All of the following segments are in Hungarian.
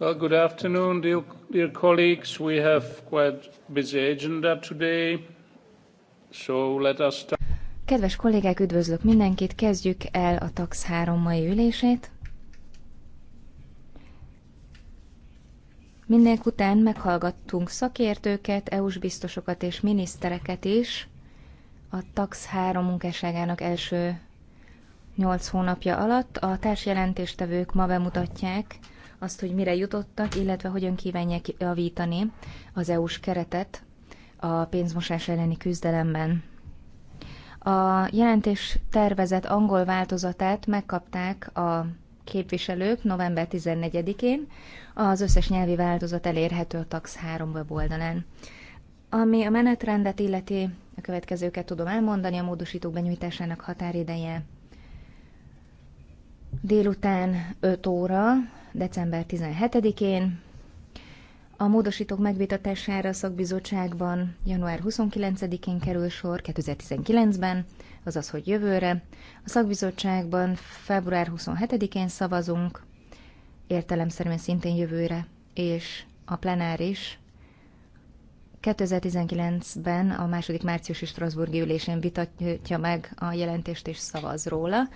Well, good afternoon, dear, dear colleagues. We have quite busy agenda today, so let us start. Kedves kollégák, üdvözlök mindenkit, kezdjük el a TAX 3 mai ülését. Mindenk után meghallgattunk szakértőket, EU-s biztosokat és minisztereket is a TAX 3 munkásságának első 8 hónapja alatt. A társjelentéstevők ma bemutatják azt, hogy mire jutottak, illetve hogyan kívánják javítani az EU-s keretet a pénzmosás elleni küzdelemben. A jelentés tervezett angol változatát megkapták a képviselők november 14-én, az összes nyelvi változat elérhető a TAX 3 weboldalán. Ami a menetrendet illeti, a következőket tudom elmondani, a módosítók benyújtásának határideje délután 5 óra, december 17-én, a módosítók megvitatására a szakbizottságban január 29-én kerül sor 2019-ben, azaz, hogy jövőre. A szakbizottságban február 27-én szavazunk, értelemszerűen szintén jövőre, és a plenáris 2019-ben a második márciusi Strasburgi ülésén vitatja meg a jelentést és szavaz róla.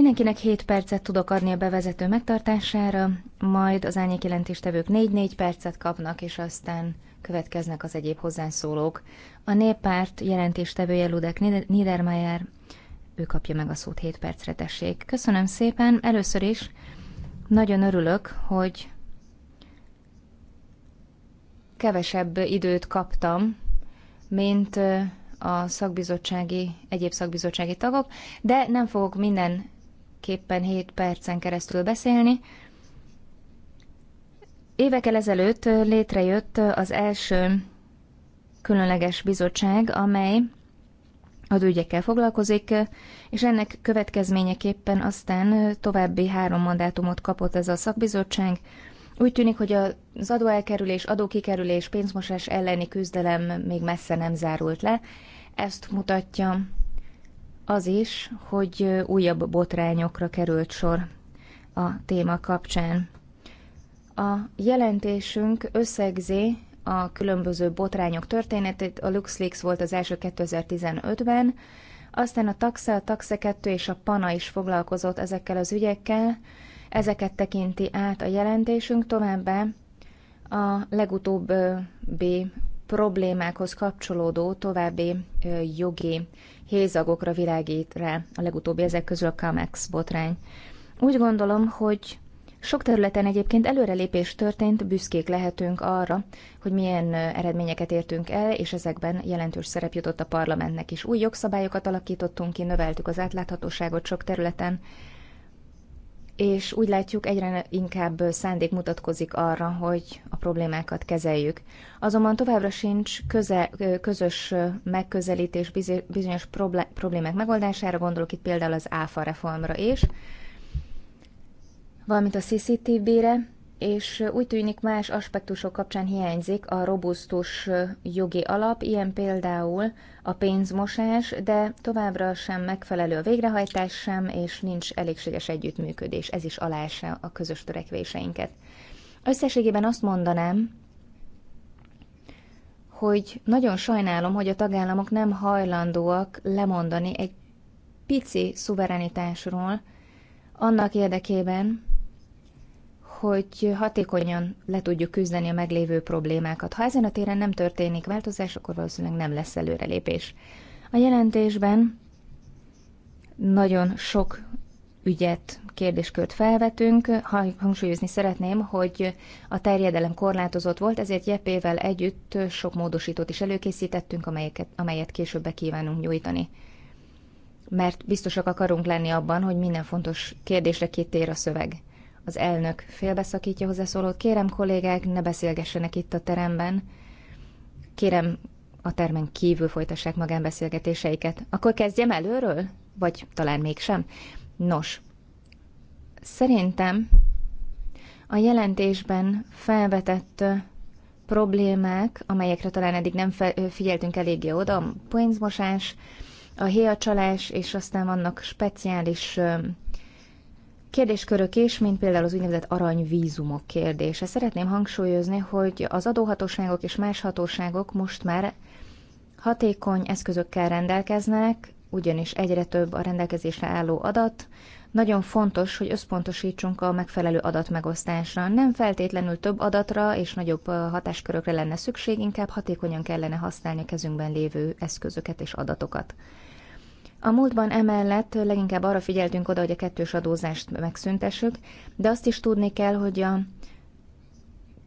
Mindenkinek 7 percet tudok adni a bevezető megtartására, majd az jelentéstevők 4-4 percet kapnak, és aztán következnek az egyéb hozzászólók. A néppárt jelentéstevője Ludek Niedermayer, ő kapja meg a szót 7 percre, tessék. Köszönöm szépen, először is nagyon örülök, hogy kevesebb időt kaptam, mint a szakbizottsági, egyéb szakbizottsági tagok, de nem fogok minden képpen 7 percen keresztül beszélni. Évekkel ezelőtt létrejött az első különleges bizottság, amely az ügyekkel foglalkozik, és ennek következményeképpen aztán további három mandátumot kapott ez a szakbizottság. Úgy tűnik, hogy az adóelkerülés, adókikerülés, pénzmosás elleni küzdelem még messze nem zárult le. Ezt mutatja az is, hogy újabb botrányokra került sor a téma kapcsán. A jelentésünk összegzi a különböző botrányok történetét, a LuxLeaks volt az első 2015-ben, aztán a Taxa, a Taxa 2 és a PANA is foglalkozott ezekkel az ügyekkel, ezeket tekinti át a jelentésünk, továbbá a legutóbbi problémákhoz kapcsolódó további jogi hézagokra virágít rá, a legutóbbi ezek közül a Camex botrány. Úgy gondolom, hogy sok területen egyébként előrelépés történt, büszkék lehetünk arra, hogy milyen eredményeket értünk el, és ezekben jelentős szerep jutott a parlamentnek is. Új jogszabályokat alakítottunk ki, növeltük az átláthatóságot sok területen, és úgy látjuk, egyre inkább szándék mutatkozik arra, hogy a problémákat kezeljük. Azonban továbbra sincs köze, közös megközelítés bizonyos problémák megoldására, gondolok itt például az ÁFA reformra és valamint a CCTV-re, és úgy tűnik más aspektusok kapcsán hiányzik a robusztus jogi alap, ilyen például a pénzmosás, de továbbra sem megfelelő a végrehajtás sem, és nincs elégséges együttműködés, ez is alása a közös törekvéseinket. Összességében azt mondanám, hogy nagyon sajnálom, hogy a tagállamok nem hajlandóak lemondani egy pici szuverenitásról annak érdekében, hogy hatékonyan le tudjuk küzdeni a meglévő problémákat. Ha ezen a téren nem történik változás, akkor valószínűleg nem lesz előrelépés. A jelentésben nagyon sok ügyet, kérdéskört felvetünk. Ha hangsúlyozni szeretném, hogy a terjedelem korlátozott volt, ezért jepével együtt sok módosítót is előkészítettünk, amelyeket, amelyet később be kívánunk nyújtani. Mert biztosak akarunk lenni abban, hogy minden fontos kérdésre kitér a szöveg. Az elnök félbeszakítja hozzászólót. Kérem kollégák, ne beszélgessenek itt a teremben. Kérem, a termen kívül folytassák magánbeszélgetéseiket. Akkor kezdjem előről? Vagy talán mégsem? Nos, szerintem a jelentésben felvetett problémák, amelyekre talán eddig nem figyeltünk eléggé oda, a pénzmosás, a héjacsalás, és aztán vannak speciális kérdéskörök is, mint például az úgynevezett aranyvízumok kérdése. Szeretném hangsúlyozni, hogy az adóhatóságok és más hatóságok most már hatékony eszközökkel rendelkeznek, ugyanis egyre több a rendelkezésre álló adat. Nagyon fontos, hogy összpontosítsunk a megfelelő adatmegosztásra. Nem feltétlenül több adatra és nagyobb hatáskörökre lenne szükség, inkább hatékonyan kellene használni a kezünkben lévő eszközöket és adatokat. A múltban emellett leginkább arra figyeltünk oda, hogy a kettős adózást megszüntessük, de azt is tudni kell, hogy a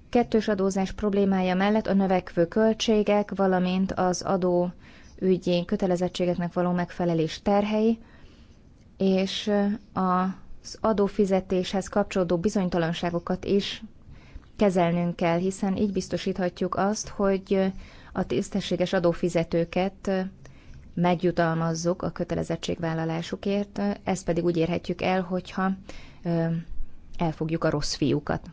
kettős adózás problémája mellett a növekvő költségek, valamint az adó ügyi kötelezettségeknek való megfelelés terhei, és az adófizetéshez kapcsolódó bizonytalanságokat is kezelnünk kell, hiszen így biztosíthatjuk azt, hogy a tisztességes adófizetőket megjutalmazzuk a kötelezettségvállalásukért, ezt pedig úgy érhetjük el, hogyha elfogjuk a rossz fiúkat.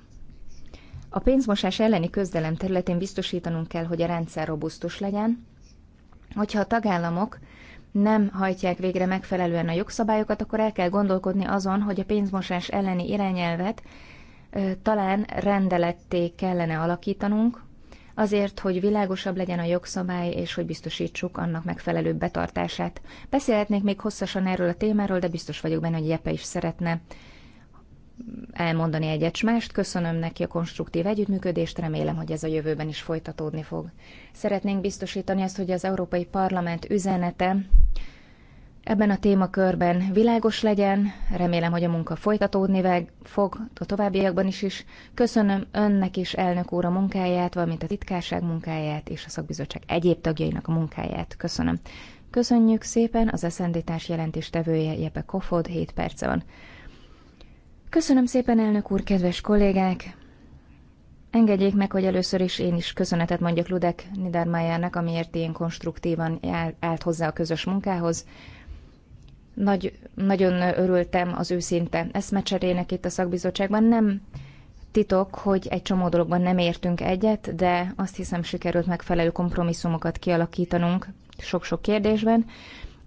A pénzmosás elleni közdelem területén biztosítanunk kell, hogy a rendszer robusztus legyen, hogyha a tagállamok nem hajtják végre megfelelően a jogszabályokat, akkor el kell gondolkodni azon, hogy a pénzmosás elleni irányelvet talán rendeletté kellene alakítanunk, azért, hogy világosabb legyen a jogszabály, és hogy biztosítsuk annak megfelelő betartását. Beszélhetnék még hosszasan erről a témáról, de biztos vagyok benne, hogy Jepe is szeretne elmondani egyet -egy mást. Köszönöm neki a konstruktív együttműködést, remélem, hogy ez a jövőben is folytatódni fog. Szeretnénk biztosítani azt, hogy az Európai Parlament üzenete ebben a témakörben világos legyen. Remélem, hogy a munka folytatódni fog a továbbiakban is is. Köszönöm önnek is, elnök úr, a munkáját, valamint a titkárság munkáját és a szakbizottság egyéb tagjainak a munkáját. Köszönöm. Köszönjük szépen, az eszendítás tevője Jepe Kofod, 7 perce van. Köszönöm szépen, elnök úr, kedves kollégák! Engedjék meg, hogy először is én is köszönetet mondjak Ludek Niedermayernek, amiért ilyen konstruktívan állt hozzá a közös munkához. Nagy, nagyon örültem az őszinte eszmecserének itt a szakbizottságban. Nem titok, hogy egy csomó dologban nem értünk egyet, de azt hiszem sikerült megfelelő kompromisszumokat kialakítanunk sok-sok kérdésben,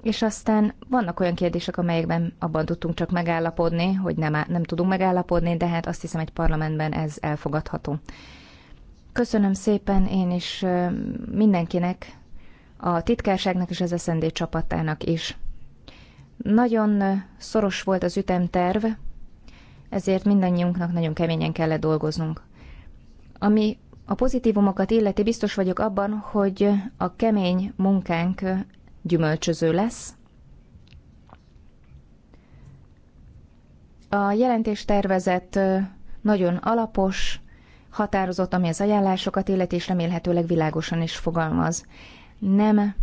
és aztán vannak olyan kérdések, amelyekben abban tudtunk csak megállapodni, hogy nem, nem tudunk megállapodni, de hát azt hiszem egy parlamentben ez elfogadható. Köszönöm szépen én is mindenkinek, a titkárságnak és az SZND csapatának is. Nagyon szoros volt az ütemterv, ezért mindannyiunknak nagyon keményen kellett dolgoznunk. Ami a pozitívumokat illeti, biztos vagyok abban, hogy a kemény munkánk gyümölcsöző lesz. A jelentéstervezet nagyon alapos, határozott, ami az ajánlásokat illeti, és remélhetőleg világosan is fogalmaz. Nem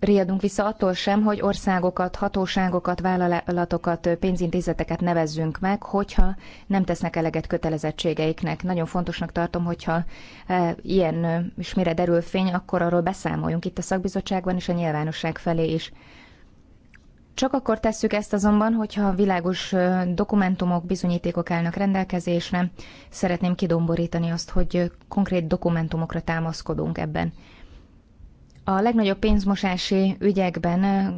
riadunk vissza attól sem, hogy országokat, hatóságokat, vállalatokat, pénzintézeteket nevezzünk meg, hogyha nem tesznek eleget kötelezettségeiknek. Nagyon fontosnak tartom, hogyha e, ilyen is mire derül fény, akkor arról beszámoljunk itt a szakbizottságban és a nyilvánosság felé is. Csak akkor tesszük ezt azonban, hogyha világos dokumentumok, bizonyítékok állnak rendelkezésre. Szeretném kidomborítani azt, hogy konkrét dokumentumokra támaszkodunk ebben. A legnagyobb pénzmosási ügyekben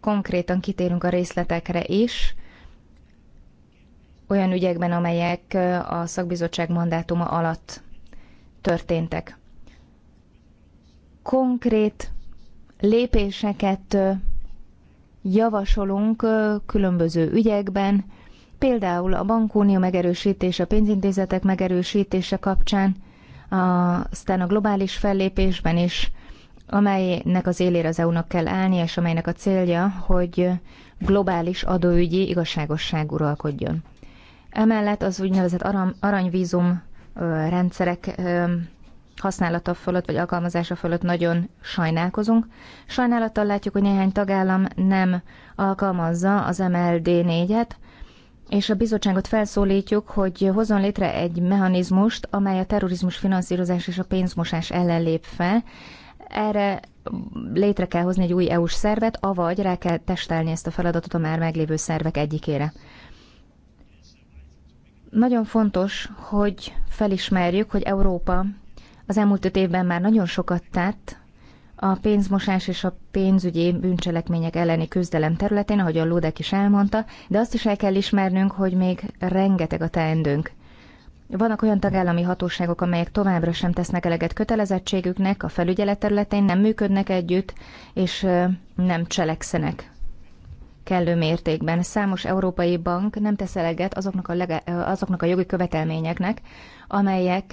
konkrétan kitérünk a részletekre is, olyan ügyekben, amelyek a szakbizottság mandátuma alatt történtek. Konkrét lépéseket javasolunk különböző ügyekben, például a bankunió megerősítése, a pénzintézetek megerősítése kapcsán, aztán a globális fellépésben is, amelynek az élére az EU-nak kell állni, és amelynek a célja, hogy globális adóügyi igazságosság uralkodjon. Emellett az úgynevezett aranyvízum rendszerek használata fölött vagy alkalmazása fölött nagyon sajnálkozunk. Sajnálattal látjuk, hogy néhány tagállam nem alkalmazza az MLD 4-et, és a bizottságot felszólítjuk, hogy hozzon létre egy mechanizmust, amely a terrorizmus finanszírozás és a pénzmosás ellen lép fel, erre létre kell hozni egy új EU-s szervet, avagy rá kell testelni ezt a feladatot a már meglévő szervek egyikére. Nagyon fontos, hogy felismerjük, hogy Európa az elmúlt öt évben már nagyon sokat tett a pénzmosás és a pénzügyi bűncselekmények elleni küzdelem területén, ahogy a Lódek is elmondta, de azt is el kell ismernünk, hogy még rengeteg a teendőnk. Vannak olyan tagállami hatóságok, amelyek továbbra sem tesznek eleget kötelezettségüknek, a felügyelet területén, nem működnek együtt, és nem cselekszenek kellő mértékben. Számos európai bank nem tesz eleget azoknak a, lege, azoknak a jogi követelményeknek, amelyek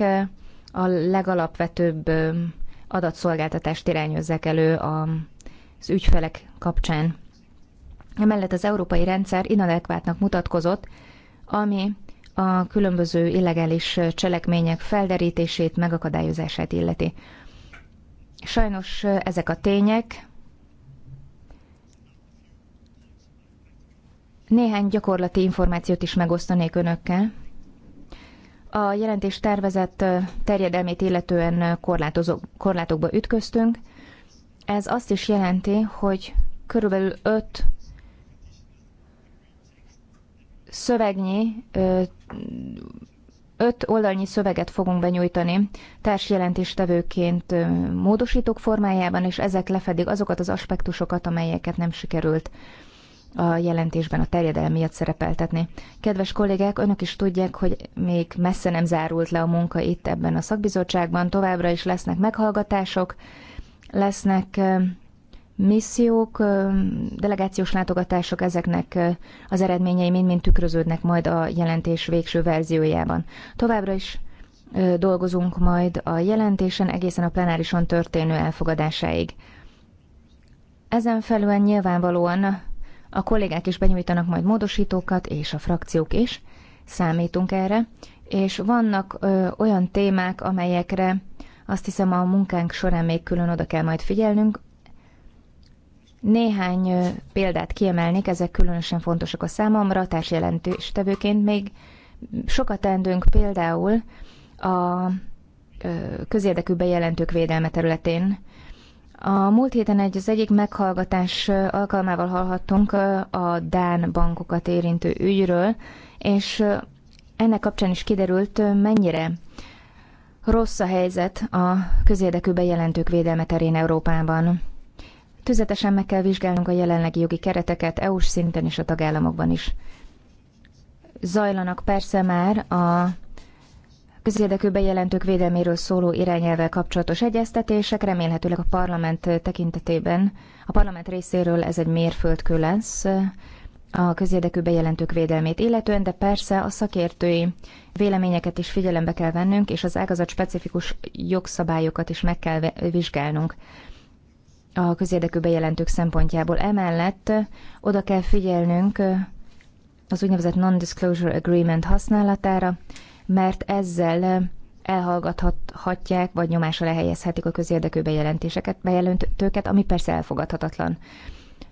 a legalapvetőbb adatszolgáltatást irányozzák elő az ügyfelek kapcsán. Emellett az európai rendszer inadekvátnak mutatkozott, ami a különböző illegális cselekmények felderítését, megakadályozását illeti. Sajnos ezek a tények Néhány gyakorlati információt is megosztanék önökkel. A jelentés tervezett terjedelmét illetően korlátozó, korlátokba ütköztünk. Ez azt is jelenti, hogy körülbelül 5 szövegnyi, öt oldalnyi szöveget fogunk benyújtani társjelentéstevőként módosítók formájában, és ezek lefedik azokat az aspektusokat, amelyeket nem sikerült a jelentésben a terjedelem miatt szerepeltetni. Kedves kollégák, önök is tudják, hogy még messze nem zárult le a munka itt ebben a szakbizottságban, továbbra is lesznek meghallgatások, lesznek missziók, delegációs látogatások, ezeknek az eredményei mind-mind tükröződnek majd a jelentés végső verziójában. Továbbra is dolgozunk majd a jelentésen egészen a plenárison történő elfogadásáig. Ezen felül nyilvánvalóan a kollégák is benyújtanak majd módosítókat, és a frakciók is, számítunk erre, és vannak ö, olyan témák, amelyekre azt hiszem a munkánk során még külön oda kell majd figyelnünk, néhány példát kiemelnék, ezek különösen fontosak a számomra, társjelentéstevőként még sokat tendünk például a közérdekű bejelentők védelme területén. A múlt héten egy, az egyik meghallgatás alkalmával hallhattunk a Dán bankokat érintő ügyről, és ennek kapcsán is kiderült, mennyire rossz a helyzet a közérdekű bejelentők védelme terén Európában. Tüzetesen meg kell vizsgálnunk a jelenlegi jogi kereteket EU-s szinten és a tagállamokban is. Zajlanak persze már a közérdekű bejelentők védelméről szóló irányelvvel kapcsolatos egyeztetések, remélhetőleg a parlament tekintetében, a parlament részéről ez egy mérföldkő lesz a közérdekű bejelentők védelmét illetően, de persze a szakértői véleményeket is figyelembe kell vennünk, és az ágazat specifikus jogszabályokat is meg kell vizsgálnunk a közérdekű bejelentők szempontjából. Emellett oda kell figyelnünk az úgynevezett non-disclosure agreement használatára, mert ezzel elhallgathatják, vagy nyomás alá helyezhetik a közérdekű bejelentéseket, bejelentőket, ami persze elfogadhatatlan.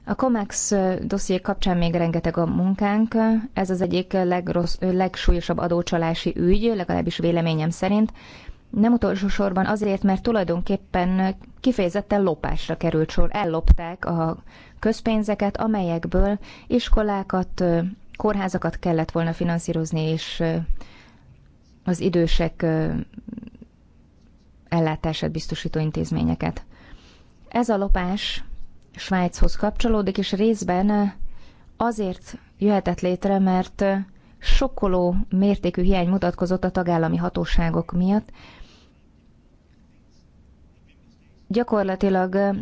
A COMEX dosszié kapcsán még rengeteg a munkánk. Ez az egyik legrossz, legsúlyosabb adócsalási ügy, legalábbis véleményem szerint. Nem utolsó sorban azért, mert tulajdonképpen kifejezetten lopásra került sor. Ellopták a közpénzeket, amelyekből iskolákat, kórházakat kellett volna finanszírozni, és az idősek ellátását biztosító intézményeket. Ez a lopás Svájchoz kapcsolódik, és részben azért jöhetett létre, mert sokkoló mértékű hiány mutatkozott a tagállami hatóságok miatt, gyakorlatilag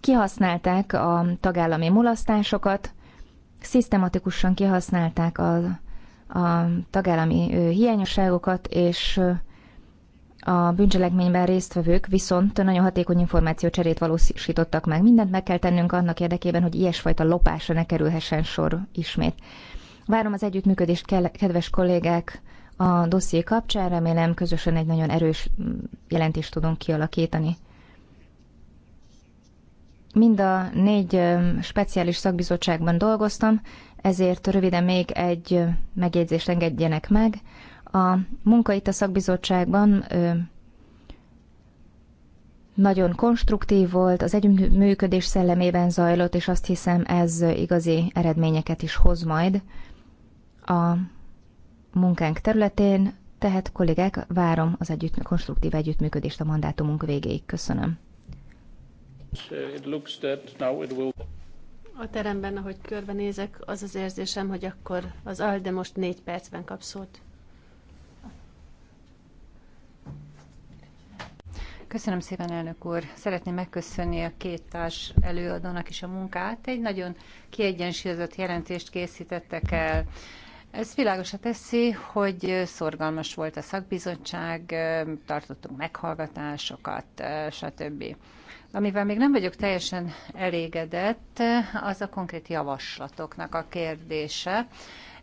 kihasználták a tagállami mulasztásokat, szisztematikusan kihasználták a, a tagállami hiányosságokat, és a bűncselekményben résztvevők viszont nagyon hatékony információcserét valósítottak meg. Mindent meg kell tennünk annak érdekében, hogy ilyesfajta lopásra ne kerülhessen sor ismét. Várom az együttműködést, kedves kollégák, a dosszié kapcsán. Remélem közösen egy nagyon erős mm, jelentést tudunk kialakítani. Mind a négy mm, speciális szakbizottságban dolgoztam, ezért röviden még egy mm, megjegyzést engedjenek meg. A munka itt a szakbizottságban nagyon konstruktív volt, az együttműködés szellemében zajlott, és azt hiszem ez igazi eredményeket is hoz majd a munkánk területén, tehát kollégák, várom az együtt, konstruktív együttműködést a mandátumunk végéig. Köszönöm. A teremben, ahogy körbenézek, az az érzésem, hogy akkor az ALDE most négy percben kap szót. Köszönöm szépen, elnök úr. Szeretném megköszönni a két társ előadónak is a munkát. Egy nagyon kiegyensúlyozott jelentést készítettek el. Ez világosra teszi, hogy szorgalmas volt a szakbizottság, tartottunk meghallgatásokat, stb. Amivel még nem vagyok teljesen elégedett, az a konkrét javaslatoknak a kérdése.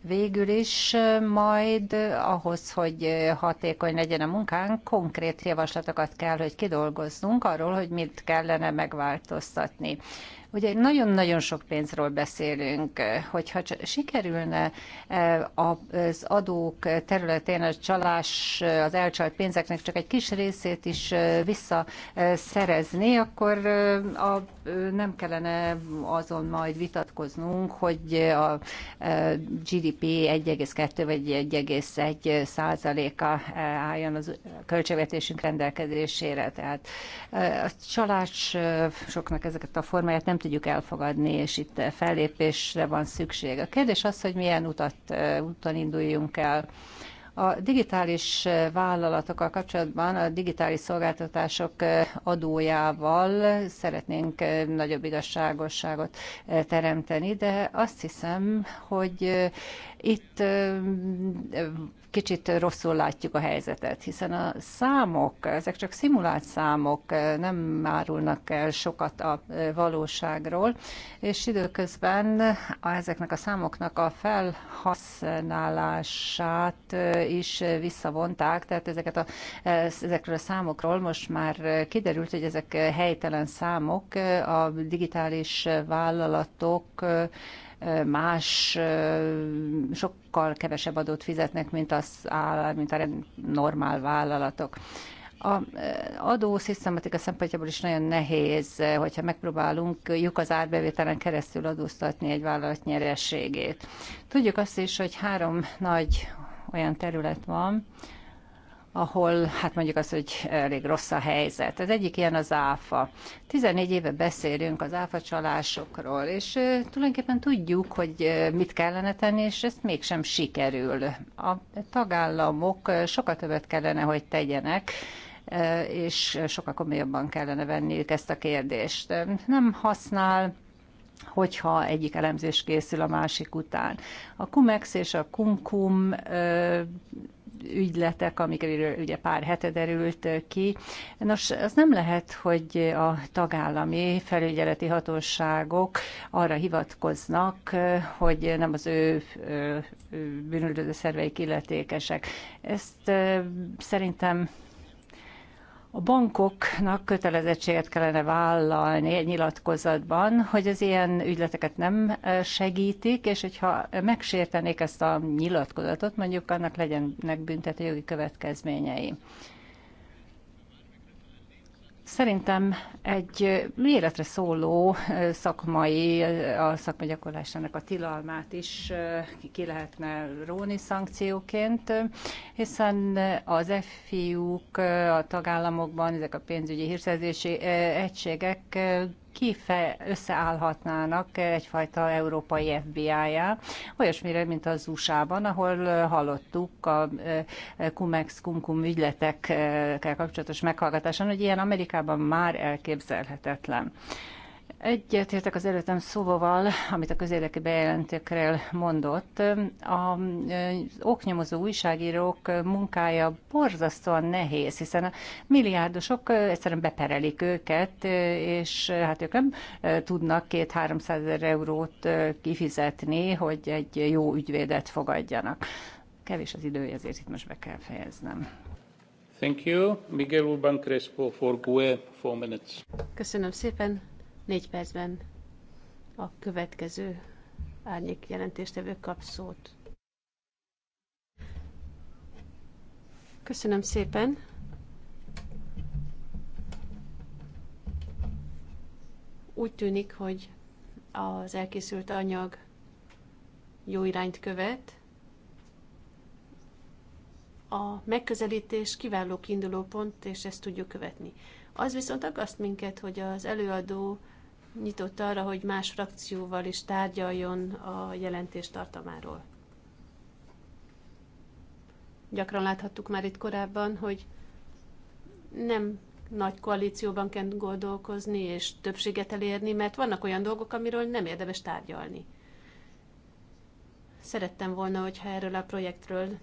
Végül is majd ahhoz, hogy hatékony legyen a munkánk, konkrét javaslatokat kell, hogy kidolgozzunk arról, hogy mit kellene megváltoztatni. Ugye nagyon-nagyon sok pénzről beszélünk, hogyha sikerülne e, az adók területén a csalás, az elcsalt pénzeknek csak egy kis részét is e, visszaszerezni, akkor e, a, nem kellene azon majd vitatkoznunk, hogy a GDP 1,2 vagy 1,1 százaléka álljon az költségvetésünk rendelkezésére. Tehát a csalás soknak ezeket a formáját nem tudjuk elfogadni, és itt fellépésre van szükség. A kérdés az, hogy milyen utat, eh, úton induljunk el. A digitális eh, vállalatokkal kapcsolatban a digitális szolgáltatások eh, adójával szeretnénk nagyobb igazságosságot teremteni, de azt hiszem, hogy itt kicsit rosszul látjuk a helyzetet, hiszen a számok, ezek csak szimulált számok, nem árulnak el sokat a valóságról, és időközben ezeknek a számoknak a felhasználását is visszavonták, tehát ezeket a, ezekről a számokról most már kiderült, hogy ezek helytelen számok, a digitális vállalatok más, sokkal kevesebb adót fizetnek, mint, az, mint a normál vállalatok. A adó szisztematika szempontjából is nagyon nehéz, hogyha megpróbálunk lyuk az árbevételen keresztül adóztatni egy vállalat nyerességét. Tudjuk azt is, hogy három nagy olyan terület van, ahol hát mondjuk az, hogy elég rossz a helyzet. Az egyik ilyen az áfa. 14 éve beszélünk az áfa csalásokról, és tulajdonképpen tudjuk, hogy mit kellene tenni, és ezt mégsem sikerül. A tagállamok sokat többet kellene, hogy tegyenek, és sokkal komolyabban kellene venniük ezt a kérdést. Nem használ hogyha egyik elemzés készül a másik után. A Cumex és a Kunkum ügyletek, amikről ugye pár hete derült ki. Nos, az nem lehet, hogy a tagállami felügyeleti hatóságok arra hivatkoznak, hogy nem az ő bűnöldöző szerveik illetékesek. Ezt szerintem a bankoknak kötelezettséget kellene vállalni egy nyilatkozatban, hogy az ilyen ügyleteket nem e, segítik, és hogyha megsértenék ezt a nyilatkozatot, mondjuk annak legyenek jogi következményei. Szerintem egy életre szóló szakmai, a szakmai gyakorlásának a tilalmát is ki lehetne róni szankcióként, hiszen az FIU-k a tagállamokban, ezek a pénzügyi hírszerzési egységek kife összeállhatnának egyfajta európai FBI-já, olyasmire, mint az USA-ban, ahol hallottuk a Cumex Kumkum ügyletekkel kapcsolatos meghallgatáson, hogy ilyen Amerikában már elképzelhetetlen. Egyetértek az előttem szóval, amit a közérdekű bejelentőkről mondott. A oknyomozó újságírók munkája borzasztóan nehéz, hiszen a milliárdosok egyszerűen beperelik őket, és hát ők nem tudnak két 300 ezer eurót kifizetni, hogy egy jó ügyvédet fogadjanak. Kevés az idő, ezért itt most be kell fejeznem. Thank you. Miguel Urban Crespo for GUE, four minutes. Köszönöm szépen. Négy percben a következő árnyék jelentéstevő kap szót. Köszönöm szépen! Úgy tűnik, hogy az elkészült anyag jó irányt követ. A megközelítés kiváló kiinduló pont, és ezt tudjuk követni. Az viszont aggaszt minket, hogy az előadó nyitott arra, hogy más frakcióval is tárgyaljon a jelentés tartalmáról. Gyakran láthattuk már itt korábban, hogy nem nagy koalícióban kell gondolkozni és többséget elérni, mert vannak olyan dolgok, amiről nem érdemes tárgyalni. Szerettem volna, hogyha erről a projektről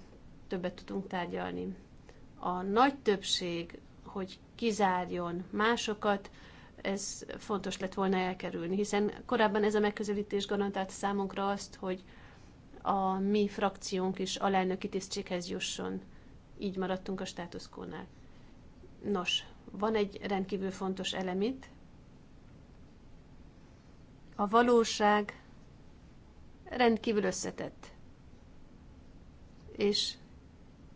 többet tudunk tárgyalni. A nagy többség, hogy kizárjon másokat, ez fontos lett volna elkerülni, hiszen korábban ez a megközelítés garantált számunkra azt, hogy a mi frakciónk is alelnöki tisztséghez jusson. Így maradtunk a státuszkónál. Nos, van egy rendkívül fontos elemit: A valóság rendkívül összetett, és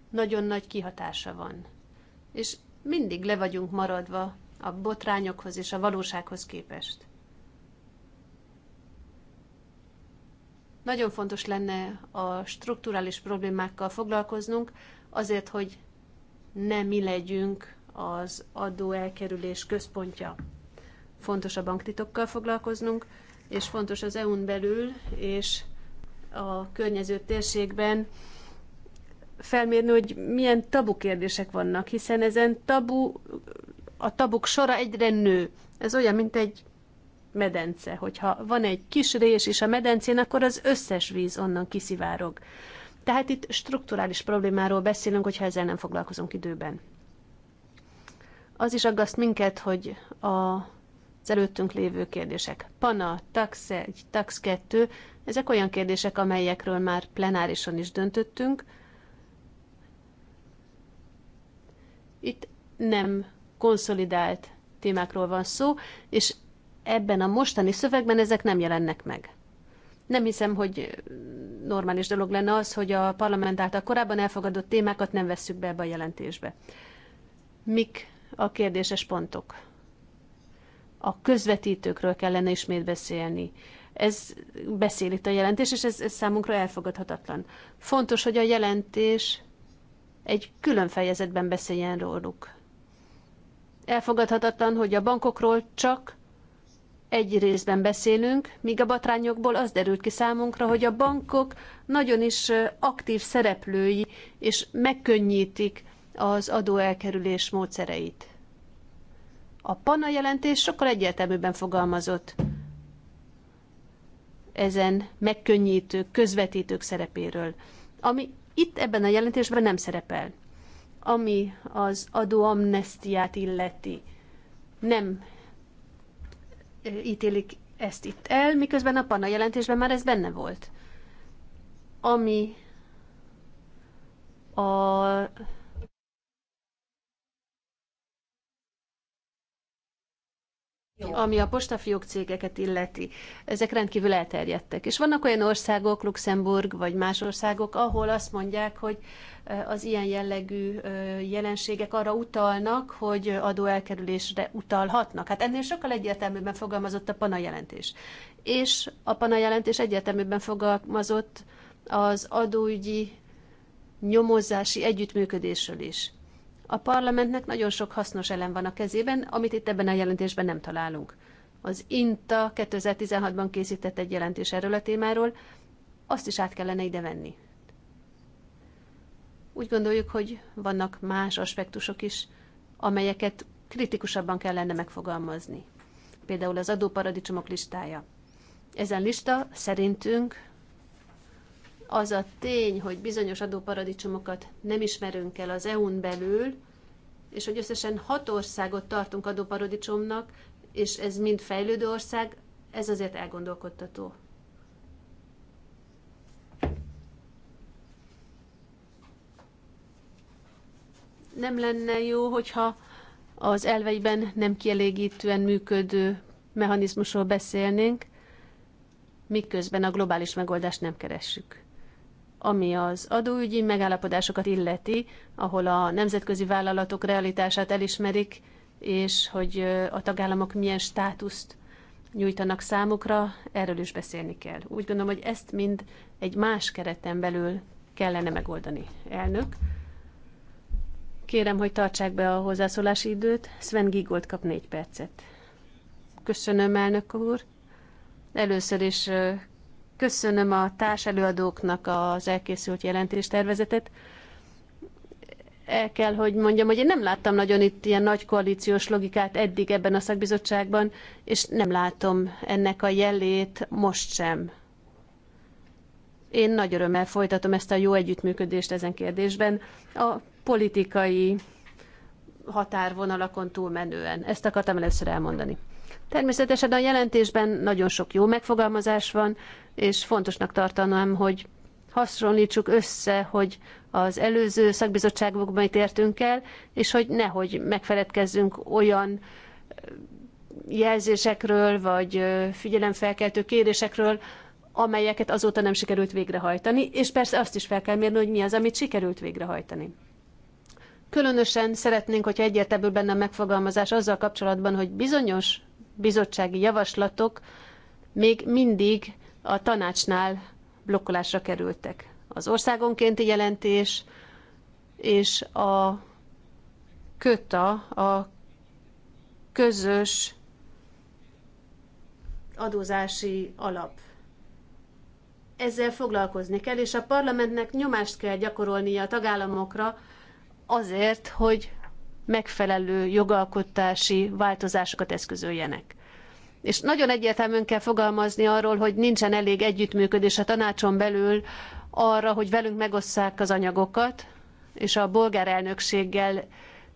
nagyon nagy kihatása van. És mindig le vagyunk maradva a botrányokhoz és a valósághoz képest. Nagyon fontos lenne a strukturális problémákkal foglalkoznunk, azért, hogy ne mi legyünk az adó elkerülés központja. Fontos a banktitokkal foglalkoznunk, és fontos az EU-n belül és a környező térségben felmérni, hogy milyen tabu kérdések vannak, hiszen ezen tabu a tabuk sora egyre nő. Ez olyan, mint egy medence. Hogyha van egy kis rés is a medencén, akkor az összes víz onnan kiszivárog. Tehát itt strukturális problémáról beszélünk, hogyha ezzel nem foglalkozunk időben. Az is aggaszt minket, hogy a, az előttünk lévő kérdések. PANA, TAX 1, TAX 2, ezek olyan kérdések, amelyekről már plenárison is döntöttünk. Itt nem konszolidált témákról van szó, és ebben a mostani szövegben ezek nem jelennek meg. Nem hiszem, hogy normális dolog lenne az, hogy a parlament által korábban elfogadott témákat nem vesszük be ebbe a jelentésbe. Mik a kérdéses pontok? A közvetítőkről kellene ismét beszélni. Ez beszél itt a jelentés, és ez, ez számunkra elfogadhatatlan. Fontos, hogy a jelentés egy külön fejezetben beszéljen róluk. Elfogadhatatlan, hogy a bankokról csak egy részben beszélünk, míg a batrányokból az derült ki számunkra, hogy a bankok nagyon is aktív szereplői, és megkönnyítik az adóelkerülés módszereit. A PANA jelentés sokkal egyértelműbben fogalmazott ezen megkönnyítők, közvetítők szerepéről, ami itt ebben a jelentésben nem szerepel ami az adóamnestiát illeti. Nem ítélik ezt itt el, miközben a panna jelentésben már ez benne volt. Ami a ami a postafiók cégeket illeti, ezek rendkívül elterjedtek. És vannak olyan országok, Luxemburg vagy más országok, ahol azt mondják, hogy az ilyen jellegű jelenségek arra utalnak, hogy adóelkerülésre utalhatnak. Hát ennél sokkal egyértelműbben fogalmazott a PANA jelentés. És a PANA jelentés egyértelműbben fogalmazott az adóügyi nyomozási együttműködésről is. A parlamentnek nagyon sok hasznos elem van a kezében, amit itt ebben a jelentésben nem találunk. Az INTA 2016-ban készített egy jelentés erről a témáról, azt is át kellene ide venni. Úgy gondoljuk, hogy vannak más aspektusok is, amelyeket kritikusabban kellene megfogalmazni. Például az adóparadicsomok listája. Ezen lista szerintünk az a tény, hogy bizonyos adóparadicsomokat nem ismerünk el az EU-n belül, és hogy összesen hat országot tartunk adóparadicsomnak, és ez mind fejlődő ország, ez azért elgondolkodtató. Nem lenne jó, hogyha az elveiben nem kielégítően működő mechanizmusról beszélnénk, miközben a globális megoldást nem keressük ami az adóügyi megállapodásokat illeti, ahol a nemzetközi vállalatok realitását elismerik, és hogy a tagállamok milyen státuszt nyújtanak számukra, erről is beszélni kell. Úgy gondolom, hogy ezt mind egy más kereten belül kellene megoldani. Elnök, kérem, hogy tartsák be a hozzászólási időt. Sven Gigolt kap négy percet. Köszönöm, elnök úr. Először is Köszönöm a társelőadóknak az elkészült jelentéstervezetet. El kell, hogy mondjam, hogy én nem láttam nagyon itt ilyen nagy koalíciós logikát eddig ebben a szakbizottságban, és nem látom ennek a jelét most sem. Én nagy örömmel folytatom ezt a jó együttműködést ezen kérdésben a politikai határvonalakon túlmenően. Ezt akartam először elmondani. Természetesen a jelentésben nagyon sok jó megfogalmazás van, és fontosnak tartanám, hogy hasonlítsuk össze, hogy az előző szakbizottságokban itt értünk el, és hogy nehogy megfeledkezzünk olyan jelzésekről, vagy figyelemfelkeltő kérésekről, amelyeket azóta nem sikerült végrehajtani, és persze azt is fel kell mérni, hogy mi az, amit sikerült végrehajtani. Különösen szeretnénk, hogyha egyértelmű benne a megfogalmazás azzal kapcsolatban, hogy bizonyos bizottsági javaslatok még mindig a tanácsnál blokkolásra kerültek. Az országonkénti jelentés és a köta, a közös adózási alap. Ezzel foglalkozni kell, és a parlamentnek nyomást kell gyakorolnia a tagállamokra azért, hogy megfelelő jogalkotási változásokat eszközöljenek. És nagyon egyértelműen kell fogalmazni arról, hogy nincsen elég együttműködés a tanácson belül arra, hogy velünk megosszák az anyagokat, és a bolgár elnökséggel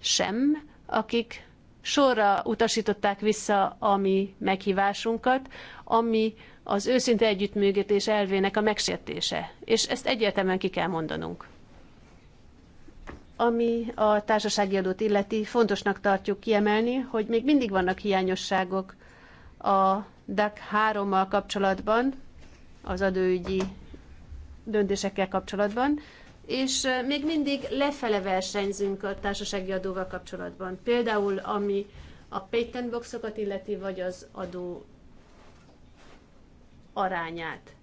sem, akik sorra utasították vissza a mi meghívásunkat, ami az őszinte együttműködés elvének a megsértése. És ezt egyértelműen ki kell mondanunk. Ami a társasági adót illeti, fontosnak tartjuk kiemelni, hogy még mindig vannak hiányosságok a DAC 3-mal kapcsolatban, az adóügyi döntésekkel kapcsolatban, és még mindig lefele versenyzünk a társasági adóval kapcsolatban. Például ami a patent boxokat illeti, vagy az adó arányát.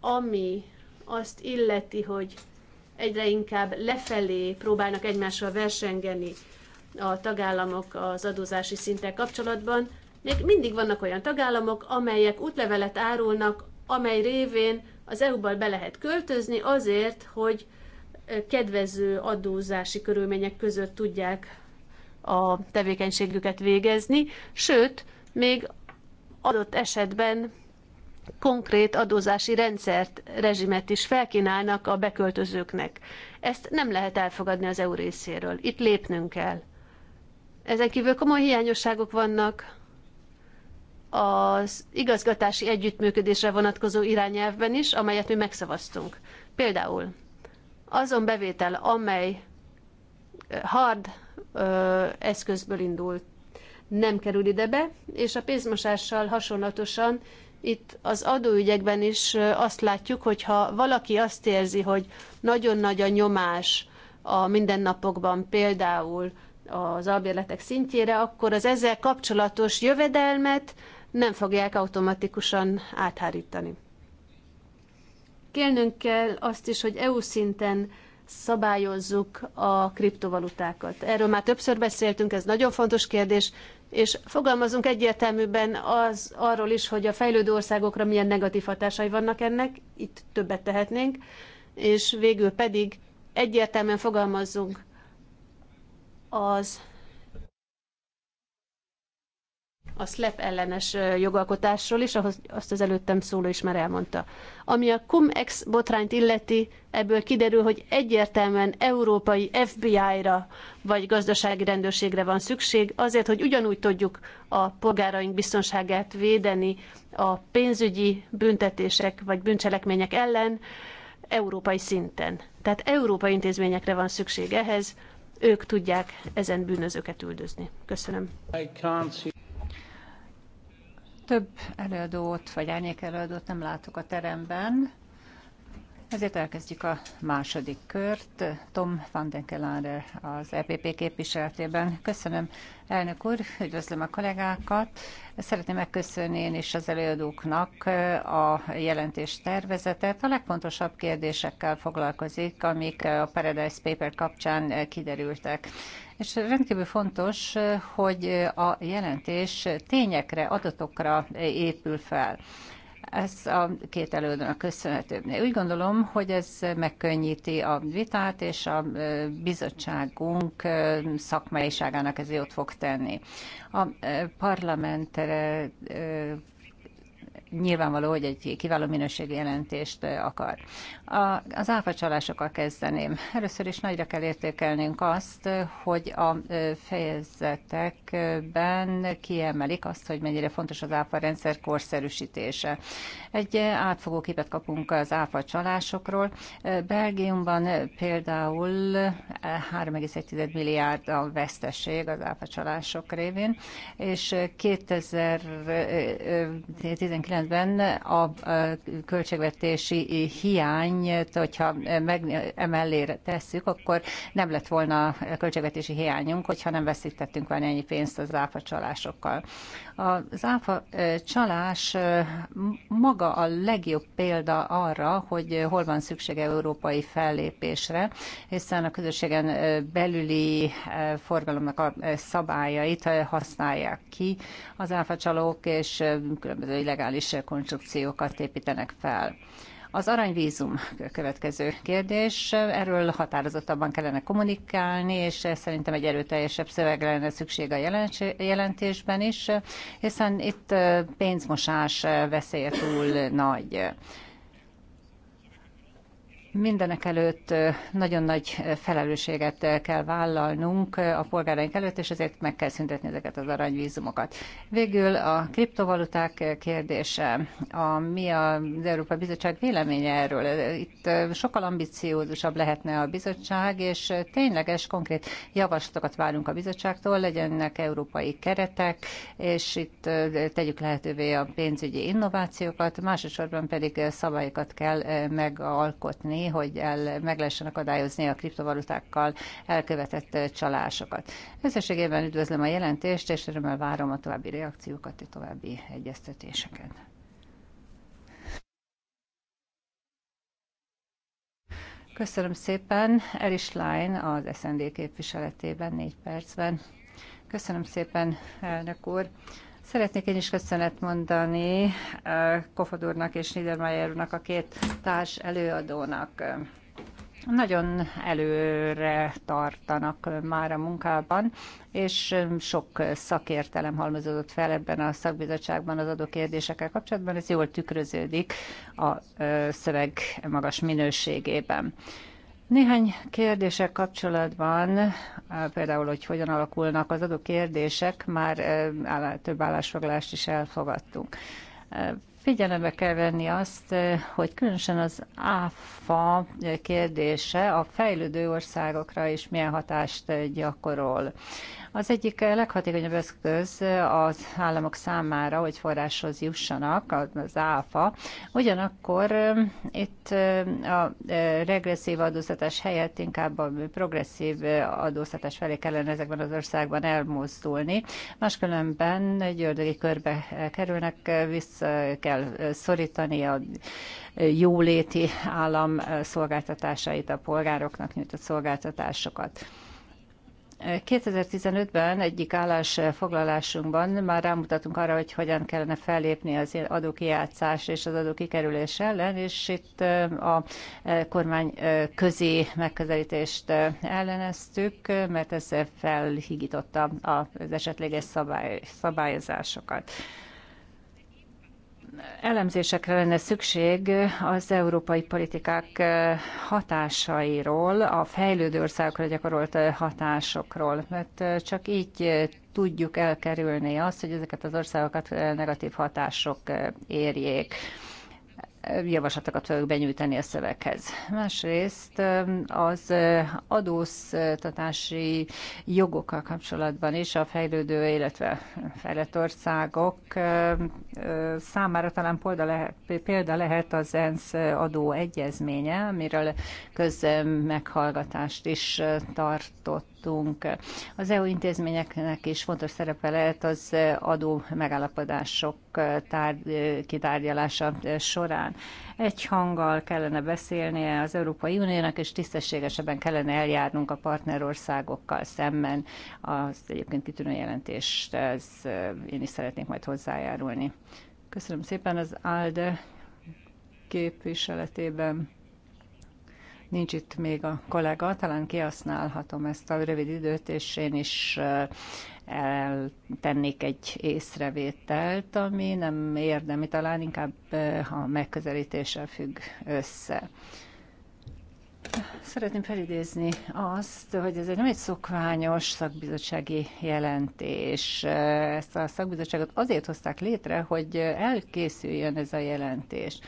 Ami azt illeti, hogy egyre inkább lefelé próbálnak egymással versengeni a tagállamok az adózási szinttel kapcsolatban. Még mindig vannak olyan tagállamok, amelyek útlevelet árulnak, amely révén az eu ban be lehet költözni azért, hogy kedvező adózási körülmények között tudják a tevékenységüket végezni, sőt, még adott esetben konkrét adózási rendszert, rezsimet is felkínálnak a beköltözőknek. Ezt nem lehet elfogadni az EU részéről. Itt lépnünk kell. Ezen kívül komoly hiányosságok vannak az igazgatási együttműködésre vonatkozó irányelvben is, amelyet mi megszavaztunk. Például azon bevétel, amely eh, hard ö, eh, eszközből indul, nem kerül idebe, és a pénzmosással hasonlatosan itt az adóügyekben is azt látjuk, hogy ha valaki azt érzi, hogy nagyon nagy a nyomás a mindennapokban, például az albérletek szintjére, akkor az ezzel kapcsolatos jövedelmet nem fogják automatikusan áthárítani. Kérnünk kell azt is, hogy EU szinten szabályozzuk a kriptovalutákat. Erről már többször beszéltünk, ez nagyon fontos kérdés, és fogalmazunk egyértelműben az, arról is, hogy a fejlődő országokra milyen negatív hatásai vannak ennek, itt többet tehetnénk, és végül pedig egyértelműen fogalmazzunk az a SLEP ellenes jogalkotásról is, ahhoz azt az előttem szóló is már elmondta. Ami a cum-ex botrányt illeti, ebből kiderül, hogy egyértelműen európai FBI-ra vagy gazdasági rendőrségre van szükség, azért, hogy ugyanúgy tudjuk a polgáraink biztonságát védeni a pénzügyi büntetések vagy bűncselekmények ellen európai szinten. Tehát európai intézményekre van szükség ehhez, ők tudják ezen bűnözőket üldözni. Köszönöm. Több előadót vagy árnyék előadót nem látok a teremben, ezért elkezdjük a második kört. Tom van den Kelare az EPP képviseletében. Köszönöm, elnök úr, üdvözlöm a kollégákat. Szeretném megköszönni én is az előadóknak a jelentés tervezetet. A legfontosabb kérdésekkel foglalkozik, amik a Paradise Paper kapcsán kiderültek. És rendkívül fontos, hogy a jelentés tényekre, adatokra épül fel. Ez a két elődön a köszönhető. Úgy gondolom, hogy ez megkönnyíti a vitát, és a bizottságunk szakmaiságának ez jót fog tenni. A parlamentre nyilvánvaló, hogy egy kiváló minőségi jelentést eh, akar. A, az csalásokkal kezdeném. Először is nagyra kell értékelnünk azt, hogy a eh, fejezetekben kiemelik azt, hogy mennyire fontos az áfa rendszer korszerűsítése. Egy eh, átfogó képet kapunk az áfa csalásokról. Belgiumban például 3,1 milliárd a veszteség az áfa csalások révén, és 2019 rendben a költségvetési hiányt, hogyha meg emellé tesszük, akkor nem lett volna költségvetési hiányunk, hogyha nem veszítettünk volna ennyi pénzt az áfacsalásokkal. Az áfa csalás maga a legjobb példa arra, hogy hol van szükség európai fellépésre, hiszen a közösségen belüli forgalomnak a szabályait használják ki az áfacsalók, és különböző illegális konstrukciókat építenek fel. Az aranyvízum következő kérdés. Erről határozottabban kellene kommunikálni, és szerintem egy erőteljesebb szöveg lenne szükség a jelentésben is, hiszen itt pénzmosás veszélye túl nagy. Mindenek előtt nagyon nagy felelősséget kell vállalnunk a polgáraink előtt, és ezért meg kell szüntetni ezeket az aranyvízumokat. Végül a kriptovaluták kérdése. A, mi az Európai Bizottság véleménye erről? Itt sokkal ambiciózusabb lehetne a bizottság, és tényleges, konkrét javaslatokat várunk a bizottságtól, legyenek európai keretek, és itt tegyük lehetővé a pénzügyi innovációkat, másodszorban pedig szabályokat kell megalkotni hogy el, meg lehessen akadályozni a kriptovalutákkal elkövetett csalásokat. Összességében üdvözlöm a jelentést, és örömmel várom a további reakciókat, a további egyeztetéseket. Köszönöm szépen. Eris Line az SND képviseletében négy percben. Köszönöm szépen, elnök úr. Szeretnék én is köszönet mondani Kofod úrnak és Niedermayer úrnak, a két társ előadónak. Nagyon előre tartanak már a munkában, és sok szakértelem halmozódott fel ebben a szakbizottságban az kérdésekkel kapcsolatban, ez jól tükröződik a szöveg magas minőségében. Néhány kérdések kapcsolatban, például, hogy hogyan alakulnak az adó kérdések, már eh, több állásfoglalást is elfogadtunk. Eh, figyelembe kell venni azt, eh, hogy különösen az áfa kérdése a fejlődő országokra is milyen hatást gyakorol. Az egyik leghatékonyabb eszköz az államok számára, hogy forráshoz jussanak, az áfa. Ugyanakkor um, itt um, a um, regresszív adóztatás helyett inkább a progresszív uh, adóztatás felé kellene ezekben az országban elmozdulni. Máskülönben egy ördögi körbe uh, kerülnek, uh, vissza kell szorítani a jóléti állam szolgáltatásait, a polgároknak nyújtott szolgáltatásokat. 2015-ben egyik állásfoglalásunkban már rámutatunk arra, hogy hogyan kellene fellépni az adókijátszás és az adókikerülés ellen, és itt a kormány közé megközelítést elleneztük, mert ez felhigította az esetleges szabály, szabályozásokat elemzésekre lenne szükség az európai politikák hatásairól, a fejlődő országokra gyakorolt hatásokról, mert csak így tudjuk elkerülni azt, hogy ezeket az országokat negatív hatások érjék javaslatokat fogok benyújtani a szöveghez. Másrészt az adóztatási jogokkal kapcsolatban is a fejlődő, illetve fejlett országok számára talán példa lehet, az ENSZ adóegyezménye, amiről köz meghallgatást is tartott láttunk. Az EU intézményeknek is fontos szerepe lehet az adó megállapodások tár- kitárgyalása során. Egy hanggal kellene beszélnie az Európai Uniónak, és tisztességesebben kellene eljárnunk a partnerországokkal szemben. Az egyébként kitűnő jelentést ez, én is szeretnék majd hozzájárulni. Köszönöm szépen az ALDE képviseletében. Nincs itt még a kollega, talán kihasználhatom ezt a rövid időt, és én is eltennék egy észrevételt, ami nem érdemi, talán inkább a megközelítéssel függ össze. Szeretném felidézni azt, hogy ez egy nem egy szokványos szakbizottsági jelentés. Ezt a szakbizottságot azért hozták létre, hogy elkészüljön ez a jelentés.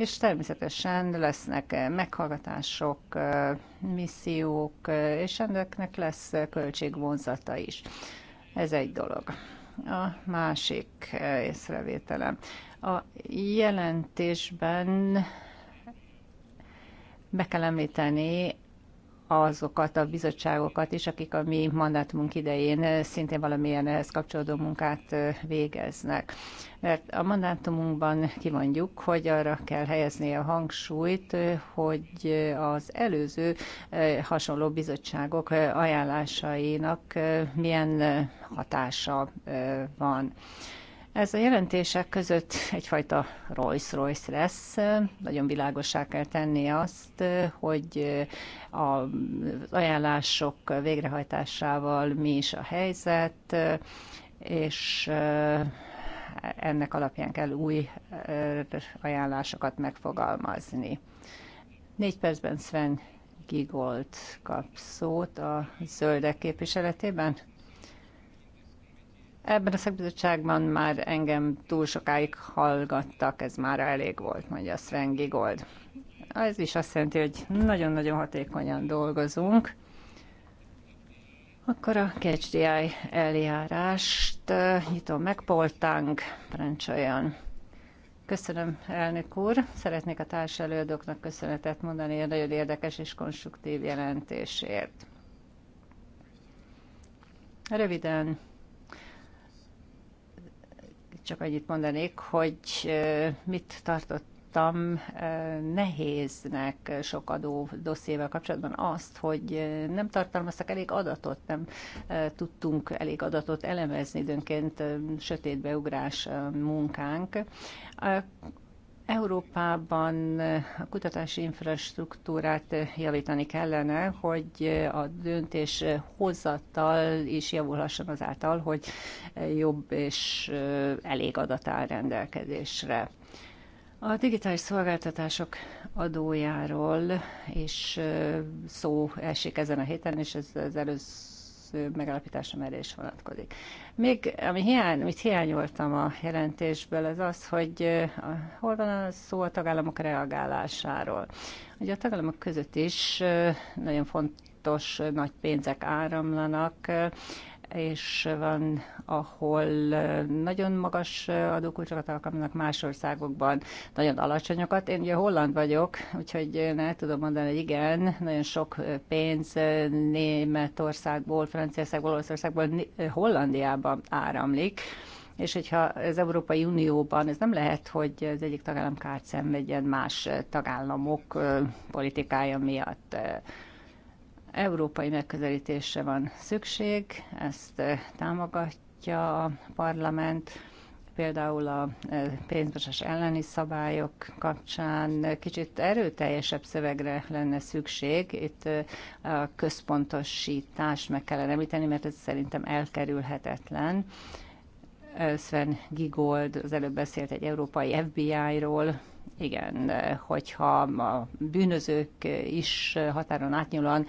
És természetesen lesznek eh, meghallgatások, eh, missziók, eh, és ennek lesz költségvonzata is. Ez egy dolog. A másik észrevételem. A jelentésben be kell említeni azokat a bizottságokat is, akik a mi mandátumunk idején eh, szintén valamilyen ehhez kapcsolódó munkát eh, végeznek. Mert a mandátumunkban kimondjuk, hogy arra kell helyezni a hangsúlyt, eh, hogy az előző hasonló bizottságok ajánlásainak milyen hatása van. Ez a jelentések között egyfajta Rolls-Royce lesz. Nagyon világosá kell tenni azt, hogy az ajánlások végrehajtásával mi is a helyzet, és ennek alapján kell új ajánlásokat megfogalmazni. Négy percben Sven Gigolt kap szót a zöldek képviseletében. Ebben a szakbizottságban már engem túl sokáig hallgattak, ez már elég volt, mondja Sven Gold. Ez is azt jelenti, hogy nagyon-nagyon hatékonyan dolgozunk. Akkor a KHDI eljárást nyitom meg, Poltánk, parancsoljon. Köszönöm, elnök úr. Szeretnék a társ előadóknak köszönetet mondani a nagyon érdekes és konstruktív jelentésért. Röviden csak annyit mondanék, hogy mit tartott tartottam nehéznek sok adó dossziéval kapcsolatban azt, hogy nem tartalmaztak elég adatot, nem tudtunk elég adatot elemezni, időnként sötétbeugrás munkánk. Európában a kutatási infrastruktúrát javítani kellene, hogy a döntés hozattal is javulhasson azáltal, hogy jobb és elég adat áll rendelkezésre. A digitális szolgáltatások adójáról is szó esik ezen a héten, és ez az előző megállapításra erre is vonatkozik. Még ami hiány, amit hiányoltam a jelentésből, az az, hogy hol van a szó a tagállamok reagálásáról. Ugye a tagállamok között is nagyon fontos nagy pénzek áramlanak, és van, ahol nagyon magas adókulcsokat alkalmaznak más országokban, nagyon alacsonyokat. Én ugye holland vagyok, úgyhogy ne tudom mondani, hogy igen, nagyon sok pénz Németországból, Franciaországból, Olaszországból, Hollandiában áramlik és hogyha az Európai Unióban ez nem lehet, hogy az egyik tagállam kárt szenvedjen más tagállamok politikája miatt. Európai megközelítésre van szükség, ezt eh, támogatja a parlament, például a eh, pénzmosás elleni szabályok kapcsán kicsit erőteljesebb szövegre lenne szükség. Itt eh, a központosítást meg kellene említeni, mert ez szerintem elkerülhetetlen. Sven Gigold az előbb beszélt egy európai FBI-ról, igen, hogyha a bűnözők is határon átnyúlóan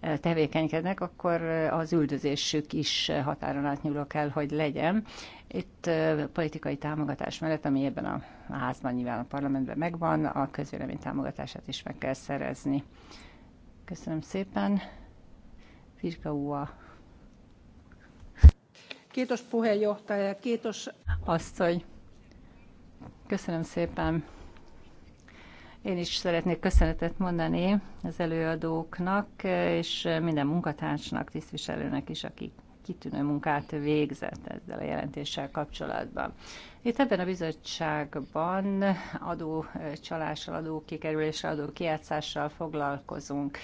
eh, tevékenykednek, akkor eh, az üldözésük is határon átnyúló kell, hogy legyen. Itt eh, politikai támogatás mellett, ami ebben a házban nyilván a parlamentben megvan, a közvélemény támogatását is meg kell szerezni. Köszönöm szépen. Fiska Ua. Kétos puheenjohtaja, kétos... Asszony. Köszönöm szépen. Én is szeretnék köszönetet mondani az előadóknak, és minden munkatársnak, tisztviselőnek is, akik kitűnő munkát végzett ezzel a jelentéssel kapcsolatban. Itt ebben a bizottságban adócsalással, adókikerüléssel, adókijátszással foglalkozunk.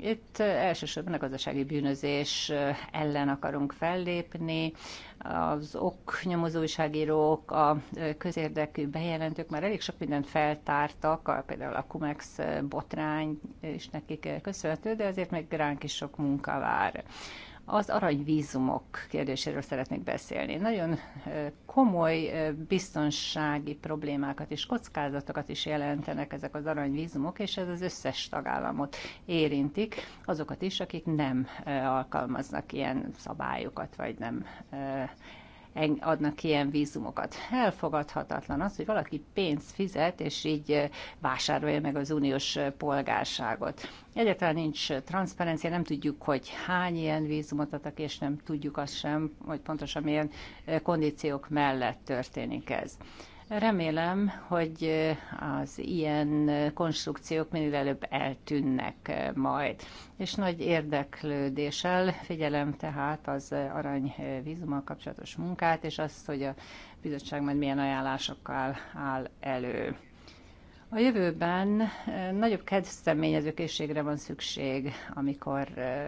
Itt elsősorban a gazdasági bűnözés ellen akarunk fellépni. Az oknyomozó újságírók, a közérdekű bejelentők már elég sok mindent feltártak, például a Cumex botrány is nekik köszönhető, de azért még ránk is sok munka vár. Az aranyvízumok kérdéséről szeretnék beszélni. Nagyon komoly biztonsági problémákat és kockázatokat is jelentenek ezek az aranyvízumok, és ez az összes tagállamot érintik, azokat is, akik nem alkalmaznak ilyen szabályokat, vagy nem adnak ilyen vízumokat. Elfogadhatatlan az, hogy valaki pénzt fizet, és így eh, vásárolja meg az uniós eh, polgárságot. Egyáltalán nincs eh, transzparencia, nem tudjuk, hogy hány ilyen vízumot adtak, és nem tudjuk azt sem, hogy pontosan milyen kondíciók mellett történik ez. Remélem, hogy eh, az ilyen konstrukciók minél előbb eltűnnek eh, majd. És nagy érdeklődéssel figyelem tehát az arany eh, vízummal kapcsolatos munkát, és azt, hogy a bizottság majd milyen ajánlásokkal áll elő. A jövőben eh, nagyobb kezdeményezőkészségre van szükség, amikor eh,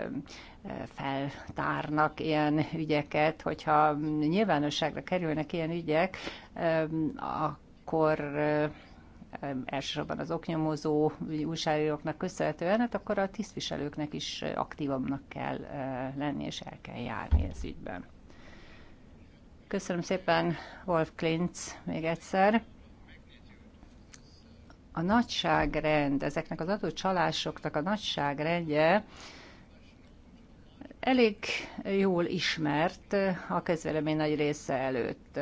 eh, feltárnak ilyen ügyeket, hogyha nyilvánosságra kerülnek ilyen ügyek, akkor elsősorban az oknyomozó újságíróknak köszönhetően, hát akkor a tisztviselőknek is aktívabbnak kell lenni, és el kell járni ez ügyben. Köszönöm szépen Wolf Klintz még egyszer a nagyságrend, ezeknek az adócsalásoknak a nagyságrendje elég jól ismert a közvélemény nagy része előtt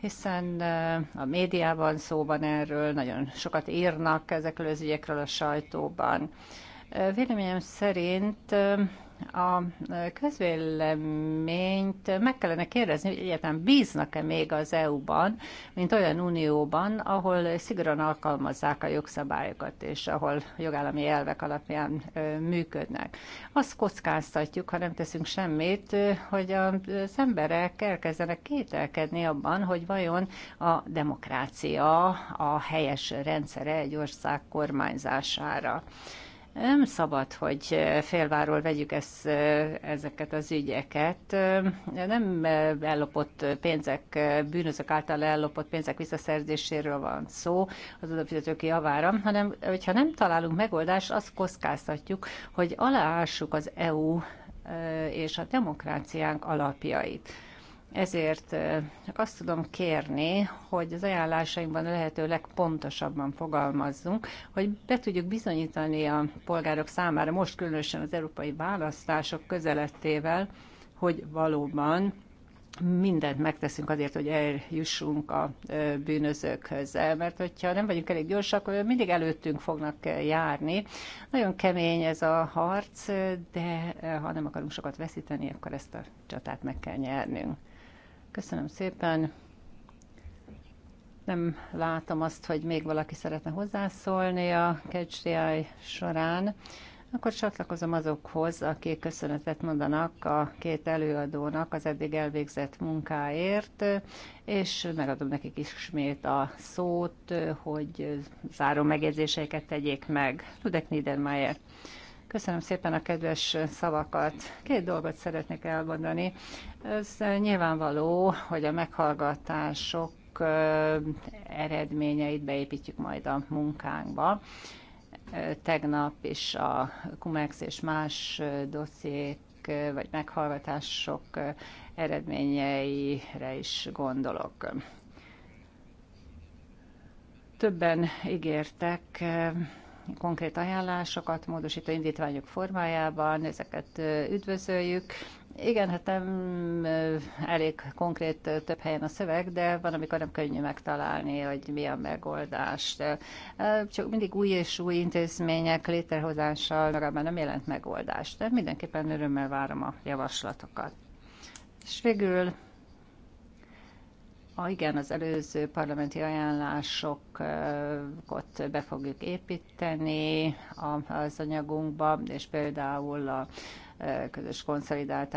hiszen eh, a médiában szóban erről, nagyon sokat írnak ezekről az ügyekről a sajtóban. Eh, véleményem szerint eh, a közvéleményt meg kellene kérdezni, hogy egyáltalán bíznak-e még az EU-ban, mint olyan unióban, ahol szigorúan alkalmazzák a jogszabályokat, és ahol jogállami elvek alapján működnek. Azt kockáztatjuk, ha nem teszünk semmit, hogy az emberek elkezdenek kételkedni abban, hogy vajon a demokrácia a helyes rendszere egy ország kormányzására. Nem szabad, hogy félváról vegyük ezt, ezeket az ügyeket. Nem ellopott pénzek, bűnözök által ellopott pénzek visszaszerzéséről van szó az adófizetők javára, hanem hogyha nem találunk megoldást, azt kockáztatjuk, hogy aláássuk az EU és a demokráciánk alapjait. Ezért azt tudom kérni, hogy az ajánlásainkban a lehető legpontosabban fogalmazzunk, hogy be tudjuk bizonyítani a polgárok számára, most különösen az európai választások közelettével, hogy valóban mindent megteszünk azért, hogy eljussunk a bűnözőkhöz. Mert hogyha nem vagyunk elég gyorsak, akkor mindig előttünk fognak járni. Nagyon kemény ez a harc, de ha nem akarunk sokat veszíteni, akkor ezt a csatát meg kell nyernünk. Köszönöm szépen. Nem látom azt, hogy még valaki szeretne hozzászólni a KCI során. Akkor csatlakozom azokhoz, akik köszönetet mondanak a két előadónak az eddig elvégzett munkáért, és megadom nekik ismét a szót, hogy záró megjegyzéseiket tegyék meg. Ludek Niedermayer. Köszönöm szépen a kedves szavakat. Két dolgot szeretnék elmondani. Ez nyilvánvaló, hogy a meghallgatások eredményeit beépítjük majd a munkánkba. Tegnap is a Cumex és más dossziék vagy meghallgatások eredményeire is gondolok. Többen ígértek konkrét ajánlásokat módosító indítványok formájában, ezeket üdvözöljük. Igen, hát nem elég konkrét több helyen a szöveg, de van, amikor nem könnyű megtalálni, hogy mi a megoldás. Csak mindig új és új intézmények létrehozással magában nem jelent megoldást, de mindenképpen örömmel várom a javaslatokat. És végül Ah, igen, az előző parlamenti ajánlásokat be fogjuk építeni az anyagunkba, és például a közös konszolidált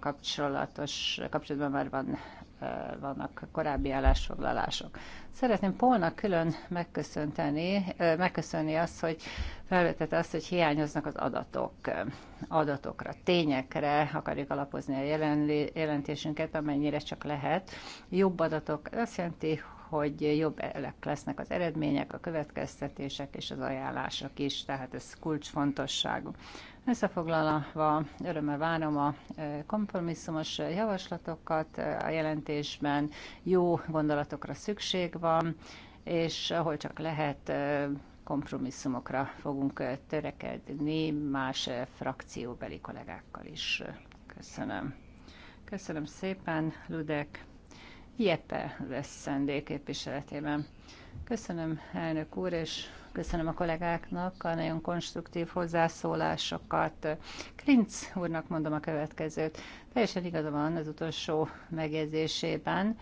kapcsolatos, kapcsolatban már van vannak korábbi állásfoglalások. Szeretném Polna külön megköszönteni, megköszönni azt, hogy felvetette azt, hogy hiányoznak az adatok, adatokra, tényekre akarjuk alapozni a jelentésünket, amennyire csak lehet. Jobb adatok, azt jelenti, hogy jobb lesznek az eredmények, a következtetések és az ajánlások is, tehát ez kulcsfontosságú. Összefoglalva örömmel várom a e, kompromisszumos javaslatokat e, a jelentésben, jó gondolatokra szükség van, és ahol csak lehet, e, kompromisszumokra fogunk törekedni más frakcióbeli kollégákkal is. Köszönöm. Köszönöm szépen, Ludek. Jeppe lesz szendély képviseletében. Köszönöm, elnök úr, és köszönöm a kollégáknak a nagyon konstruktív hozzászólásokat. Krinc úrnak mondom a következőt. Teljesen igaza van az utolsó megjegyzésében.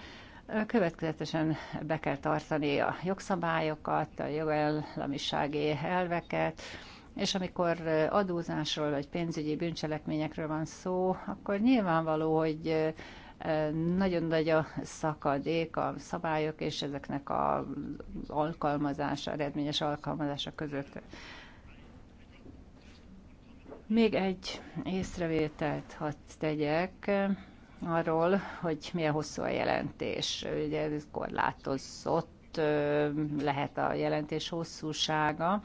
Következetesen be kell tartani a jogszabályokat, a jogállamisági elveket, és amikor adózásról vagy pénzügyi bűncselekményekről van szó, akkor nyilvánvaló, hogy nagyon nagy a szakadék a szabályok és ezeknek az alkalmazása, eredményes alkalmazása között. Még egy észrevételt hadd tegyek arról, hogy milyen hosszú a jelentés. Ugye ez korlátozott lehet a jelentés hosszúsága.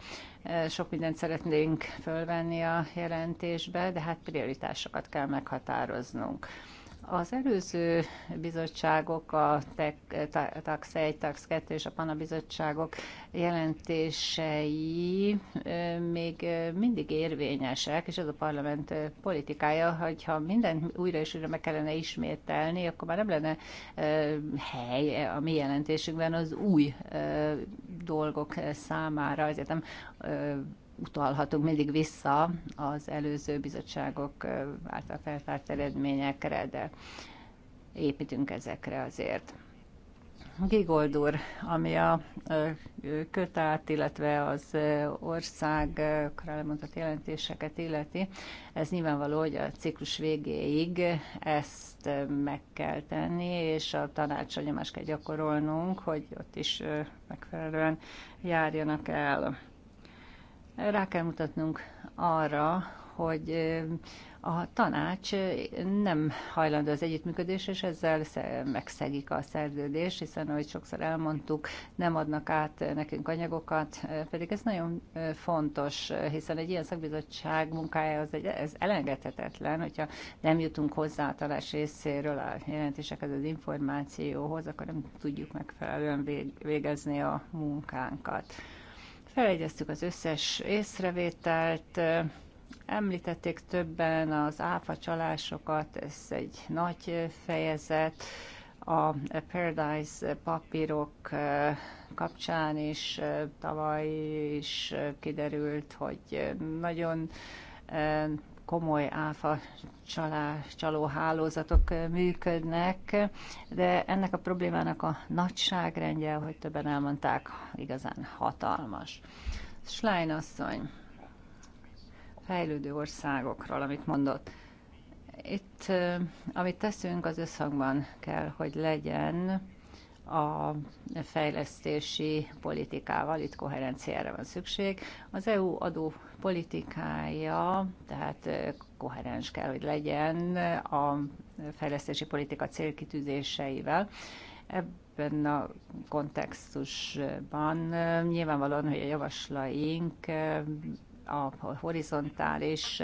Sok mindent szeretnénk fölvenni a jelentésbe, de hát prioritásokat kell meghatároznunk. Az előző bizottságok, a TAX 1, TAX 2 és a PANA bizottságok jelentései még mindig érvényesek, és ez a parlament politikája, hogyha mindent újra és újra meg kellene ismételni, akkor már nem lenne hely a mi jelentésünkben az új dolgok számára. Ezért nem utalhatunk mindig vissza az előző bizottságok által feltárt eredményekre, de építünk ezekre azért. Gigold úr, ami a kötát, illetve az ország elmondott jelentéseket illeti, ez nyilvánvaló, hogy a ciklus végéig ezt meg kell tenni, és a tanácsra nyomást kell gyakorolnunk, hogy ott is megfelelően járjanak el. Rá kell mutatnunk arra, hogy a tanács nem hajlandó az együttműködés, és ezzel megszegik a szerződés, hiszen, ahogy sokszor elmondtuk, nem adnak át nekünk anyagokat, pedig ez nagyon fontos, hiszen egy ilyen szakbizottság munkája az egy, ez elengedhetetlen, hogyha nem jutunk hozzá a talás részéről a jelentésekhez, az információhoz, akkor nem tudjuk megfelelően végezni a munkánkat. Felegyeztük az összes észrevételt, említették többen az áfa csalásokat, ez egy nagy fejezet, a Paradise papírok kapcsán is tavaly is kiderült, hogy nagyon komoly áfa csaló hálózatok működnek, de ennek a problémának a nagyságrendje, hogy többen elmondták, igazán hatalmas. Schlein asszony, fejlődő országokról, amit mondott. Itt, amit teszünk, az összhangban kell, hogy legyen a fejlesztési politikával, itt koherenciára van szükség. Az EU adó politikája, tehát koherens kell, hogy legyen a fejlesztési politika célkitűzéseivel. Ebben a kontextusban nyilvánvalóan, hogy a javaslaink a horizontális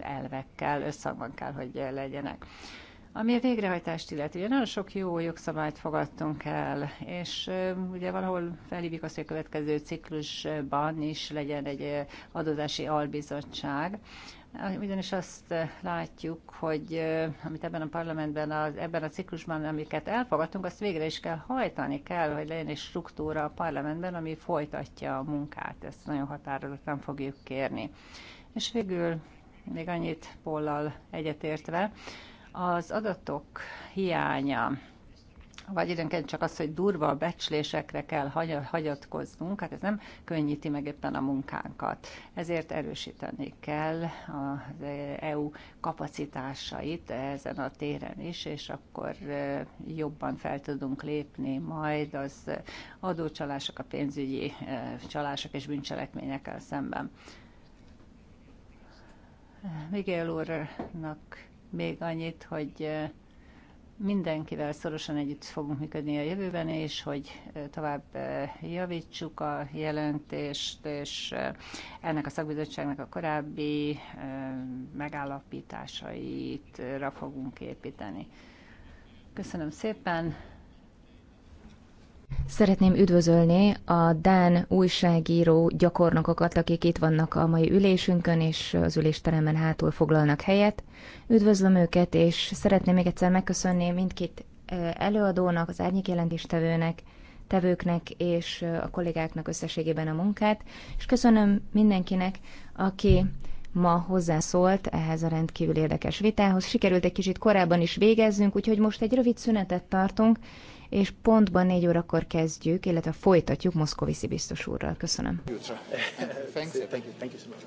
elvekkel összhangban kell, hogy legyenek. Ami a végrehajtást illeti, ugye nagyon sok jó jogszabályt fogadtunk el, és ugye valahol felhívjuk azt, hogy a következő ciklusban is legyen egy adózási albizottság, ugyanis azt látjuk, hogy amit ebben a parlamentben, az, ebben a ciklusban, amiket elfogadtunk, azt végre is kell hajtani kell, hogy legyen egy struktúra a parlamentben, ami folytatja a munkát. Ezt nagyon határozottan fogjuk kérni. És végül még annyit Pollal egyetértve, az adatok hiánya, vagy időnként csak az, hogy durva becslésekre kell hagyatkoznunk, hát ez nem könnyíti meg éppen a munkánkat. Ezért erősíteni kell az EU kapacitásait ezen a téren is, és akkor jobban fel tudunk lépni majd az adócsalások, a pénzügyi csalások és bűncselekményekkel szemben. Miguel úrnak még annyit, hogy mindenkivel szorosan együtt fogunk működni a jövőben, és hogy tovább javítsuk a jelentést, és ennek a szakbizottságnak a korábbi megállapításaitra fogunk építeni. Köszönöm szépen! Szeretném üdvözölni a Dán újságíró gyakornokokat, akik itt vannak a mai ülésünkön, és az ülésteremben hátul foglalnak helyet. Üdvözlöm őket, és szeretném még egyszer megköszönni mindkét eh, előadónak, az árnyék jelentéstevőnek, tevőknek és eh, a kollégáknak összességében a munkát, és köszönöm mindenkinek, aki ma hozzászólt ehhez a rendkívül érdekes vitához. Sikerült egy kicsit korábban is végezzünk, úgyhogy most egy rövid szünetet tartunk, és pontban négy órakor kezdjük, illetve folytatjuk Moszkoviszi biztos úrral. Köszönöm. Thank you. Thank you. Thank you so much.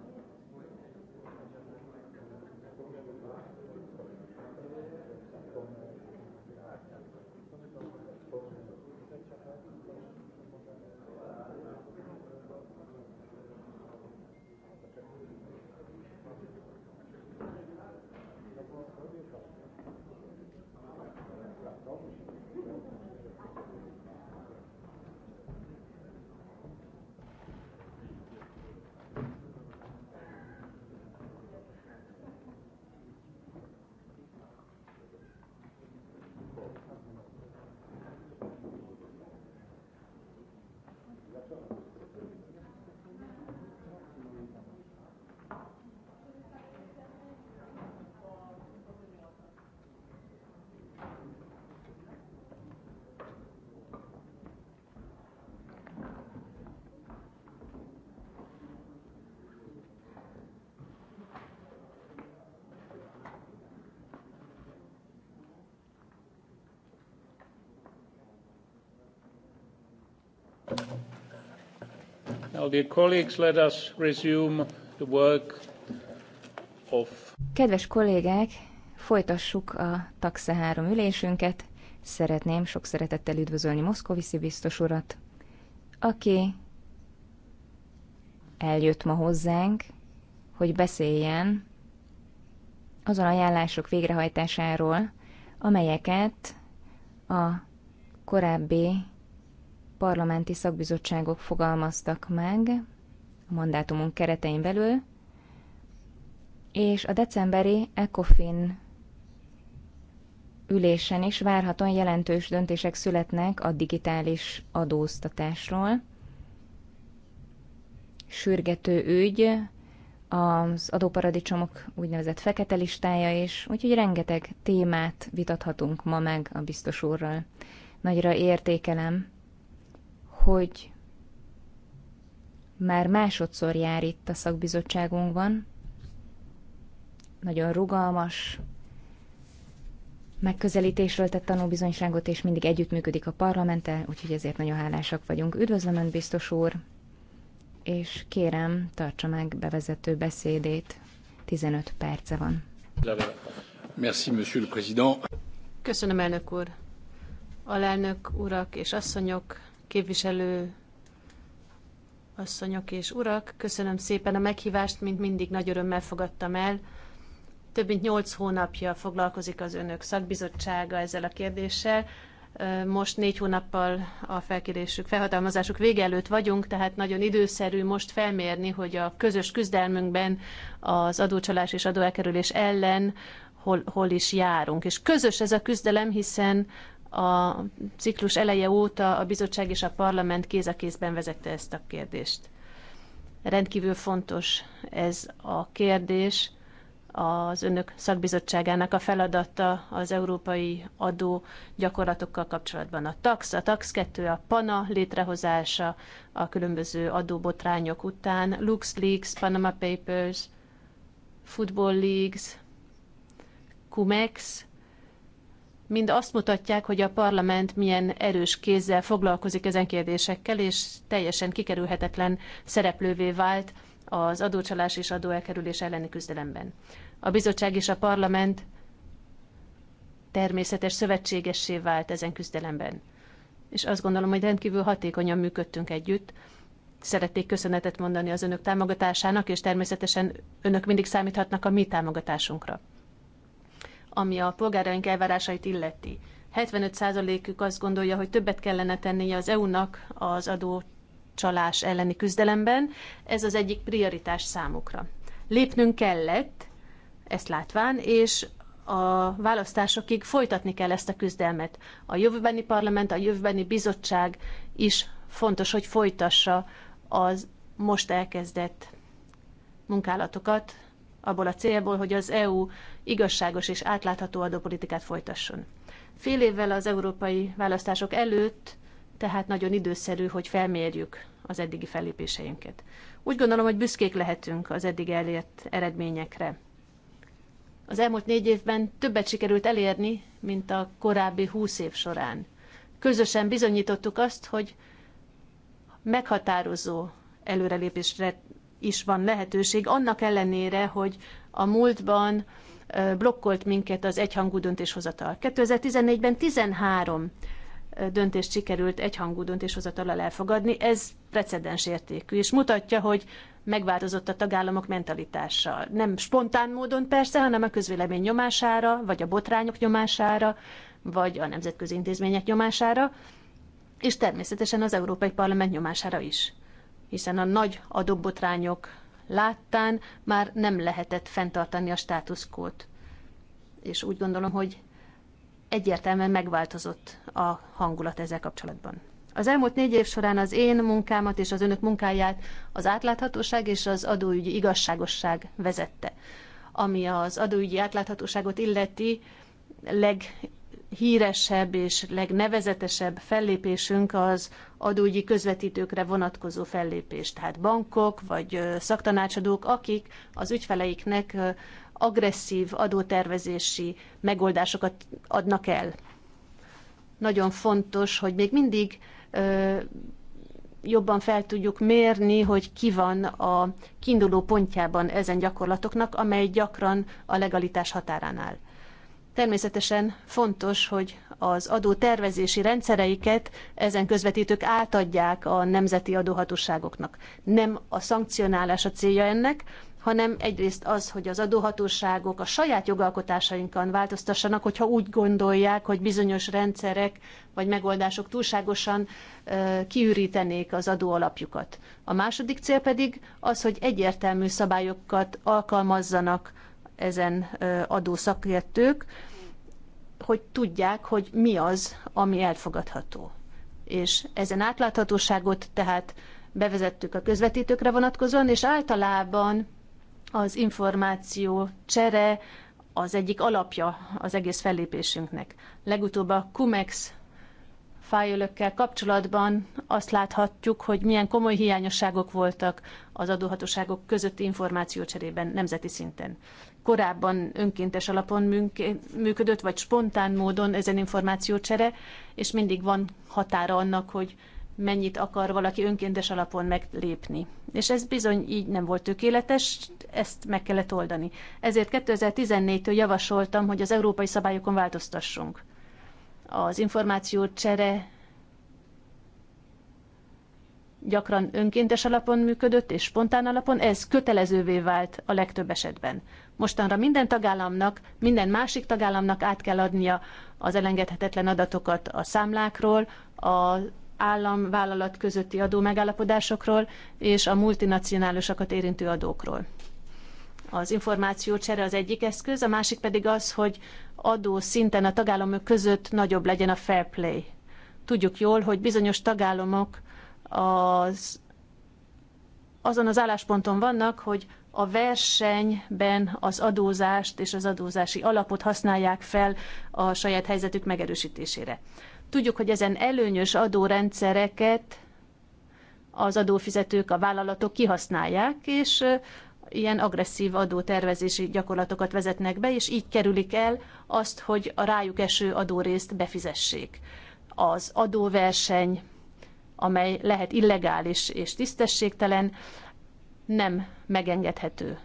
Kedves kollégák, folytassuk a taxa 3 ülésünket. Szeretném sok szeretettel üdvözölni Moszkoviszi biztos urat, aki eljött ma hozzánk, hogy beszéljen azon ajánlások végrehajtásáról, amelyeket a korábbi parlamenti szakbizottságok fogalmaztak meg a mandátumunk keretein belül, és a decemberi ECOFIN ülésen is várhatóan jelentős döntések születnek a digitális adóztatásról. Sürgető ügy, az adóparadicsomok úgynevezett fekete listája is, úgyhogy rengeteg témát vitathatunk ma meg a biztos úrral. Nagyra értékelem hogy már másodszor jár itt a szakbizottságunkban. Nagyon rugalmas megközelítésről tett tanúbizonyságot, és mindig együttműködik a parlamenttel, úgyhogy ezért nagyon hálásak vagyunk. Üdvözlöm Önt, biztos úr, és kérem, tartsa meg bevezető beszédét. 15 perce van. Merci, monsieur le président. Köszönöm, elnök úr. Alelnök urak és asszonyok, képviselő asszonyok és urak, köszönöm szépen a meghívást, mint mindig nagy örömmel fogadtam el. Több mint 8 hónapja foglalkozik az önök szakbizottsága ezzel a kérdéssel. Most négy hónappal a felkérésük, felhatalmazásuk vége előtt vagyunk, tehát nagyon időszerű most felmérni, hogy a közös küzdelmünkben az adócsalás és adóelkerülés ellen hol, hol is járunk. És közös ez a küzdelem, hiszen a ciklus eleje óta a bizottság és a parlament kéz a kézben vezette ezt a kérdést. Rendkívül fontos ez a kérdés, az önök szakbizottságának a feladata az európai adó gyakorlatokkal kapcsolatban. A TAX, a TAX 2, a PANA létrehozása a különböző adóbotrányok után, LuxLeaks, Panama Papers, Football Leagues, CUMEX, mind azt mutatják, hogy a parlament milyen erős kézzel foglalkozik ezen kérdésekkel, és teljesen kikerülhetetlen szereplővé vált az adócsalás és adóelkerülés elleni küzdelemben. A bizottság és a parlament természetes szövetségessé vált ezen küzdelemben. És azt gondolom, hogy rendkívül hatékonyan működtünk együtt. Szeretnék köszönetet mondani az önök támogatásának, és természetesen önök mindig számíthatnak a mi támogatásunkra ami a polgáraink elvárásait illeti. 75%-ük azt gondolja, hogy többet kellene tennie az EU-nak az adócsalás elleni küzdelemben. Ez az egyik prioritás számukra. Lépnünk kellett, ezt látván, és a választásokig folytatni kell ezt a küzdelmet. A jövőbeni parlament, a jövőbeni bizottság is fontos, hogy folytassa az most elkezdett munkálatokat abból a célból, hogy az EU igazságos és átlátható adópolitikát folytasson. Fél évvel az európai választások előtt, tehát nagyon időszerű, hogy felmérjük az eddigi fellépéseinket. Úgy gondolom, hogy büszkék lehetünk az eddig elért eredményekre. Az elmúlt négy évben többet sikerült elérni, mint a korábbi húsz év során. Közösen bizonyítottuk azt, hogy meghatározó előrelépésre is van lehetőség, annak ellenére, hogy a múltban blokkolt minket az egyhangú döntéshozatal. 2014-ben 13 döntést sikerült egyhangú döntéshozatalal elfogadni, ez precedens értékű, és mutatja, hogy megváltozott a tagállamok mentalitása. Nem spontán módon persze, hanem a közvélemény nyomására, vagy a botrányok nyomására, vagy a nemzetközi intézmények nyomására, és természetesen az Európai Parlament nyomására is hiszen a nagy adóbotrányok láttán már nem lehetett fenntartani a státuszkót. És úgy gondolom, hogy egyértelműen megváltozott a hangulat ezzel kapcsolatban. Az elmúlt négy év során az én munkámat és az önök munkáját az átláthatóság és az adóügyi igazságosság vezette. Ami az adóügyi átláthatóságot illeti, leg leghíresebb és legnevezetesebb fellépésünk az adógyi közvetítőkre vonatkozó fellépés, tehát bankok vagy szaktanácsadók, akik az ügyfeleiknek agresszív adótervezési megoldásokat adnak el. Nagyon fontos, hogy még mindig jobban fel tudjuk mérni, hogy ki van a kiinduló pontjában ezen gyakorlatoknak, amely gyakran a legalitás határán áll. Természetesen fontos, hogy az adó tervezési rendszereiket ezen közvetítők átadják a nemzeti adóhatóságoknak. Nem a szankcionálás a célja ennek, hanem egyrészt az, hogy az adóhatóságok a saját jogalkotásainkon változtassanak, hogyha úgy gondolják, hogy bizonyos rendszerek vagy megoldások túlságosan kiürítenék az adóalapjukat. A második cél pedig az, hogy egyértelmű szabályokat alkalmazzanak ezen adószakértők, hogy tudják, hogy mi az, ami elfogadható. És ezen átláthatóságot tehát bevezettük a közvetítőkre vonatkozóan, és általában az információ csere az egyik alapja az egész fellépésünknek. Legutóbb a Cumex fájölökkel kapcsolatban azt láthatjuk, hogy milyen komoly hiányosságok voltak az adóhatóságok közötti információcserében nemzeti szinten. Korábban önkéntes alapon működött, vagy spontán módon ezen információcsere, és mindig van határa annak, hogy mennyit akar valaki önkéntes alapon meglépni. És ez bizony így nem volt tökéletes, ezt meg kellett oldani. Ezért 2014-től javasoltam, hogy az európai szabályokon változtassunk az csere gyakran önkéntes alapon működött és spontán alapon, ez kötelezővé vált a legtöbb esetben. Mostanra minden tagállamnak, minden másik tagállamnak át kell adnia az elengedhetetlen adatokat a számlákról, a államvállalat közötti adó megállapodásokról és a multinacionálisokat érintő adókról. Az információcsere az egyik eszköz, a másik pedig az, hogy adó szinten a tagállamok között nagyobb legyen a fair play. Tudjuk jól, hogy bizonyos tagállamok az, azon az állásponton vannak, hogy a versenyben az adózást és az adózási alapot használják fel a saját helyzetük megerősítésére. Tudjuk, hogy ezen előnyös adórendszereket az adófizetők, a vállalatok kihasználják, és ilyen agresszív adótervezési gyakorlatokat vezetnek be, és így kerülik el azt, hogy a rájuk eső adórészt befizessék. Az adóverseny, amely lehet illegális és tisztességtelen, nem megengedhető.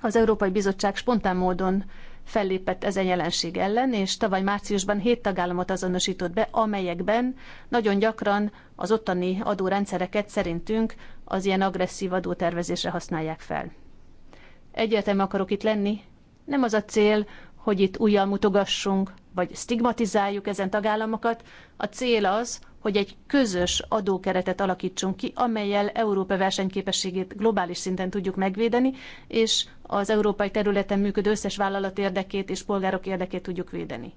Az Európai Bizottság spontán módon fellépett ezen jelenség ellen, és tavaly márciusban hét tagállamot azonosított be, amelyekben nagyon gyakran az ottani adórendszereket szerintünk az ilyen agresszív adótervezésre használják fel. Egyetem akarok itt lenni, nem az a cél, hogy itt újjal mutogassunk, vagy stigmatizáljuk ezen tagállamokat. A cél az, hogy egy közös adókeretet alakítsunk ki, amelyel Európa versenyképességét globális szinten tudjuk megvédeni, és az európai területen működő összes vállalat érdekét és polgárok érdekét tudjuk védeni.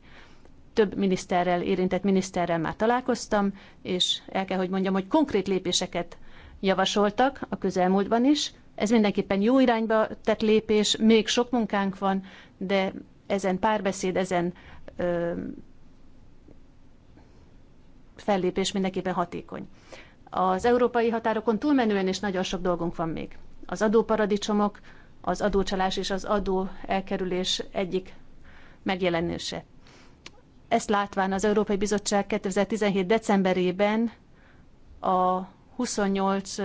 Több miniszterrel, érintett miniszterrel már találkoztam, és el kell, hogy mondjam, hogy konkrét lépéseket javasoltak a közelmúltban is. Ez mindenképpen jó irányba tett lépés, még sok munkánk van, de ezen párbeszéd, ezen ö, fellépés mindenképpen hatékony. Az európai határokon túlmenően is nagyon sok dolgunk van még. Az adóparadicsomok, az adócsalás és az adó elkerülés egyik megjelenése. Ezt látván az Európai Bizottság 2017. decemberében a 28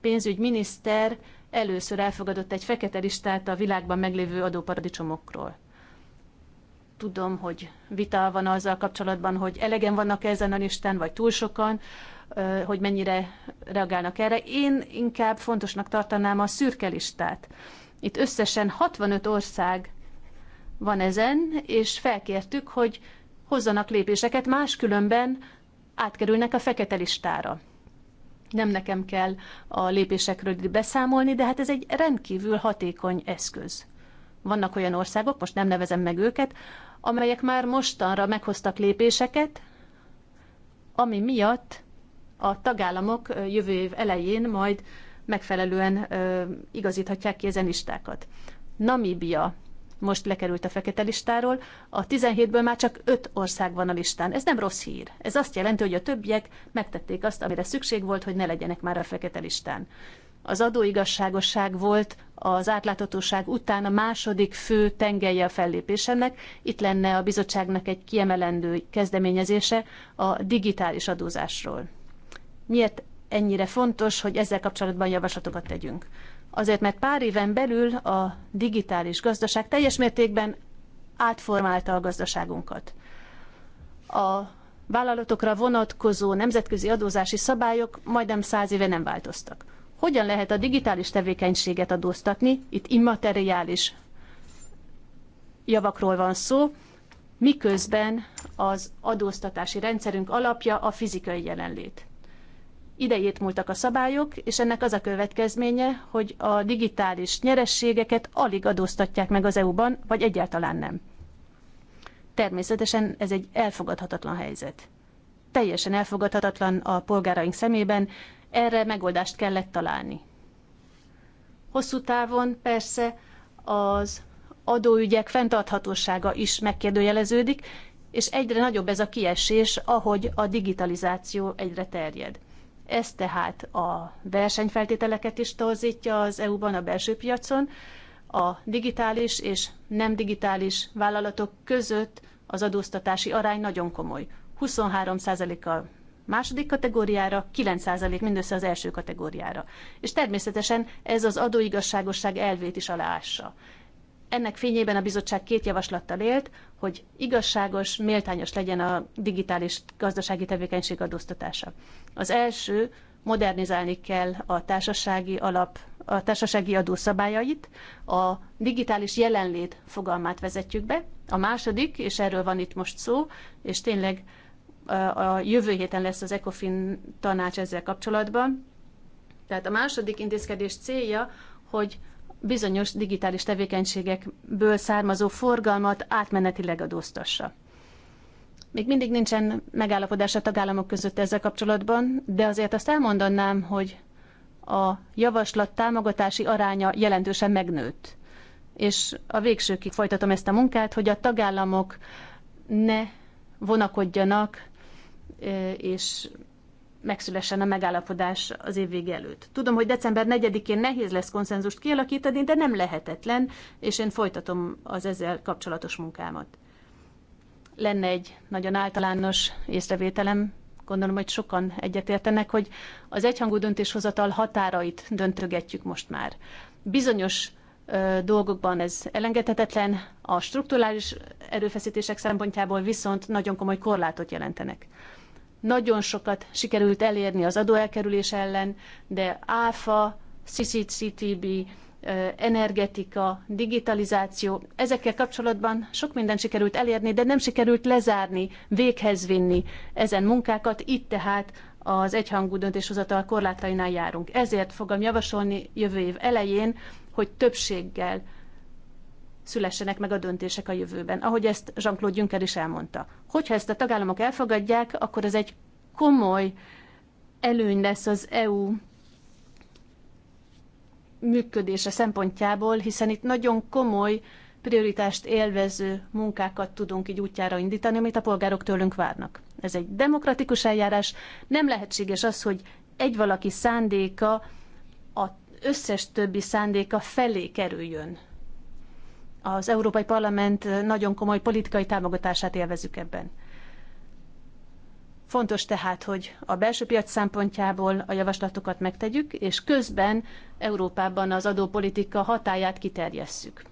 pénzügyminiszter először elfogadott egy fekete listát a világban meglévő adóparadicsomokról. Tudom, hogy vita van azzal kapcsolatban, hogy elegen vannak ezen a listán, vagy túl sokan, hogy mennyire reagálnak erre. Én inkább fontosnak tartanám a szürke listát. Itt összesen 65 ország van ezen, és felkértük, hogy hozzanak lépéseket, máskülönben átkerülnek a fekete listára. Nem nekem kell a lépésekről beszámolni, de hát ez egy rendkívül hatékony eszköz. Vannak olyan országok, most nem nevezem meg őket, amelyek már mostanra meghoztak lépéseket, ami miatt a tagállamok jövő év elején majd megfelelően igazíthatják ki ezen listákat. Namíbia most lekerült a fekete listáról, a 17-ből már csak 5 ország van a listán. Ez nem rossz hír. Ez azt jelenti, hogy a többiek megtették azt, amire szükség volt, hogy ne legyenek már a fekete listán. Az adóigazságosság volt az átláthatóság után a második fő tengelye a fellépésemnek. Itt lenne a bizottságnak egy kiemelendő kezdeményezése a digitális adózásról. Miért ennyire fontos, hogy ezzel kapcsolatban javaslatokat tegyünk? Azért, mert pár éven belül a digitális gazdaság teljes mértékben átformálta a gazdaságunkat. A vállalatokra vonatkozó nemzetközi adózási szabályok majdnem száz éve nem változtak. Hogyan lehet a digitális tevékenységet adóztatni? Itt immateriális javakról van szó, miközben az adóztatási rendszerünk alapja a fizikai jelenlét. Idejét múltak a szabályok, és ennek az a következménye, hogy a digitális nyerességeket alig adóztatják meg az EU-ban, vagy egyáltalán nem. Természetesen ez egy elfogadhatatlan helyzet. Teljesen elfogadhatatlan a polgáraink szemében, erre megoldást kellett találni. Hosszú távon persze az adóügyek fenntarthatósága is megkérdőjeleződik, és egyre nagyobb ez a kiesés, ahogy a digitalizáció egyre terjed. Ez tehát a versenyfeltételeket is torzítja az EU-ban a belső piacon, a digitális és nem digitális vállalatok között az adóztatási arány nagyon komoly. 23%-a második kategóriára, 9% mindössze az első kategóriára. És természetesen ez az adóigazságosság elvét is aláássa. Ennek fényében a bizottság két javaslattal élt, hogy igazságos, méltányos legyen a digitális gazdasági tevékenység adóztatása. Az első, modernizálni kell a társasági alap, a társasági adó szabályait, a digitális jelenlét fogalmát vezetjük be. A második, és erről van itt most szó, és tényleg a jövő héten lesz az ECOFIN tanács ezzel kapcsolatban. Tehát a második intézkedés célja, hogy bizonyos digitális tevékenységekből származó forgalmat átmenetileg adóztassa. Még mindig nincsen megállapodás a tagállamok között ezzel kapcsolatban, de azért azt elmondanám, hogy a javaslat támogatási aránya jelentősen megnőtt. És a végsőkig folytatom ezt a munkát, hogy a tagállamok ne vonakodjanak és megszülessen a megállapodás az év vége előtt. Tudom, hogy december 4-én nehéz lesz konszenzust kialakítani, de nem lehetetlen, és én folytatom az ezzel kapcsolatos munkámat. Lenne egy nagyon általános észrevételem, gondolom, hogy sokan egyetértenek, hogy az egyhangú döntéshozatal határait döntögetjük most már. Bizonyos dolgokban ez elengedhetetlen, a strukturális erőfeszítések szempontjából viszont nagyon komoly korlátot jelentenek. Nagyon sokat sikerült elérni az adóelkerülés ellen, de áfa, CCCTB, energetika, digitalizáció, ezekkel kapcsolatban sok mindent sikerült elérni, de nem sikerült lezárni, véghez vinni ezen munkákat, itt tehát az egyhangú döntéshozatal korlátainál járunk. Ezért fogom javasolni jövő év elején, hogy többséggel szülessenek meg a döntések a jövőben, ahogy ezt Jean-Claude Juncker is elmondta. Hogyha ezt a tagállamok elfogadják, akkor ez egy komoly előny lesz az EU működése szempontjából, hiszen itt nagyon komoly prioritást élvező munkákat tudunk így útjára indítani, amit a polgárok tőlünk várnak. Ez egy demokratikus eljárás, nem lehetséges az, hogy egy valaki szándéka a összes többi szándéka felé kerüljön az Európai Parlament nagyon komoly politikai támogatását élvezük ebben. Fontos tehát, hogy a belső piac szempontjából a javaslatokat megtegyük, és közben Európában az adópolitika hatáját kiterjesszük.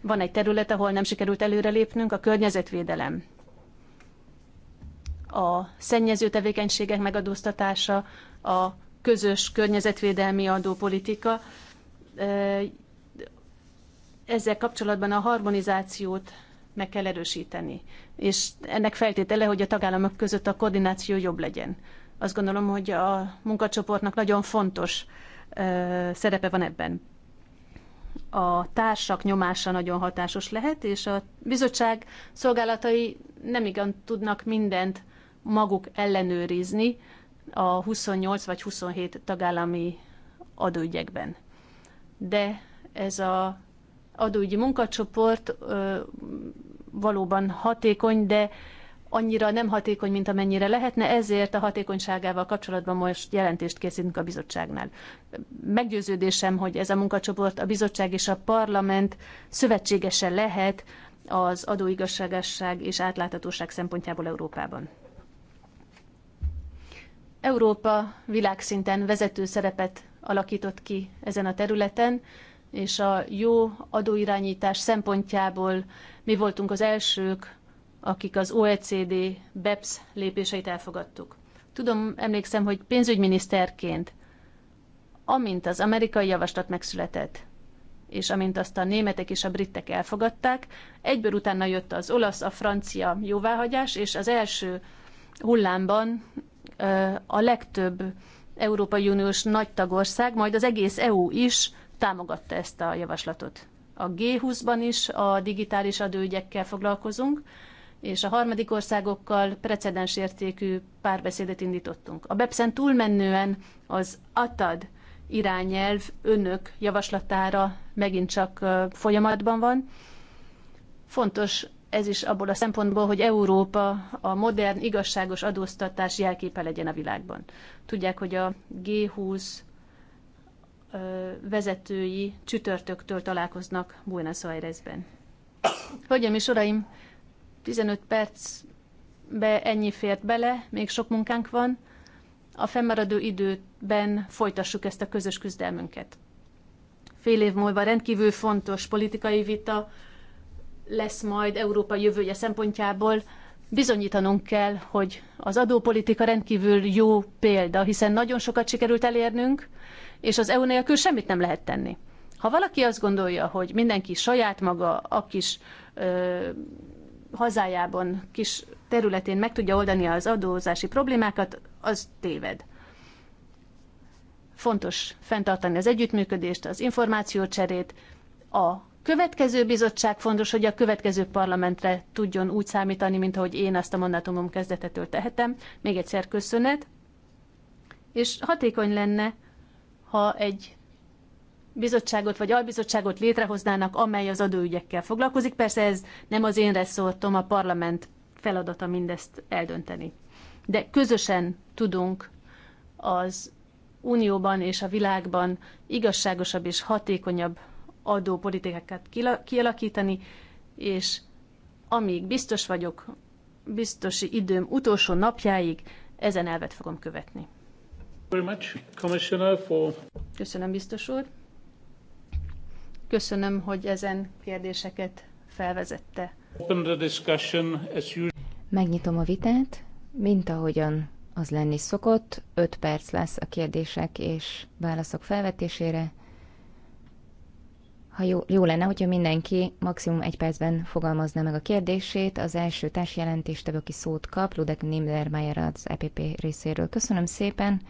Van egy terület, ahol nem sikerült előrelépnünk, a környezetvédelem. A szennyező tevékenységek megadóztatása, a közös környezetvédelmi adópolitika ezzel kapcsolatban a harmonizációt meg kell erősíteni. És ennek feltétele, hogy a tagállamok között a koordináció jobb legyen. Azt gondolom, hogy a munkacsoportnak nagyon fontos ö, szerepe van ebben. A társak nyomása nagyon hatásos lehet, és a bizottság szolgálatai nem igen tudnak mindent maguk ellenőrizni a 28 vagy 27 tagállami adóügyekben. De ez a adóügyi munkacsoport valóban hatékony, de annyira nem hatékony, mint amennyire lehetne, ezért a hatékonyságával kapcsolatban most jelentést készítünk a bizottságnál. Meggyőződésem, hogy ez a munkacsoport, a bizottság és a parlament szövetségese lehet az adóigazságesség és átláthatóság szempontjából Európában. Európa világszinten vezető szerepet alakított ki ezen a területen, és a jó adóirányítás szempontjából mi voltunk az elsők, akik az OECD BEPS lépéseit elfogadtuk. Tudom, emlékszem, hogy pénzügyminiszterként, amint az amerikai javaslat megszületett, és amint azt a németek és a britek elfogadták, egyből utána jött az olasz, a francia jóváhagyás, és az első hullámban a legtöbb Európai Uniós nagy tagország, majd az egész EU is támogatta ezt a javaslatot. A G20-ban is a digitális adőügyekkel foglalkozunk, és a harmadik országokkal precedens értékű párbeszédet indítottunk. A BEPS-en túlmenően az ATAD irányelv önök javaslatára megint csak folyamatban van. Fontos ez is abból a szempontból, hogy Európa a modern, igazságos adóztatás jelképe legyen a világban. Tudják, hogy a G20 vezetői csütörtöktől találkoznak Buenos Airesben. Hölgyeim és uraim, 15 percbe ennyi fért bele, még sok munkánk van. A fennmaradó időben folytassuk ezt a közös küzdelmünket. Fél év múlva rendkívül fontos politikai vita lesz majd Európa jövője szempontjából. Bizonyítanunk kell, hogy az adópolitika rendkívül jó példa, hiszen nagyon sokat sikerült elérnünk, és az EU nélkül semmit nem lehet tenni. Ha valaki azt gondolja, hogy mindenki saját maga a kis ö, hazájában, kis területén meg tudja oldani az adózási problémákat, az téved. Fontos fenntartani az együttműködést, az információcserét. A következő bizottság fontos, hogy a következő parlamentre tudjon úgy számítani, mint ahogy én azt a mandátumom kezdetetől tehetem. Még egyszer köszönet. És hatékony lenne, ha egy bizottságot vagy albizottságot létrehoznának, amely az adóügyekkel foglalkozik. Persze ez nem az én reszortom, a parlament feladata mindezt eldönteni. De közösen tudunk az Unióban és a világban igazságosabb és hatékonyabb adópolitikákat kialakítani, és amíg biztos vagyok, biztosi időm utolsó napjáig ezen elvet fogom követni. Köszönöm, biztos úr. Köszönöm, hogy ezen kérdéseket felvezette. Megnyitom a vitát, mint ahogyan az lenni szokott, 5 perc lesz a kérdések és válaszok felvetésére, ha jó, jó lenne, hogyha mindenki maximum egy percben fogalmazná meg a kérdését. Az első társjelentéstevő, aki szót kap, Ludek Niedermayer az EPP részéről. Köszönöm szépen,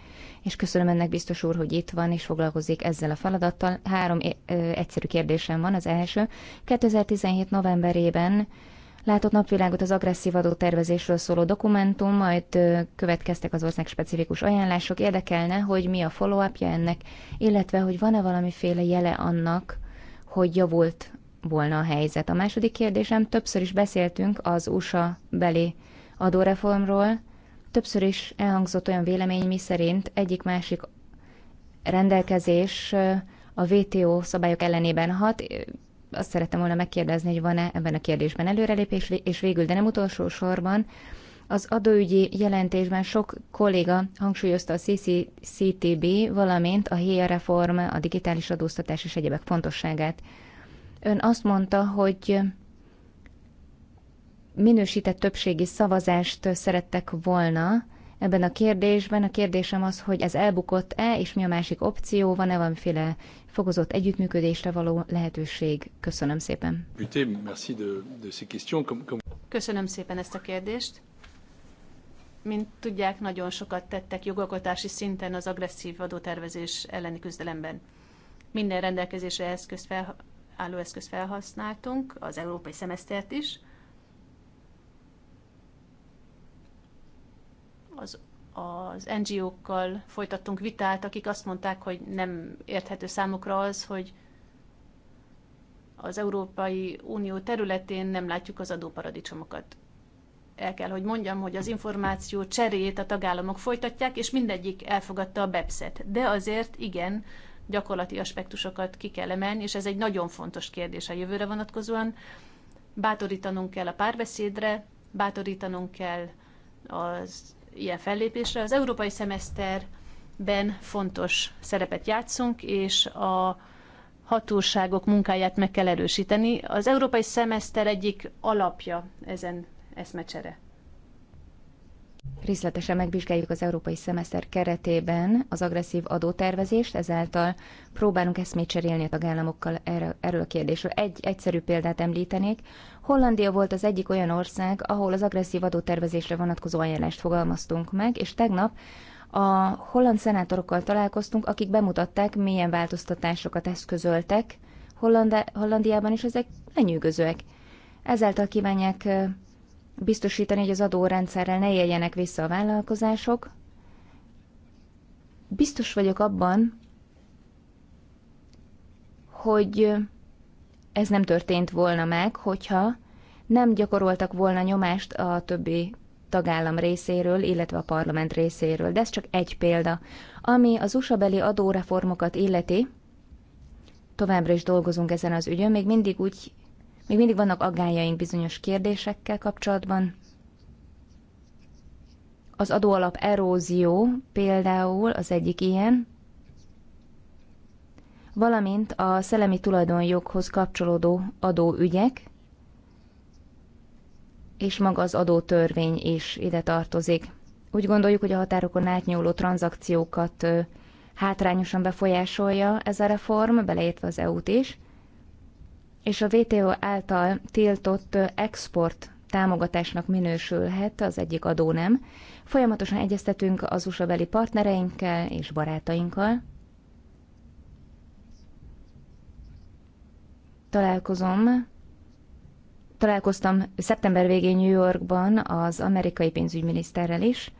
és köszönöm ennek biztos úr, hogy itt van és foglalkozik ezzel a feladattal. Három ö, egyszerű kérdésem van. Az első, 2017 novemberében látott napvilágot az agresszív tervezésről szóló dokumentum, majd következtek az ország specifikus ajánlások. Érdekelne, hogy mi a follow-upja ennek, illetve hogy van-e valamiféle jele annak, hogy javult volna a helyzet. A második kérdésem, többször is beszéltünk az USA beli adóreformról, többször is elhangzott olyan vélemény, mi szerint egyik-másik rendelkezés a WTO szabályok ellenében hat. Azt szerettem volna megkérdezni, hogy van-e ebben a kérdésben előrelépés, és végül, de nem utolsó sorban, az adóügyi jelentésben sok kolléga hangsúlyozta a CCCTB, valamint a HIA reform, a digitális adóztatás és egyebek fontosságát. Ön azt mondta, hogy minősített többségi szavazást szerettek volna ebben a kérdésben. A kérdésem az, hogy ez elbukott-e, és mi a másik opció, van-e valamiféle fokozott együttműködésre való lehetőség? Köszönöm szépen. Köszönöm szépen ezt a kérdést. Mint tudják, nagyon sokat tettek jogalkotási szinten az agresszív adótervezés elleni küzdelemben. Minden rendelkezésre eszköz fel, álló eszközt felhasználtunk, az európai szemesztert is. Az, az NGO-kkal folytattunk vitát, akik azt mondták, hogy nem érthető számukra az, hogy az Európai Unió területén nem látjuk az adóparadicsomokat el kell, hogy mondjam, hogy az információ cseréjét a tagállamok folytatják, és mindegyik elfogadta a BEPS-et. De azért igen, gyakorlati aspektusokat ki kell emelni, és ez egy nagyon fontos kérdés a jövőre vonatkozóan. Bátorítanunk kell a párbeszédre, bátorítanunk kell az ilyen fellépésre. Az európai szemeszterben fontos szerepet játszunk, és a hatóságok munkáját meg kell erősíteni. Az európai szemeszter egyik alapja ezen eszmecsere. Részletesen megvizsgáljuk az európai szemeszter keretében az agresszív adótervezést, ezáltal próbálunk eszmét cserélni a tagállamokkal erről a kérdésről. Egy egyszerű példát említenék. Hollandia volt az egyik olyan ország, ahol az agresszív adótervezésre vonatkozó ajánlást fogalmaztunk meg, és tegnap a holland szenátorokkal találkoztunk, akik bemutatták, milyen változtatásokat eszközöltek Hollandiában, és ezek lenyűgözőek. Ezáltal kívánják biztosítani, hogy az adórendszerrel ne éljenek vissza a vállalkozások. Biztos vagyok abban, hogy ez nem történt volna meg, hogyha nem gyakoroltak volna nyomást a többi tagállam részéről, illetve a parlament részéről. De ez csak egy példa. Ami az USA beli adóreformokat illeti, továbbra is dolgozunk ezen az ügyön, még mindig úgy még mindig vannak aggájaink bizonyos kérdésekkel kapcsolatban. Az adóalap erózió például az egyik ilyen, valamint a szellemi tulajdonjoghoz kapcsolódó adóügyek, és maga az adótörvény is ide tartozik. Úgy gondoljuk, hogy a határokon átnyúló tranzakciókat hátrányosan befolyásolja ez a reform, beleértve az EU-t is, és a WTO által tiltott export támogatásnak minősülhet, az egyik adó nem. Folyamatosan egyeztetünk az USA beli partnereinkkel és barátainkkal. Találkozom találkoztam szeptember végén New Yorkban az amerikai pénzügyminiszterrel is.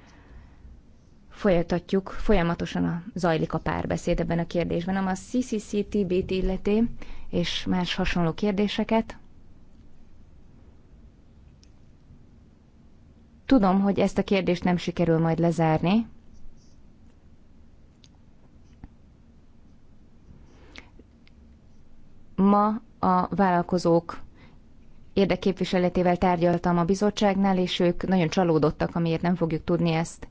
Folytatjuk, folyamatosan a, zajlik a párbeszéd ebben a kérdésben. Am a CCCTB-t illeti, és más hasonló kérdéseket. Tudom, hogy ezt a kérdést nem sikerül majd lezárni. Ma a vállalkozók érdekképviseletével tárgyaltam a bizottságnál, és ők nagyon csalódottak, amiért nem fogjuk tudni ezt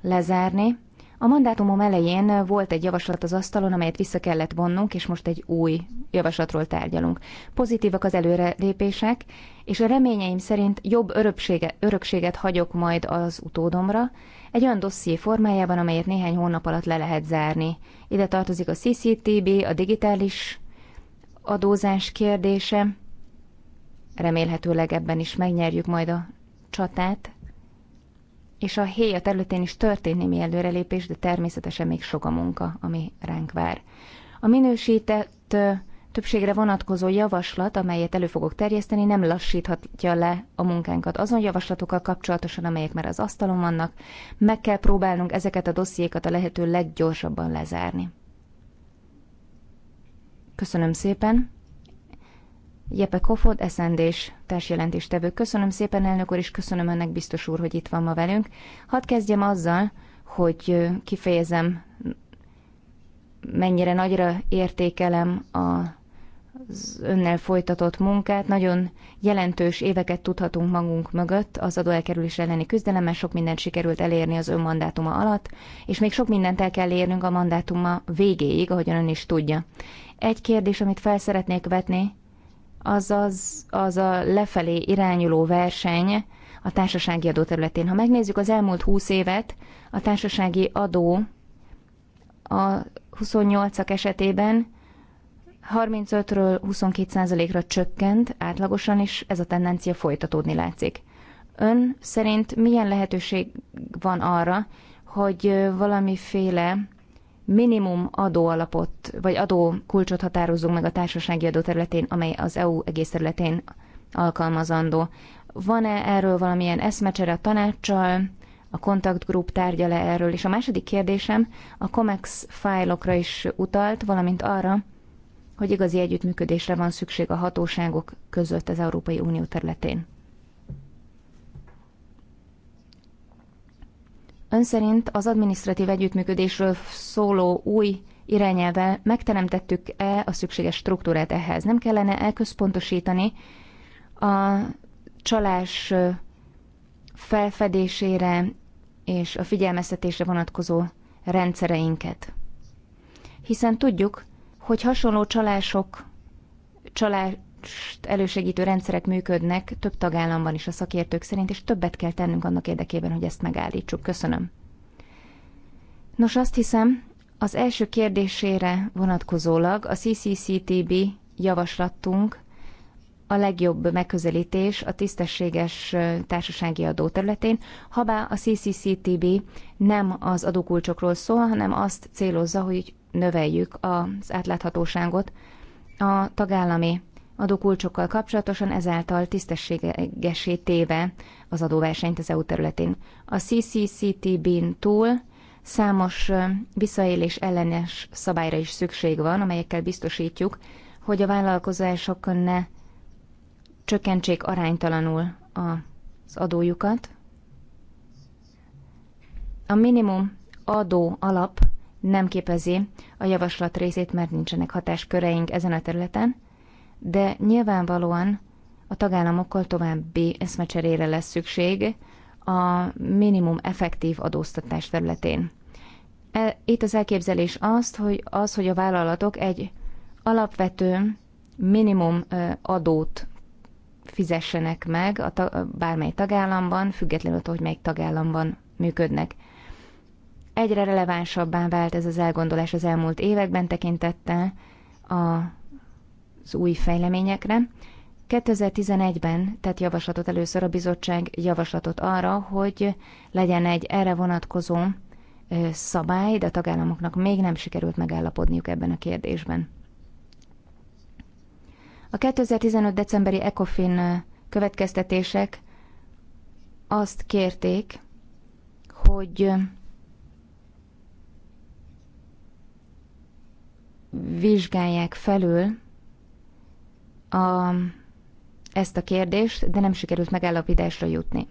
lezárni. A mandátumom elején volt egy javaslat az asztalon, amelyet vissza kellett vonnunk, és most egy új javaslatról tárgyalunk. Pozitívak az előrelépések, és a reményeim szerint jobb öröksége, örökséget hagyok majd az utódomra, egy olyan dosszié formájában, amelyet néhány hónap alatt le lehet zárni. Ide tartozik a CCTB, a digitális adózás kérdése, remélhetőleg ebben is megnyerjük majd a csatát, és a a területén is történt némi előrelépés, de természetesen még sok a munka, ami ránk vár. A minősített többségre vonatkozó javaslat, amelyet elő fogok terjeszteni, nem lassíthatja le a munkánkat azon javaslatokkal kapcsolatosan, amelyek már az asztalon vannak. Meg kell próbálnunk ezeket a dossziékat a lehető leggyorsabban lezárni. Köszönöm szépen! Jepe Kofod, snd és társjelentéstevő. Köszönöm szépen, elnök úr, és köszönöm önnek, biztos úr, hogy itt van ma velünk. Hadd kezdjem azzal, hogy kifejezem, mennyire nagyra értékelem a az önnel folytatott munkát. Nagyon jelentős éveket tudhatunk magunk mögött az adóelkerülés elleni küzdelemmel, sok mindent sikerült elérni az ön mandátuma alatt, és még sok mindent el kell érnünk a mandátuma végéig, ahogyan ön is tudja. Egy kérdés, amit fel szeretnék vetni, az az a lefelé irányuló verseny a társasági adó területén. Ha megnézzük az elmúlt 20 évet, a társasági adó a 28-ak esetében 35-ről 22%-ra csökkent átlagosan, és ez a tendencia folytatódni látszik. Ön szerint milyen lehetőség van arra, hogy valamiféle minimum adóalapot, vagy adó kulcsot határozunk meg a társasági adó területén, amely az EU egész területén alkalmazandó. Van-e erről valamilyen eszmecsere a tanácssal? A kontaktgrup tárgya le erről? És a második kérdésem a COMEX fájlokra is utalt, valamint arra, hogy igazi együttműködésre van szükség a hatóságok között az Európai Unió területén. Ön szerint az adminisztratív együttműködésről szóló új irányelvvel megteremtettük-e a szükséges struktúrát ehhez? Nem kellene elközpontosítani a csalás felfedésére és a figyelmeztetésre vonatkozó rendszereinket? Hiszen tudjuk, hogy hasonló csalások, csalás, elősegítő rendszerek működnek több tagállamban is a szakértők szerint, és többet kell tennünk annak érdekében, hogy ezt megállítsuk. Köszönöm. Nos, azt hiszem, az első kérdésére vonatkozólag a CCCTB javaslatunk a legjobb megközelítés a tisztességes társasági adó területén, habá a CCCTB nem az adókulcsokról szól, hanem azt célozza, hogy növeljük az átláthatóságot a tagállami adókulcsokkal kapcsolatosan, ezáltal tisztességesé téve az adóversenyt az EU területén. A CCCTB-n túl számos visszaélés ellenes szabályra is szükség van, amelyekkel biztosítjuk, hogy a vállalkozások ne csökkentsék aránytalanul az adójukat. A minimum adó alap nem képezi a javaslat részét, mert nincsenek hatásköreink ezen a területen, de nyilvánvalóan a tagállamokkal további eszmecserére lesz szükség a minimum effektív adóztatás területén. E, itt az elképzelés azt, hogy az, hogy a vállalatok egy alapvető minimum adót fizessenek meg a ta- bármely tagállamban, függetlenül attól, hogy melyik tagállamban működnek. Egyre relevánsabbá vált ez az elgondolás az elmúlt években tekintette a az új fejleményekre. 2011-ben tett javaslatot először a bizottság javaslatot arra, hogy legyen egy erre vonatkozó szabály, de a tagállamoknak még nem sikerült megállapodniuk ebben a kérdésben. A 2015. decemberi ECOFIN következtetések azt kérték, hogy vizsgálják felül a, ezt a kérdést, de nem sikerült megállapításra jutni.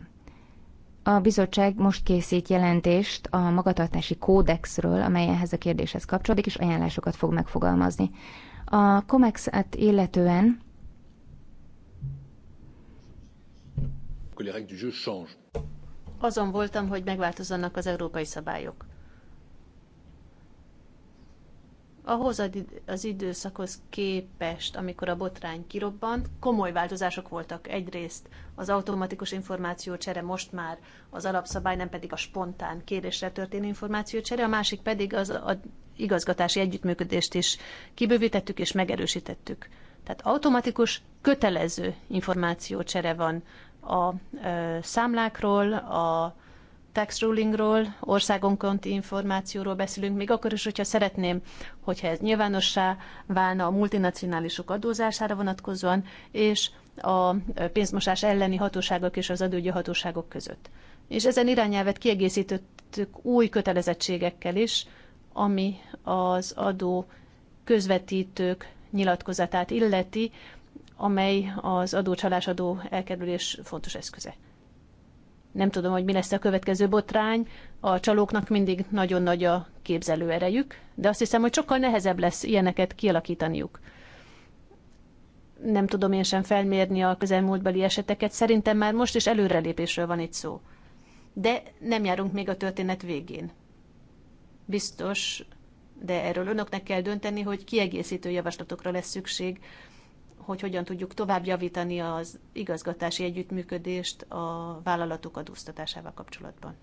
A bizottság most készít jelentést a magatartási kódexről, amely ehhez a kérdéshez kapcsolódik, és ajánlásokat fog megfogalmazni. A COMEX-et illetően Azon voltam, hogy megváltozzanak az európai szabályok. ahhoz az időszakhoz képest, amikor a botrány kirobbant, komoly változások voltak. Egyrészt az automatikus információcsere most már az alapszabály, nem pedig a spontán kérésre történő információcsere, a másik pedig az a igazgatási együttműködést is kibővítettük és megerősítettük. Tehát automatikus, kötelező információcsere van a számlákról, a tax rulingról, országonkonti információról beszélünk, még akkor is, hogyha szeretném, hogyha ez nyilvánossá válna a multinacionálisok adózására vonatkozóan, és a pénzmosás elleni hatóságok és az adógyi hatóságok között. És ezen irányelvet kiegészítettük új kötelezettségekkel is, ami az adó közvetítők nyilatkozatát illeti, amely az adócsalásadó elkerülés fontos eszköze. Nem tudom, hogy mi lesz a következő botrány. A csalóknak mindig nagyon nagy a képzelő erejük, de azt hiszem, hogy sokkal nehezebb lesz ilyeneket kialakítaniuk. Nem tudom én sem felmérni a közelmúltbeli eseteket. Szerintem már most is előrelépésről van itt szó. De nem járunk még a történet végén. Biztos, de erről önöknek kell dönteni, hogy kiegészítő javaslatokra lesz szükség hogy hogyan tudjuk tovább javítani az igazgatási együttműködést a vállalatok adóztatásával kapcsolatban.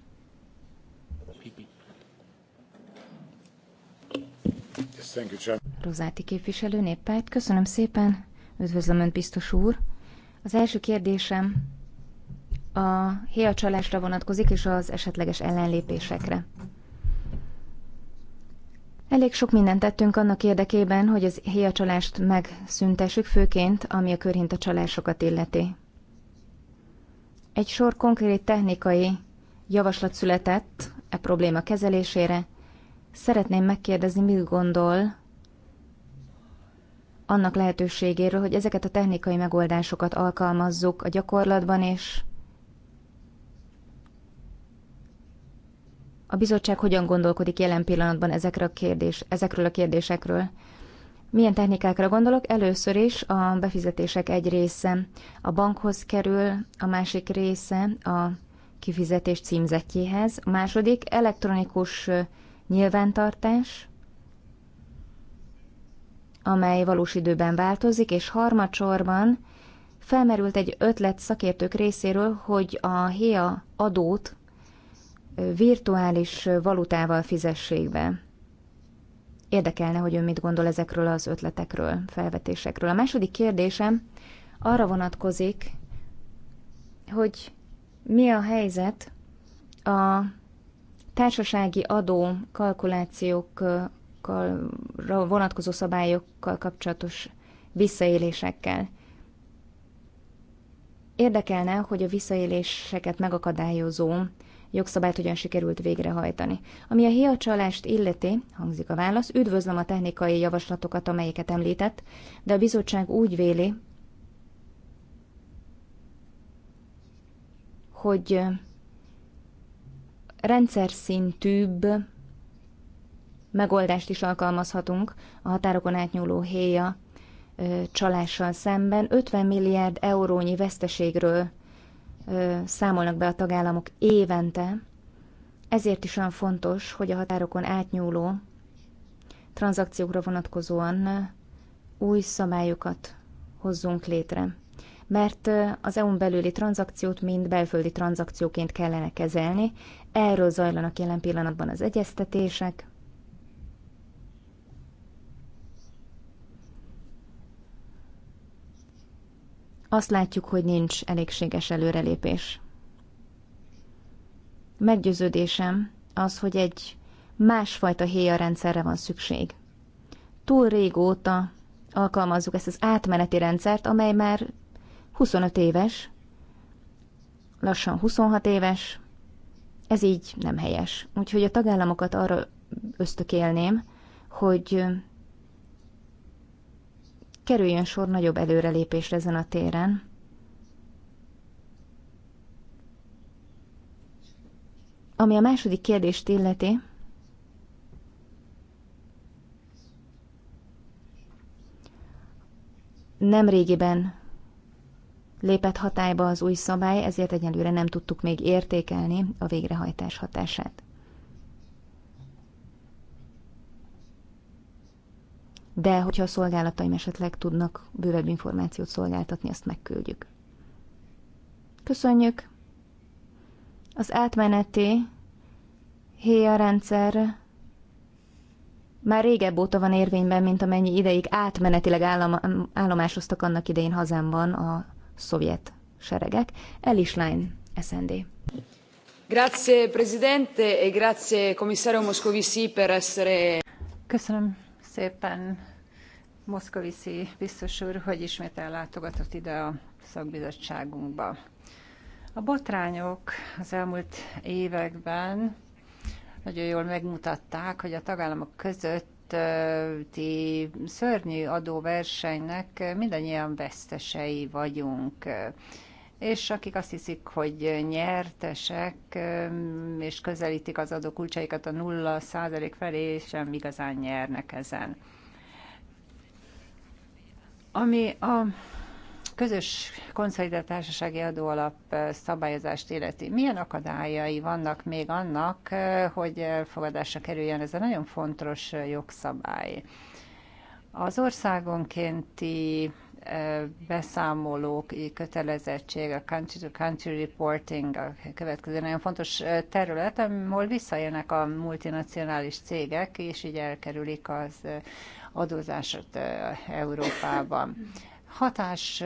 Rozáti képviselő néppárt, köszönöm szépen, üdvözlöm Önt, biztos úr. Az első kérdésem a héjacsalásra vonatkozik és az esetleges ellenlépésekre. Elég sok mindent tettünk annak érdekében, hogy az héjacsalást megszüntessük, főként ami a körhinta csalásokat illeti. Egy sor konkrét technikai javaslat született e probléma kezelésére. Szeretném megkérdezni, mit gondol annak lehetőségéről, hogy ezeket a technikai megoldásokat alkalmazzuk a gyakorlatban, és A bizottság hogyan gondolkodik jelen pillanatban ezekről a, kérdés, ezekről a kérdésekről? Milyen technikákra gondolok? Először is a befizetések egy része a bankhoz kerül, a másik része a kifizetés címzetjéhez, a második elektronikus nyilvántartás, amely valós időben változik, és harmadsorban felmerült egy ötlet szakértők részéről, hogy a HEA adót virtuális valutával fizessék be. Érdekelne, hogy ön mit gondol ezekről az ötletekről, felvetésekről. A második kérdésem arra vonatkozik, hogy mi a helyzet a társasági adó kalkulációkkal vonatkozó szabályokkal kapcsolatos visszaélésekkel. Érdekelne, hogy a visszaéléseket megakadályozó jogszabályt hogyan sikerült végrehajtani. Ami a csalást illeti, hangzik a válasz, üdvözlöm a technikai javaslatokat, amelyeket említett, de a bizottság úgy véli, hogy rendszer szintűbb megoldást is alkalmazhatunk a határokon átnyúló héja csalással szemben. 50 milliárd eurónyi veszteségről számolnak be a tagállamok évente, ezért is olyan fontos, hogy a határokon átnyúló tranzakciókra vonatkozóan új szabályokat hozzunk létre. Mert az EU-n belüli tranzakciót mind belföldi tranzakcióként kellene kezelni, erről zajlanak jelen pillanatban az egyeztetések, azt látjuk, hogy nincs elégséges előrelépés. Meggyőződésem az, hogy egy másfajta héja rendszerre van szükség. Túl régóta alkalmazzuk ezt az átmeneti rendszert, amely már 25 éves, lassan 26 éves, ez így nem helyes. Úgyhogy a tagállamokat arra ösztökélném, hogy kerüljön sor nagyobb előrelépésre ezen a téren. Ami a második kérdést illeti, nem régiben lépett hatályba az új szabály, ezért egyelőre nem tudtuk még értékelni a végrehajtás hatását. de hogyha a szolgálataim esetleg tudnak bővebb információt szolgáltatni, azt megküldjük. Köszönjük! Az átmeneti héja rendszer már régebb óta van érvényben, mint amennyi ideig átmenetileg állom, állomásoztak annak idején hazámban a szovjet seregek. Elis Line, SND. Grazie Presidente e grazie Commissario Moscovici per essere... Köszönöm szépen Moszkoviszi biztos úr, hogy ismét ellátogatott ide a szakbizottságunkba. A botrányok az elmúlt években nagyon jól megmutatták, hogy a tagállamok közötti szörnyű adóversenynek mindannyian vesztesei vagyunk és akik azt hiszik, hogy nyertesek, és közelítik az adókulcsaikat a nulla százalék felé, sem igazán nyernek ezen. Ami a közös konszolidált társasági adóalap szabályozást illeti. Milyen akadályai vannak még annak, hogy elfogadásra kerüljön ez a nagyon fontos jogszabály? Az országonkénti beszámolók kötelezettség, a country-to-country reporting a következő nagyon fontos terület, ahol visszajönnek a multinacionális cégek, és így elkerülik az adózásot Európában. Hatás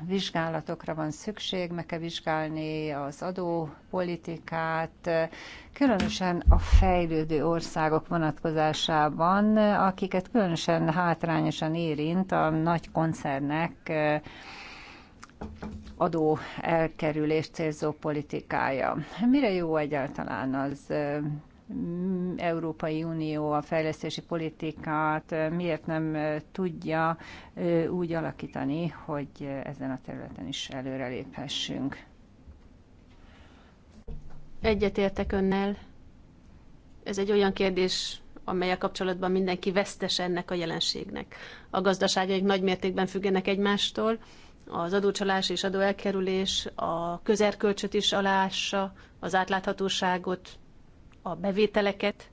vizsgálatokra van szükség, meg kell vizsgálni az adópolitikát, különösen a fejlődő országok vonatkozásában, akiket különösen hátrányosan érint a nagy koncernek adó elkerülés célzó politikája. Mire jó egyáltalán az Mm, Európai Unió a fejlesztési politikát miért nem tudja úgy alakítani, hogy ezen a területen is előreléphessünk. Egyetértek önnel. Ez egy olyan kérdés, amelyek kapcsolatban mindenki vesztes ennek a jelenségnek. A gazdaságaik nagy mértékben függenek egymástól, az adócsalás és adóelkerülés a közerkölcsöt is alássa, az átláthatóságot a bevételeket,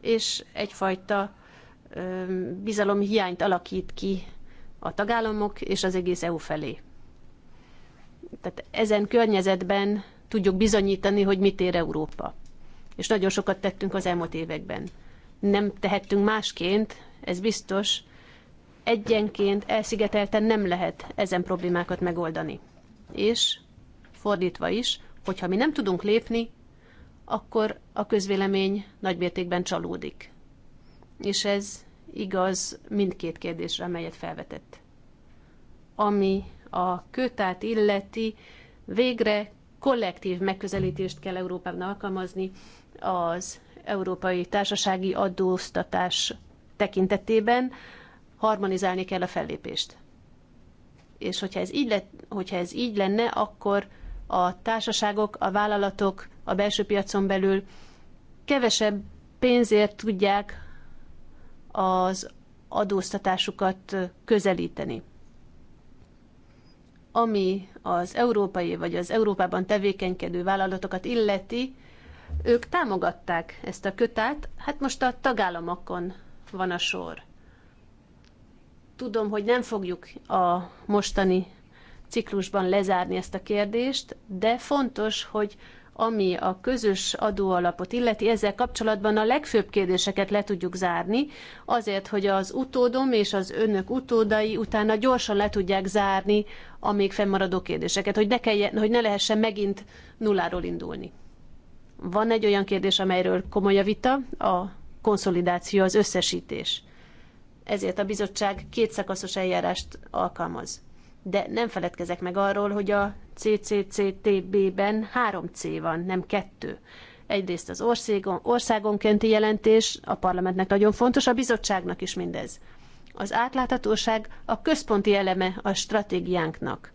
és egyfajta bizalomhiányt alakít ki a tagállamok és az egész EU felé. Tehát ezen környezetben tudjuk bizonyítani, hogy mit ér Európa. És nagyon sokat tettünk az elmúlt években. Nem tehettünk másként, ez biztos. Egyenként, elszigetelten nem lehet ezen problémákat megoldani. És fordítva is, hogyha mi nem tudunk lépni, akkor a közvélemény nagymértékben csalódik. És ez igaz mindkét kérdésre, amelyet felvetett. Ami a kötát illeti, végre kollektív megközelítést kell Európában alkalmazni az európai társasági adóztatás tekintetében, harmonizálni kell a fellépést. És hogyha ez így, lett, hogyha ez így lenne, akkor a társaságok, a vállalatok a belső piacon belül kevesebb pénzért tudják az adóztatásukat közelíteni. Ami az európai vagy az Európában tevékenykedő vállalatokat illeti, ők támogatták ezt a kötát, hát most a tagállamokon van a sor. Tudom, hogy nem fogjuk a mostani ciklusban lezárni ezt a kérdést, de fontos, hogy ami a közös adóalapot illeti, ezzel kapcsolatban a legfőbb kérdéseket le tudjuk zárni, azért, hogy az utódom és az önök utódai utána gyorsan le tudják zárni a még fennmaradó kérdéseket, hogy ne, kelljen, hogy ne lehessen megint nulláról indulni. Van egy olyan kérdés, amelyről komoly a vita, a konszolidáció, az összesítés. Ezért a bizottság kétszakaszos eljárást alkalmaz. De nem feledkezek meg arról, hogy a CCCTB-ben három C van, nem kettő. Egyrészt az országon, országonkénti jelentés, a parlamentnek nagyon fontos, a bizottságnak is mindez. Az átláthatóság a központi eleme a stratégiánknak.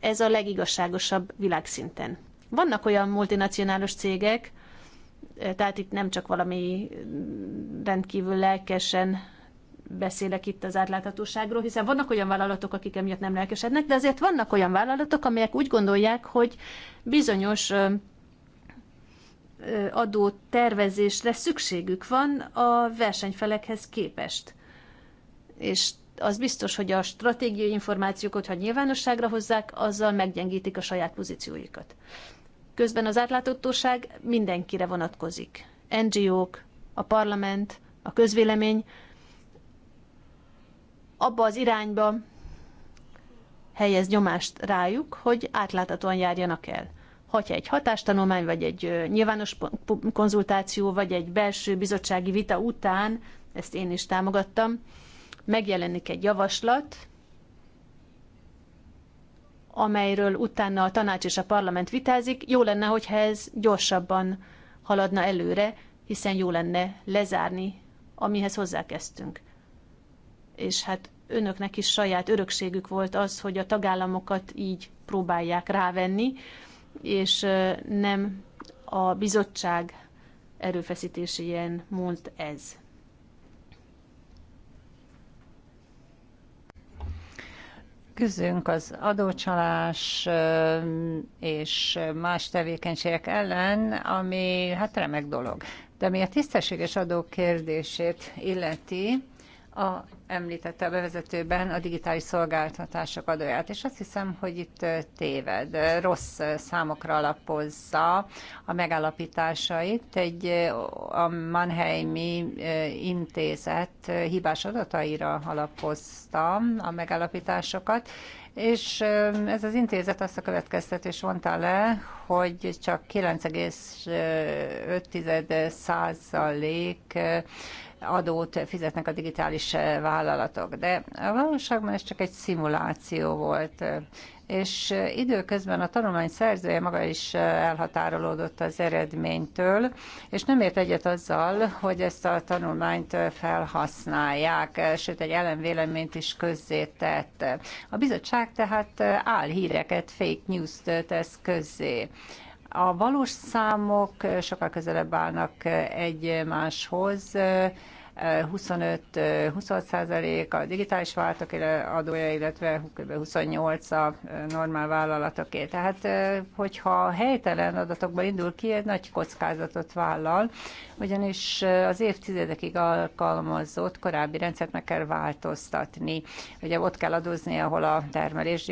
Ez a legigazságosabb világszinten. Vannak olyan multinacionális cégek, eh, tehát itt nem csak valami mm, rendkívül lelkesen beszélek itt az átláthatóságról, hiszen vannak olyan vállalatok, akik emiatt nem lelkesednek, de azért vannak olyan vállalatok, amelyek úgy gondolják, hogy bizonyos adó tervezésre szükségük van a versenyfelekhez képest. És az biztos, hogy a stratégiai információkat, ha nyilvánosságra hozzák, azzal meggyengítik a saját pozícióikat. Közben az átláthatóság mindenkire vonatkozik. NGO-k, a parlament, a közvélemény, abba az irányba helyez nyomást rájuk, hogy átláthatóan járjanak el. Hogyha egy hatástanulmány, vagy egy nyilvános konzultáció, vagy egy belső bizottsági vita után, ezt én is támogattam, megjelenik egy javaslat, amelyről utána a tanács és a parlament vitázik, jó lenne, hogyha ez gyorsabban haladna előre, hiszen jó lenne lezárni, amihez hozzákezdtünk és hát önöknek is saját örökségük volt az, hogy a tagállamokat így próbálják rávenni, és nem a bizottság erőfeszítésén mond ez. küzdünk az adócsalás és más tevékenységek ellen, ami hát remek dolog. De ami a tisztességes adó kérdését illeti, a, említette a bevezetőben a digitális szolgáltatások adóját, és azt hiszem, hogy itt téved, rossz számokra alapozza a megállapításait. Egy a Mannheimi intézet hibás adataira alapozta a megállapításokat, és ez az intézet azt a következtetés vonta le, hogy csak 9,5 százalék adót fizetnek a digitális eh, vállalatok. De a valóságban ez csak egy szimuláció volt eh, és eh, időközben a tanulmány szerzője maga is elhatárolódott az eredménytől, és nem ért egyet azzal, hogy ezt a tanulmányt felhasználják, sőt egy ellenvéleményt is közzétett. A bizottság tehát álhíreket, fake news-t tesz közzé. A valós számok sokkal közelebb állnak egymáshoz, 25-26 százalék a digitális váltok adója, illetve kb. 28 a normál vállalatoké. Tehát, hogyha helytelen adatokban indul ki, egy nagy kockázatot vállal, ugyanis az évtizedekig alkalmazott korábbi rendszert meg kell változtatni. Ugye ott kell adózni, ahol a termelés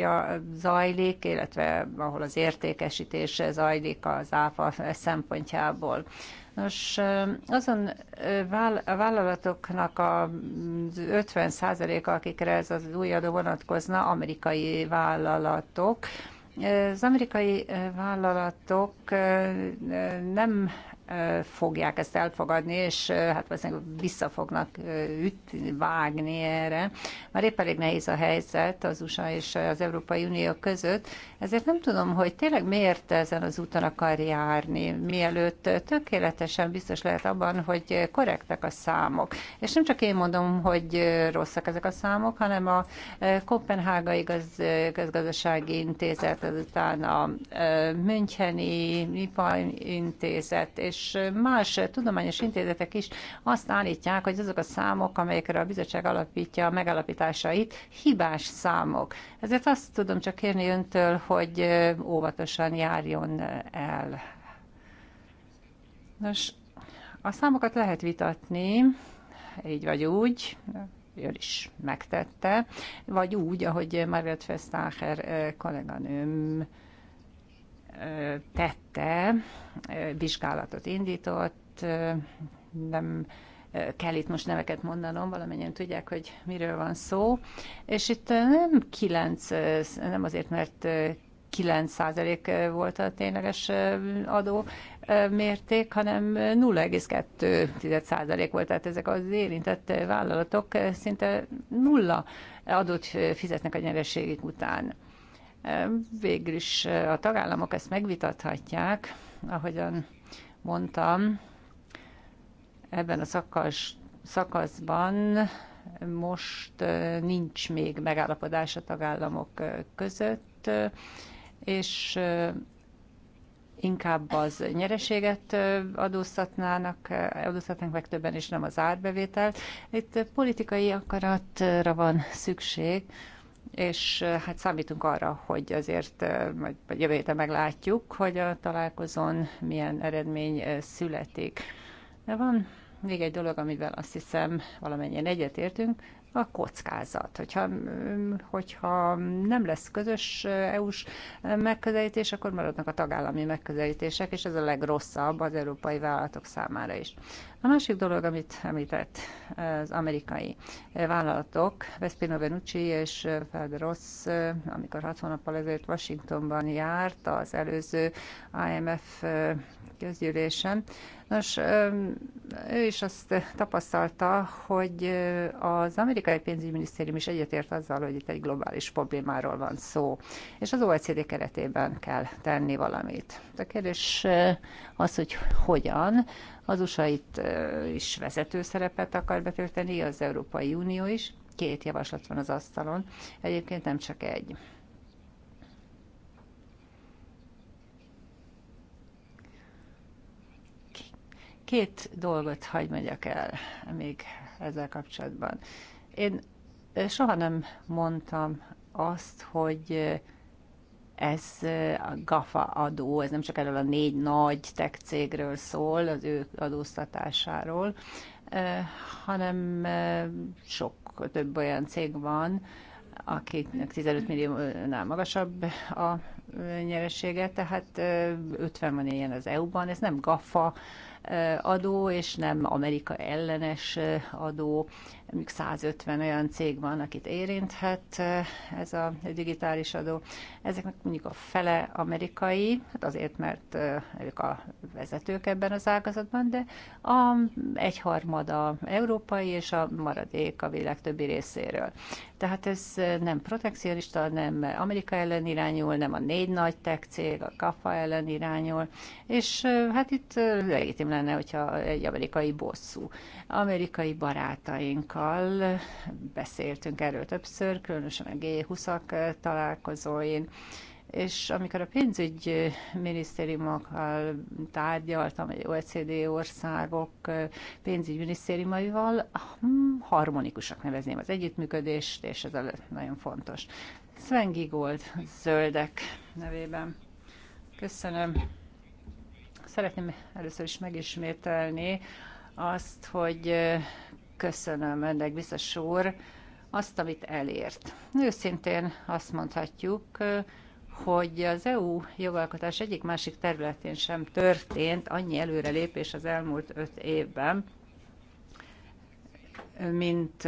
zajlik, illetve ahol az értékesítés zajlik az áfa szempontjából. Nos, azon a vállalatoknak a 50%-a, akikre ez az új adó vonatkozna, amerikai vállalatok. Az amerikai vállalatok nem fogják ezt elfogadni, és hát valószínűleg vissza fognak üt, vágni erre. Már épp elég nehéz a helyzet az USA és az Európai Unió között, ezért nem tudom, hogy tényleg miért ezen az úton akar járni, mielőtt tökéletesen biztos lehet abban, hogy korrektek a számok. És nem csak én mondom, hogy rosszak ezek a számok, hanem a Kopenhágai Gaz- Közgazdasági Intézet, azután a Müncheni és és más tudományos intézetek is azt állítják, hogy azok a számok, amelyekre a bizottság alapítja a megalapításait, hibás számok. Ezért azt tudom csak kérni öntől, hogy óvatosan járjon el. Nos, a számokat lehet vitatni, így vagy úgy, ő is megtette, vagy úgy, ahogy Margaret Vestager kolléganőm tette, vizsgálatot indított, nem kell itt most neveket mondanom, valamennyien tudják, hogy miről van szó. És itt nem kilenc, nem azért, mert 9% volt a tényleges adó mérték, hanem 0,2% volt. Tehát ezek az érintett vállalatok szinte nulla adót fizetnek a nyereségük után. Végül is a tagállamok ezt megvitathatják, ahogyan mondtam, ebben a szakasz, szakaszban most nincs még megállapodás a tagállamok között, és inkább az nyereséget adóztatnának, adóztatnánk meg többen, és nem az árbevételt. Itt politikai akaratra van szükség, és hát számítunk arra, hogy azért majd jövő héten meglátjuk, hogy a találkozón milyen eredmény születik. De van még egy dolog, amivel azt hiszem valamennyien egyetértünk, a kockázat. Hogyha, mm, hogyha nem lesz közös eh, EU-s eh, megközelítés, akkor maradnak a tagállami megközelítések, és ez a legrosszabb az európai vállalatok számára is. A másik dolog, amit említett eh, az amerikai vállalatok, Veszpino Venucci és Feld Ross, amikor hat hónappal ezelőtt Washingtonban járt az előző IMF közgyűlésen, Nos, ő is azt tapasztalta, hogy az amerikai pénzügyminisztérium is egyetért azzal, hogy itt egy globális problémáról van szó, és az OECD keretében kell tenni valamit. A kérdés az, hogy hogyan. Az USA itt is vezető szerepet akar betölteni, az Európai Unió is. Két javaslat van az asztalon, egyébként nem csak egy. Két dolgot hagy megyek el még ezzel kapcsolatban. Én soha nem mondtam azt, hogy ez a GAFA adó, ez nem csak erről a négy nagy tech cégről szól, az ő adóztatásáról, hanem sok több olyan cég van, akiknek 15 milliónál magasabb a nyeresége, tehát 50 van ilyen az EU-ban, ez nem GAFA adó, és nem Amerika ellenes adó mondjuk 150 olyan cég van, akit érinthet eh, ez a digitális adó. Ezeknek mondjuk a fele amerikai, hát azért, mert eh, ők a vezetők ebben az ágazatban, de a egyharmada európai, és a maradék a világ többi részéről. Tehát ez eh, nem protekcionista, nem Amerika ellen irányul, nem a négy nagy tech cég, a kafa ellen irányul, és hát itt legitim lenne, hogyha egy amerikai bosszú, amerikai barátaink kollégákkal beszéltünk erről többször, különösen a G20-ak találkozóin, és amikor a pénzügyminisztériumokkal tárgyaltam, egy OECD országok pénzügyminisztériumaival, hm, harmonikusak nevezném az együttműködést, és ez nagyon fontos. Sven Gigold, Zöldek nevében. Köszönöm. Szeretném először is megismételni azt, hogy köszönöm, önnek, biztos úr, azt, amit elért. Őszintén azt mondhatjuk, hogy az EU jogalkotás egyik másik területén sem történt annyi előrelépés az elmúlt öt évben, mint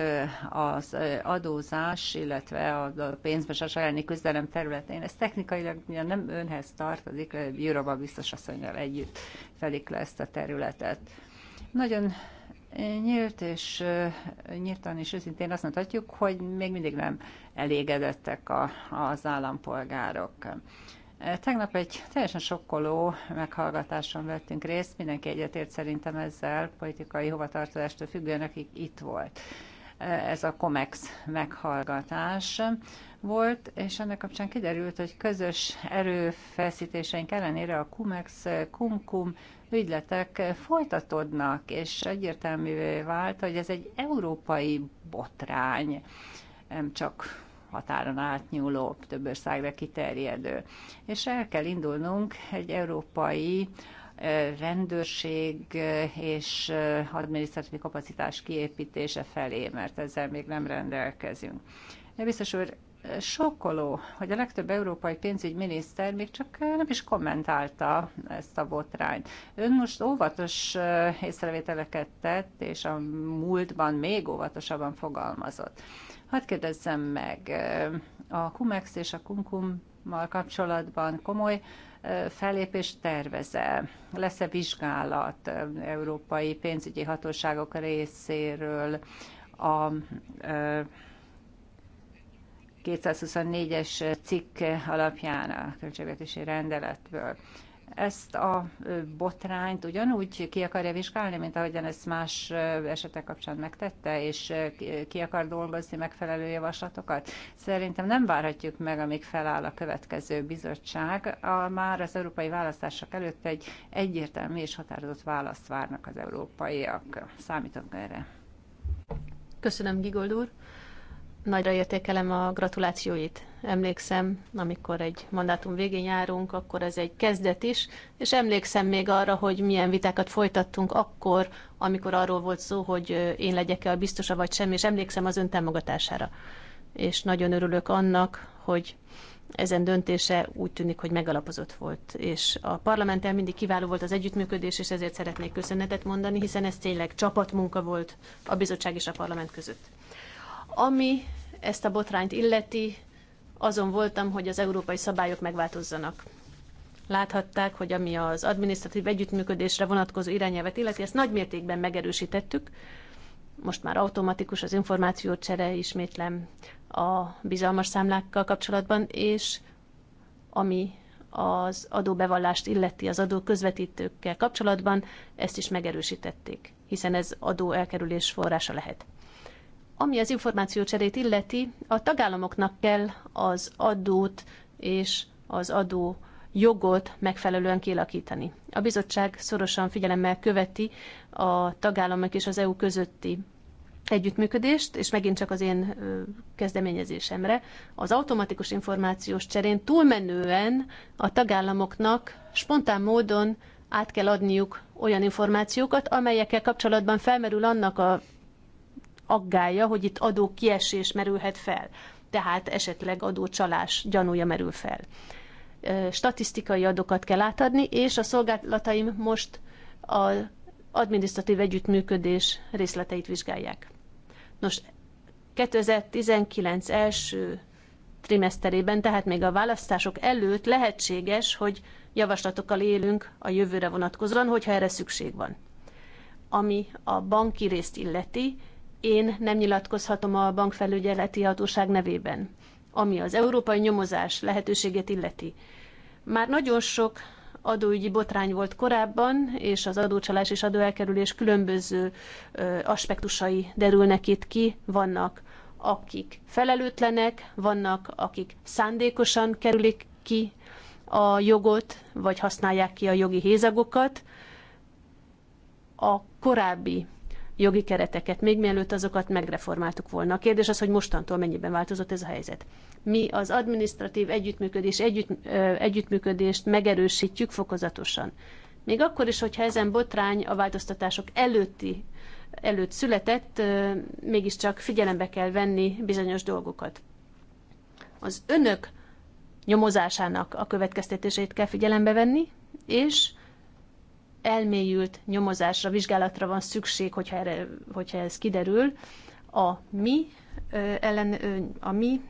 az adózás, illetve a pénzmosás elleni küzdelem területén. Ez technikailag nem önhez tartozik, Jurova biztos asszonynal együtt felik le ezt a területet. Nagyon nyílt és nyíltan és őszintén azt mondhatjuk, hogy még mindig nem elégedettek a, az állampolgárok. Tegnap egy teljesen sokkoló meghallgatáson vettünk részt, mindenki egyetért szerintem ezzel, politikai hovatartozástól függően, akik itt volt. Ez a COMEX meghallgatás volt, és ennek kapcsán kiderült, hogy közös erőfeszítéseink ellenére a COMEX, KUMKUM ügyletek folytatódnak, és egyértelművé vált, hogy ez egy európai botrány, nem csak határon átnyúló, több országra kiterjedő. És el kell indulnunk egy európai rendőrség és adminisztratív kapacitás kiépítése felé, mert ezzel még nem rendelkezünk. De biztos úr, sokkoló, hogy a legtöbb európai pénzügyminiszter még csak eh, nem is kommentálta ezt a botrányt. Ön most óvatos eh, észrevételeket tett, és a múltban még óvatosabban fogalmazott. Hadd kérdezzem meg, eh, a Cumex és a Kunkummal kapcsolatban komoly fellépés terveze? Lesz-e vizsgálat európai pénzügyi hatóságok részéről a 224-es cikk alapján a költségvetési rendeletből. Ezt a botrányt ugyanúgy ki akarja vizsgálni, mint ahogyan ezt más esetek kapcsán megtette, és ki akar dolgozni megfelelő javaslatokat? Szerintem nem várhatjuk meg, amíg feláll a következő bizottság. A, már az európai választások előtt egy egyértelmű és határozott választ várnak az európaiak. Számítok erre. Köszönöm, Gigoldúr. Nagyra értékelem a gratulációit. Emlékszem, amikor egy mandátum végén járunk, akkor ez egy kezdet is, és emlékszem még arra, hogy milyen vitákat folytattunk akkor, amikor arról volt szó, hogy én legyek-e a biztosa vagy sem, és emlékszem az ön támogatására. És nagyon örülök annak, hogy ezen döntése úgy tűnik, hogy megalapozott volt. És a parlamenttel mindig kiváló volt az együttműködés, és ezért szeretnék köszönetet mondani, hiszen ez tényleg csapatmunka volt a bizottság és a parlament között. Ami ezt a botrányt illeti, azon voltam, hogy az európai szabályok megváltozzanak. Láthatták, hogy ami az adminisztratív együttműködésre vonatkozó irányelvet illeti, ezt nagy mértékben megerősítettük. Most már automatikus az információcsere, ismétlem a bizalmas számlákkal kapcsolatban, és ami az adóbevallást illeti az adó közvetítőkkel kapcsolatban, ezt is megerősítették, hiszen ez adó elkerülés forrása lehet. Ami az információcserét illeti, a tagállamoknak kell az adót és az adó jogot megfelelően kialakítani. A bizottság szorosan figyelemmel követi a tagállamok és az EU közötti együttműködést, és megint csak az én kezdeményezésemre, az automatikus információs cserén túlmenően a tagállamoknak spontán módon át kell adniuk olyan információkat, amelyekkel kapcsolatban felmerül annak a aggálja, hogy itt adó kiesés merülhet fel, tehát esetleg adócsalás gyanúja merül fel. Statisztikai adókat kell átadni, és a szolgálataim most a adminisztratív együttműködés részleteit vizsgálják. Nos, 2019 első trimeszterében, tehát még a választások előtt lehetséges, hogy javaslatokkal élünk a jövőre vonatkozóan, hogyha erre szükség van. Ami a banki részt illeti, én nem nyilatkozhatom a bankfelügyeleti hatóság nevében, ami az európai nyomozás lehetőségét illeti. Már nagyon sok adóügyi botrány volt korábban, és az adócsalás és adóelkerülés különböző ö, aspektusai derülnek itt ki. Vannak, akik felelőtlenek, vannak, akik szándékosan kerülik ki a jogot, vagy használják ki a jogi hézagokat. A korábbi jogi kereteket, még mielőtt azokat megreformáltuk volna. A kérdés az, hogy mostantól mennyiben változott ez a helyzet. Mi az administratív együttműködés, együtt, együttműködést megerősítjük fokozatosan. Még akkor is, hogyha ezen botrány a változtatások előtti előtt született, mégiscsak figyelembe kell venni bizonyos dolgokat. Az önök nyomozásának a következtetését kell figyelembe venni, és elmélyült nyomozásra, vizsgálatra van szükség, hogyha, erre, hogyha ez kiderül. A mi, ellen, a mi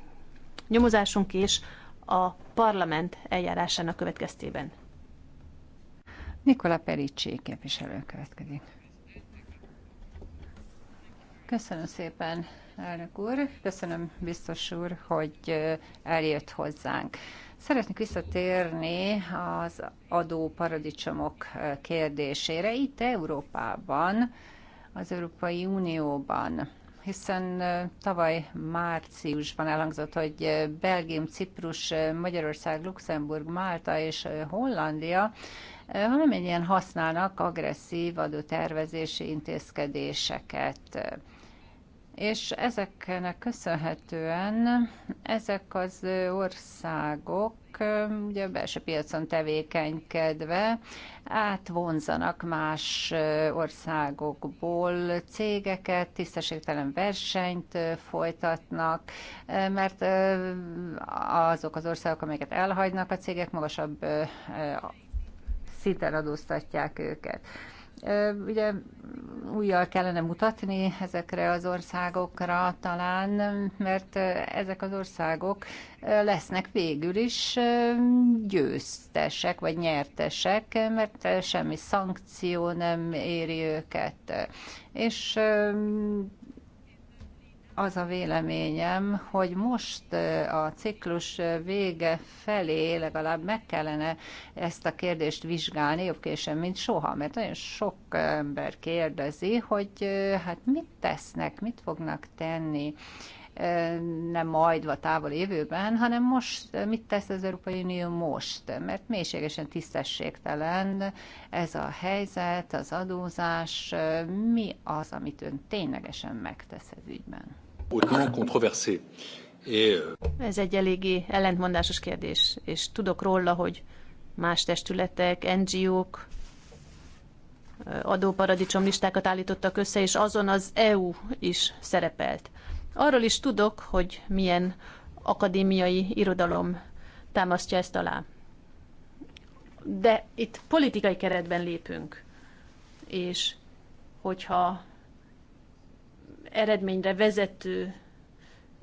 nyomozásunk és a parlament eljárásának következtében. Nikola Pericsi képviselő következik. Köszönöm szépen, elnök úr. Köszönöm, biztos úr, hogy eljött hozzánk. Szeretnék visszatérni az adóparadicsomok kérdésére itt Európában, az Európai Unióban hiszen tavaly márciusban elhangzott, hogy Belgium, Ciprus, Magyarország, Luxemburg, Málta és Hollandia valamennyien használnak agresszív adótervezési intézkedéseket. És ezeknek köszönhetően ezek az országok ugye a belső piacon tevékenykedve átvonzanak más országokból cégeket, tisztességtelen versenyt folytatnak, mert azok az országok, amelyeket elhagynak a cégek, magasabb szinten adóztatják őket. Ugye újjal kellene mutatni ezekre az országokra talán, mert ezek az országok lesznek végül is győztesek vagy nyertesek, mert semmi szankció nem éri őket. És az a véleményem, hogy most a ciklus vége felé legalább meg kellene ezt a kérdést vizsgálni, jobb későn, mint soha, mert nagyon sok ember kérdezi, hogy hát mit tesznek, mit fognak tenni nem majd vagy távol jövőben, hanem most mit tesz az Európai Unió most, mert mélységesen tisztességtelen ez a helyzet, az adózás, mi az, amit ön ténylegesen megtesz ez ügyben? Euh, Ez egy eléggé ellentmondásos kérdés, és tudok róla, hogy más testületek, NGO-k adóparadicsom listákat állítottak össze, és azon az EU is szerepelt. Arról is tudok, hogy milyen akadémiai irodalom támasztja ezt alá. De itt politikai keretben lépünk, és hogyha eredményre vezető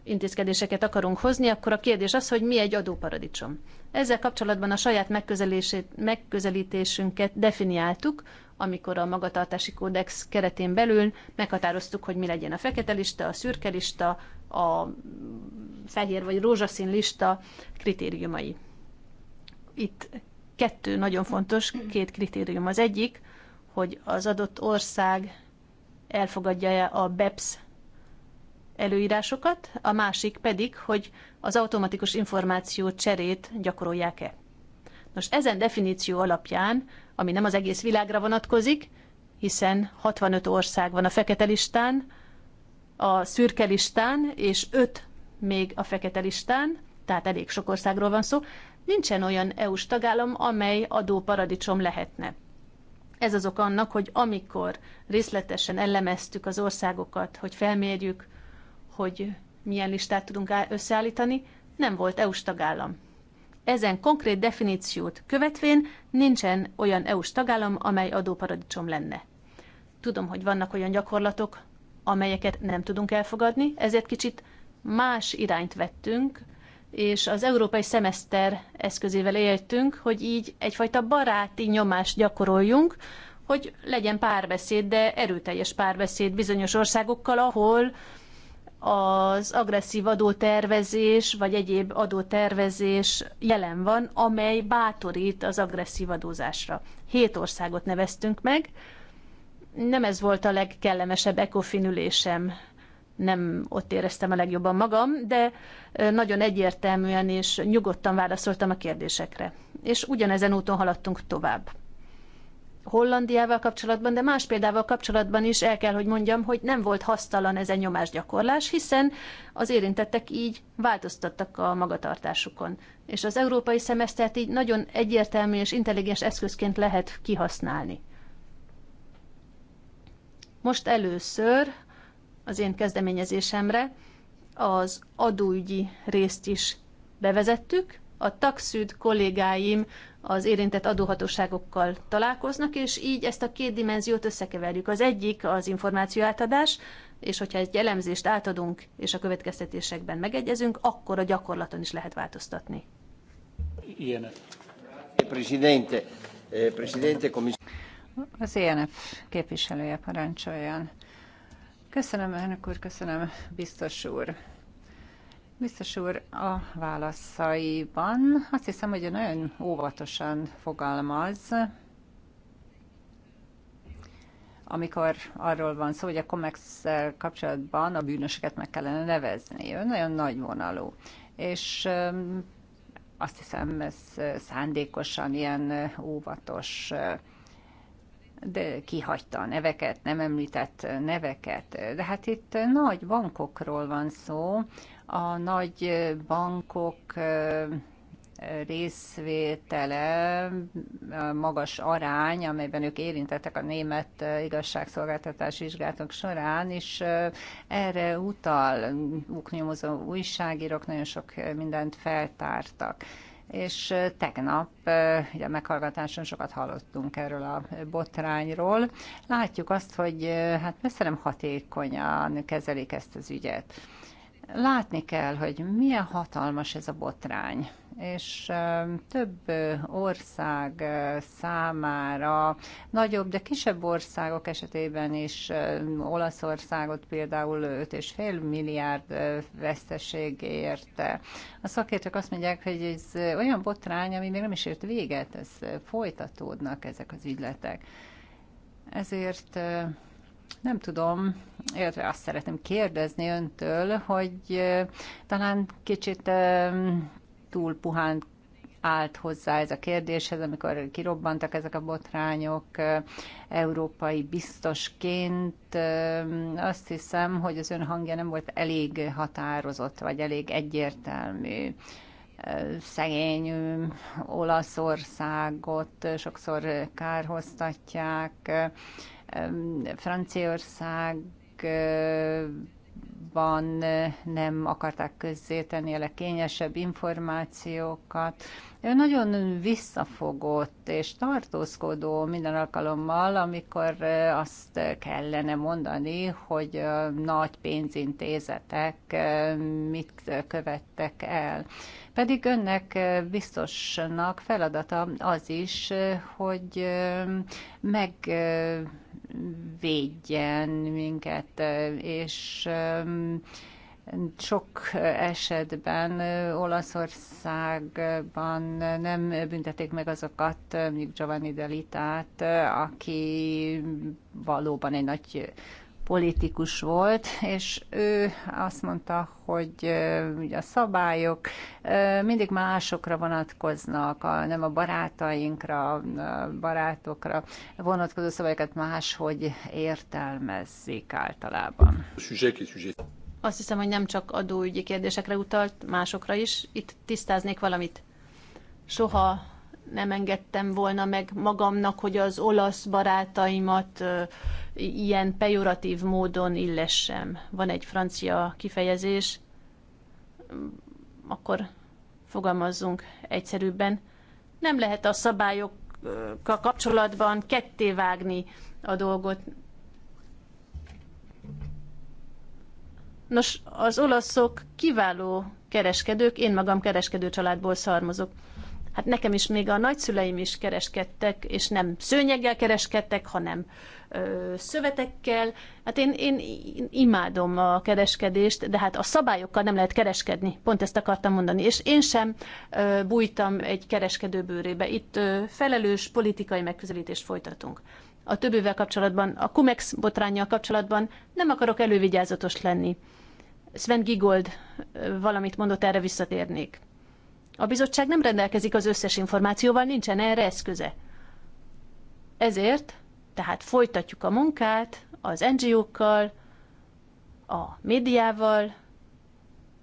intézkedéseket akarunk hozni, akkor a kérdés az, hogy mi egy adóparadicsom. Ezzel kapcsolatban a saját megközelítésünket definiáltuk, amikor a magatartási kódex keretén belül meghatároztuk, hogy mi legyen a fekete lista, a szürke lista, a fehér vagy rózsaszín lista kritériumai. Itt kettő nagyon fontos, két kritérium. Az egyik, hogy az adott ország elfogadja-e a BEPS előírásokat, a másik pedig, hogy az automatikus információ cserét gyakorolják-e. Nos, ezen definíció alapján, ami nem az egész világra vonatkozik, hiszen 65 ország van a fekete listán, a szürke listán, és 5 még a fekete listán, tehát elég sok országról van szó, nincsen olyan EU-s tagállam, amely adóparadicsom lehetne. Ez az ok annak, hogy amikor részletesen elemeztük az országokat, hogy felmérjük, hogy milyen listát tudunk összeállítani, nem volt EU-s tagállam. Ezen konkrét definíciót követvén nincsen olyan EU-s tagállam, amely adóparadicsom lenne. Tudom, hogy vannak olyan gyakorlatok, amelyeket nem tudunk elfogadni, ezért kicsit más irányt vettünk, és az európai szemeszter eszközével éltünk, hogy így egyfajta baráti nyomást gyakoroljunk, hogy legyen párbeszéd, de erőteljes párbeszéd bizonyos országokkal, ahol az agresszív adótervezés vagy egyéb adótervezés jelen van, amely bátorít az agresszív adózásra. Hét országot neveztünk meg. Nem ez volt a legkellemesebb ECOFIN ülésem nem ott éreztem a legjobban magam, de nagyon egyértelműen és nyugodtan válaszoltam a kérdésekre. És ugyanezen úton haladtunk tovább. Hollandiával kapcsolatban, de más példával kapcsolatban is el kell, hogy mondjam, hogy nem volt hasztalan ez a nyomásgyakorlás, hiszen az érintettek így változtattak a magatartásukon. És az európai szemesztert így nagyon egyértelmű és intelligens eszközként lehet kihasználni. Most először az én kezdeményezésemre az adóügyi részt is bevezettük. A taxűd kollégáim az érintett adóhatóságokkal találkoznak, és így ezt a két dimenziót összekeverjük. Az egyik az információ átadás, és hogyha egy elemzést átadunk, és a következtetésekben megegyezünk, akkor a gyakorlaton is lehet változtatni. Ilyenek. Eh, Presidente, eh, Presidente, Az ENF képviselője parancsoljon. Köszönöm, elnök úr, köszönöm, biztos úr. Biztos úr, a válaszaiban azt hiszem, hogy nagyon óvatosan fogalmaz, amikor arról van szó, hogy a comex kapcsolatban a bűnösöket meg kellene nevezni. Ő nagyon nagyvonalú. És azt hiszem, ez szándékosan ilyen óvatos de kihagyta a neveket, nem említett neveket. De hát itt nagy bankokról van szó, a nagy bankok részvétele, magas arány, amelyben ők érintettek a német igazságszolgáltatás vizsgálatok során, és erre utal úknyomozó újságírók, nagyon sok mindent feltártak és tegnap ugye a meghallgatáson sokat hallottunk erről a botrányról. Látjuk azt, hogy hát messze nem hatékonyan kezelik ezt az ügyet látni kell, hogy milyen hatalmas ez a botrány, és több ország számára, nagyobb, de kisebb országok esetében is, Olaszországot például 5,5 milliárd veszteség érte. A szakértők azt mondják, hogy ez olyan botrány, ami még nem is ért véget, ez folytatódnak ezek az ügyletek. Ezért nem tudom, illetve azt szeretném kérdezni öntől, hogy talán kicsit túl puhán állt hozzá ez a kérdéshez, amikor kirobbantak ezek a botrányok európai biztosként. Azt hiszem, hogy az ön hangja nem volt elég határozott, vagy elég egyértelmű szegény Olaszországot sokszor kárhoztatják Franciaországban eh, nem akarták közzétenni a legkényesebb információkat. Ő nagyon visszafogott és tartózkodó minden alkalommal, amikor eh, azt kellene mondani, hogy nagy pénzintézetek eh, mit követtek el. Pedig önnek biztosnak feladata az is, hogy meg védjen minket, és um, sok esetben uh, Olaszországban nem büntetik meg azokat, mondjuk Giovanni Delitát, uh, aki valóban egy nagy politikus volt, és ő azt mondta, hogy ugye a szabályok mindig másokra vonatkoznak, a, nem a barátainkra, a barátokra vonatkozó szabályokat máshogy értelmezzék általában. Azt hiszem, hogy nem csak adóügyi kérdésekre utalt, másokra is. Itt tisztáznék valamit. Soha nem engedtem volna meg magamnak, hogy az olasz barátaimat ilyen pejoratív módon illessem. Van egy francia kifejezés, mm, akkor fogalmazzunk egyszerűbben. Nem lehet a szabályokkal kapcsolatban ketté vágni a dolgot. Nos, az olaszok kiváló kereskedők, én magam kereskedő családból származok. Hát nekem is még a nagyszüleim is kereskedtek, és nem szőnyeggel kereskedtek, hanem ö, szövetekkel. Hát én, én imádom a kereskedést, de hát a szabályokkal nem lehet kereskedni. Pont ezt akartam mondani. És én sem ö, bújtam egy kereskedő bőrébe. Itt ö, felelős politikai megközelítést folytatunk. A többivel kapcsolatban, a Cumex botránnyal kapcsolatban nem akarok elővigyázatos lenni. Sven Gigold valamit mondott, erre visszatérnék a bizottság nem rendelkezik az összes információval, nincsen erre eszköze. Ezért tehát folytatjuk a munkát az NGO-kkal, a médiával,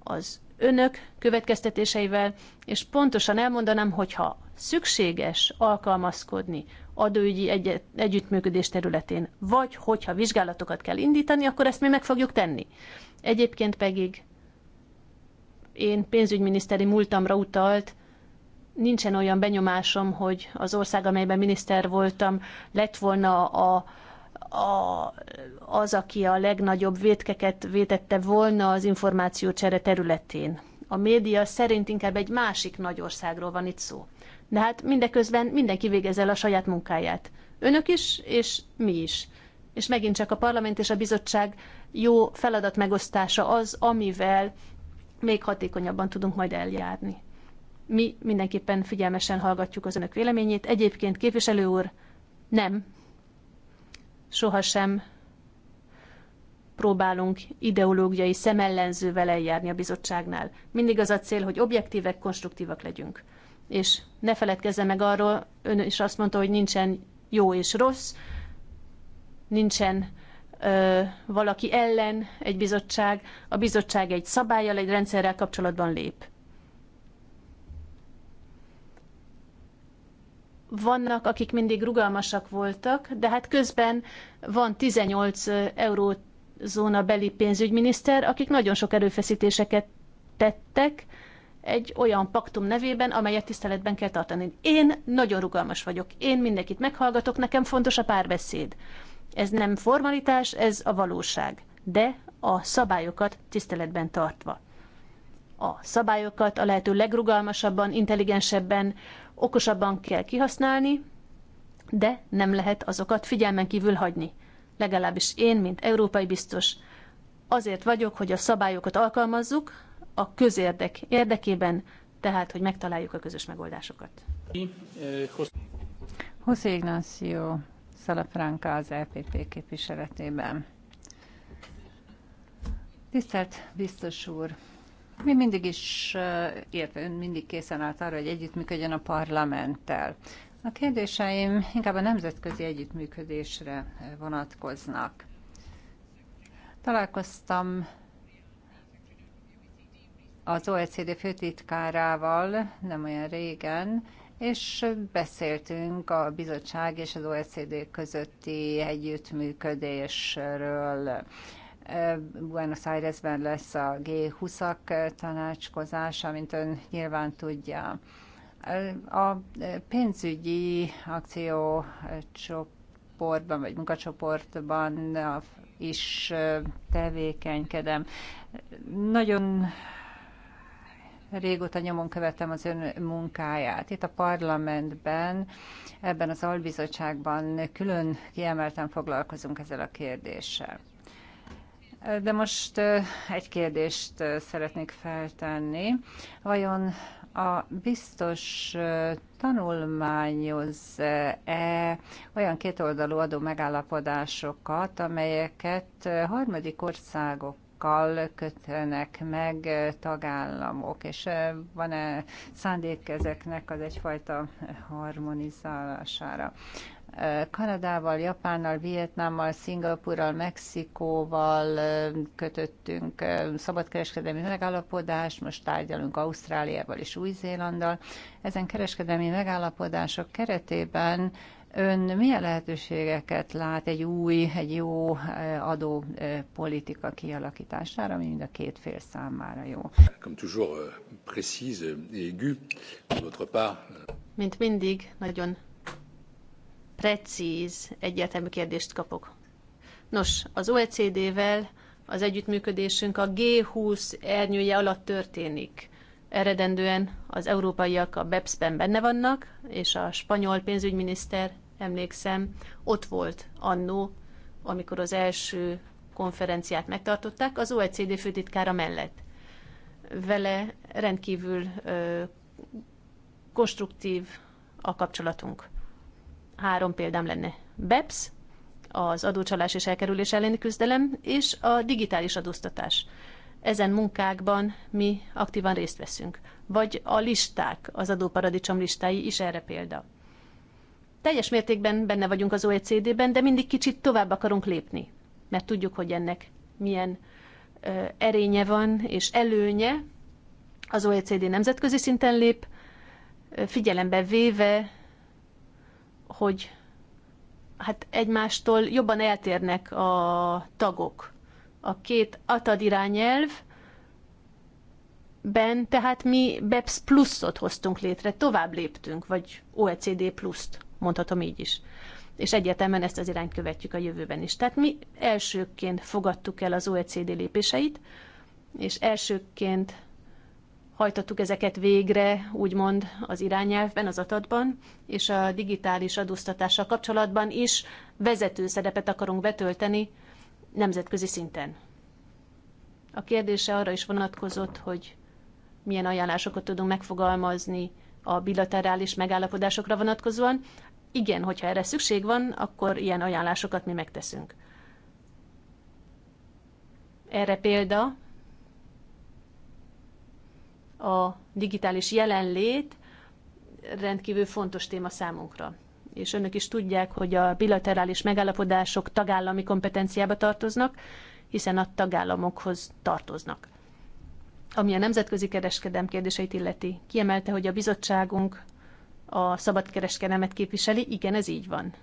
az önök következtetéseivel, és pontosan elmondanám, hogyha szükséges alkalmazkodni adóügyi egy- együttműködés területén, vagy hogyha vizsgálatokat kell indítani, akkor ezt mi meg fogjuk tenni. Egyébként pedig én pénzügyminiszteri múltamra utalt, nincsen olyan benyomásom, hogy az ország, amelyben miniszter voltam, lett volna a, a, az, aki a legnagyobb vétkeket vétette volna az információcsere területén. A média szerint inkább egy másik nagy országról van itt szó. De hát mindeközben mindenki végez el a saját munkáját. Önök is, és mi is. És megint csak a parlament és a bizottság jó feladatmegosztása az, amivel még hatékonyabban tudunk majd eljárni. Mi mindenképpen figyelmesen hallgatjuk az önök véleményét. Egyébként képviselő úr, nem, sohasem próbálunk ideológiai szemellenzővel eljárni a bizottságnál. Mindig az a cél, hogy objektívek, konstruktívak legyünk. És ne feledkezze meg arról, ön is azt mondta, hogy nincsen jó és rossz, nincsen valaki ellen egy bizottság, a bizottság egy szabályjal, egy rendszerrel kapcsolatban lép. Vannak, akik mindig rugalmasak voltak, de hát közben van 18 eurózóna beli pénzügyminiszter, akik nagyon sok erőfeszítéseket tettek egy olyan paktum nevében, amelyet tiszteletben kell tartani. Én nagyon rugalmas vagyok, én mindenkit meghallgatok, nekem fontos a párbeszéd ez nem formalitás, ez a valóság, de a szabályokat tiszteletben tartva. A szabályokat a lehető legrugalmasabban, intelligensebben, okosabban kell kihasználni, de nem lehet azokat figyelmen kívül hagyni. Legalábbis én, mint európai biztos, azért vagyok, hogy a szabályokat alkalmazzuk a közérdek érdekében, tehát, hogy megtaláljuk a közös megoldásokat. José Ignacio Salafranca az LPP e képviseletében. Tisztelt biztos úr! Mi mindig is, illetve ön mindig készen állt arra, hogy együttműködjön a parlamenttel. A kérdéseim inkább a nemzetközi együttműködésre vonatkoznak. Találkoztam az OECD főtitkárával nem olyan régen, és beszéltünk a bizottság és az OECD közötti együttműködésről. Buenos Airesben lesz a G20-ak tanácskozása, mint ön nyilván tudja. A pénzügyi akciócsoportban vagy munkacsoportban is tevékenykedem. Nagyon régóta nyomon követem az ön munkáját. Itt a parlamentben, ebben az albizottságban külön kiemelten foglalkozunk ezzel a kérdéssel. De most egy kérdést szeretnék feltenni. Vajon a biztos tanulmányoz-e olyan kétoldalú adó megállapodásokat, amelyeket harmadik országok kal kötnek meg tagállamok, és van-e szándék ezeknek az egyfajta harmonizálására? Kanadával, Japánnal, Vietnámmal, Szingapurral, Mexikóval kötöttünk szabadkereskedelmi megállapodást, most tárgyalunk Ausztráliával és Új-Zélanddal. Ezen kereskedelmi megállapodások keretében Ön milyen lehetőségeket lát egy új, egy jó eh, adópolitika eh, kialakítására, ami mind a két fél számára jó? Euh, euh, Mint mindig, nagyon precíz, egyértelmű kérdést kapok. Nos, az OECD-vel az együttműködésünk a G20 ernyője alatt történik eredendően az európaiak a BEPS-ben benne vannak, és a spanyol pénzügyminiszter, emlékszem, ott volt annó, amikor az első konferenciát megtartották, az OECD főtitkára mellett. Vele rendkívül ö, konstruktív a kapcsolatunk. Három példám lenne. BEPS, az adócsalás és elkerülés elleni küzdelem, és a digitális adóztatás ezen munkákban mi aktívan részt veszünk. Vagy a listák, az adóparadicsom listái is erre példa. Teljes mértékben benne vagyunk az OECD-ben, de mindig kicsit tovább akarunk lépni, mert tudjuk, hogy ennek milyen ö, erénye van és előnye. Az OECD nemzetközi szinten lép, figyelembe véve, hogy hát egymástól jobban eltérnek a tagok a két ATAD irányelv, Ben, tehát mi BEPS pluszot hoztunk létre, tovább léptünk, vagy OECD pluszt, mondhatom így is. És egyetemen ezt az irányt követjük a jövőben is. Tehát mi elsőként fogadtuk el az OECD lépéseit, és elsőként hajtottuk ezeket végre, úgymond az irányelvben, az atatban, és a digitális adóztatással kapcsolatban is vezető szerepet akarunk betölteni, nemzetközi szinten. A kérdése arra is vonatkozott, hogy milyen ajánlásokat tudunk megfogalmazni a bilaterális megállapodásokra vonatkozóan. Igen, hogyha erre szükség van, akkor ilyen ajánlásokat mi megteszünk. Erre példa a digitális jelenlét rendkívül fontos téma számunkra és önök is tudják, hogy a bilaterális megállapodások tagállami kompetenciába tartoznak, hiszen a tagállamokhoz tartoznak. Ami a nemzetközi kereskedem kérdéseit illeti, kiemelte, hogy a bizottságunk a szabadkereskedelmet képviseli, igen, ez így van.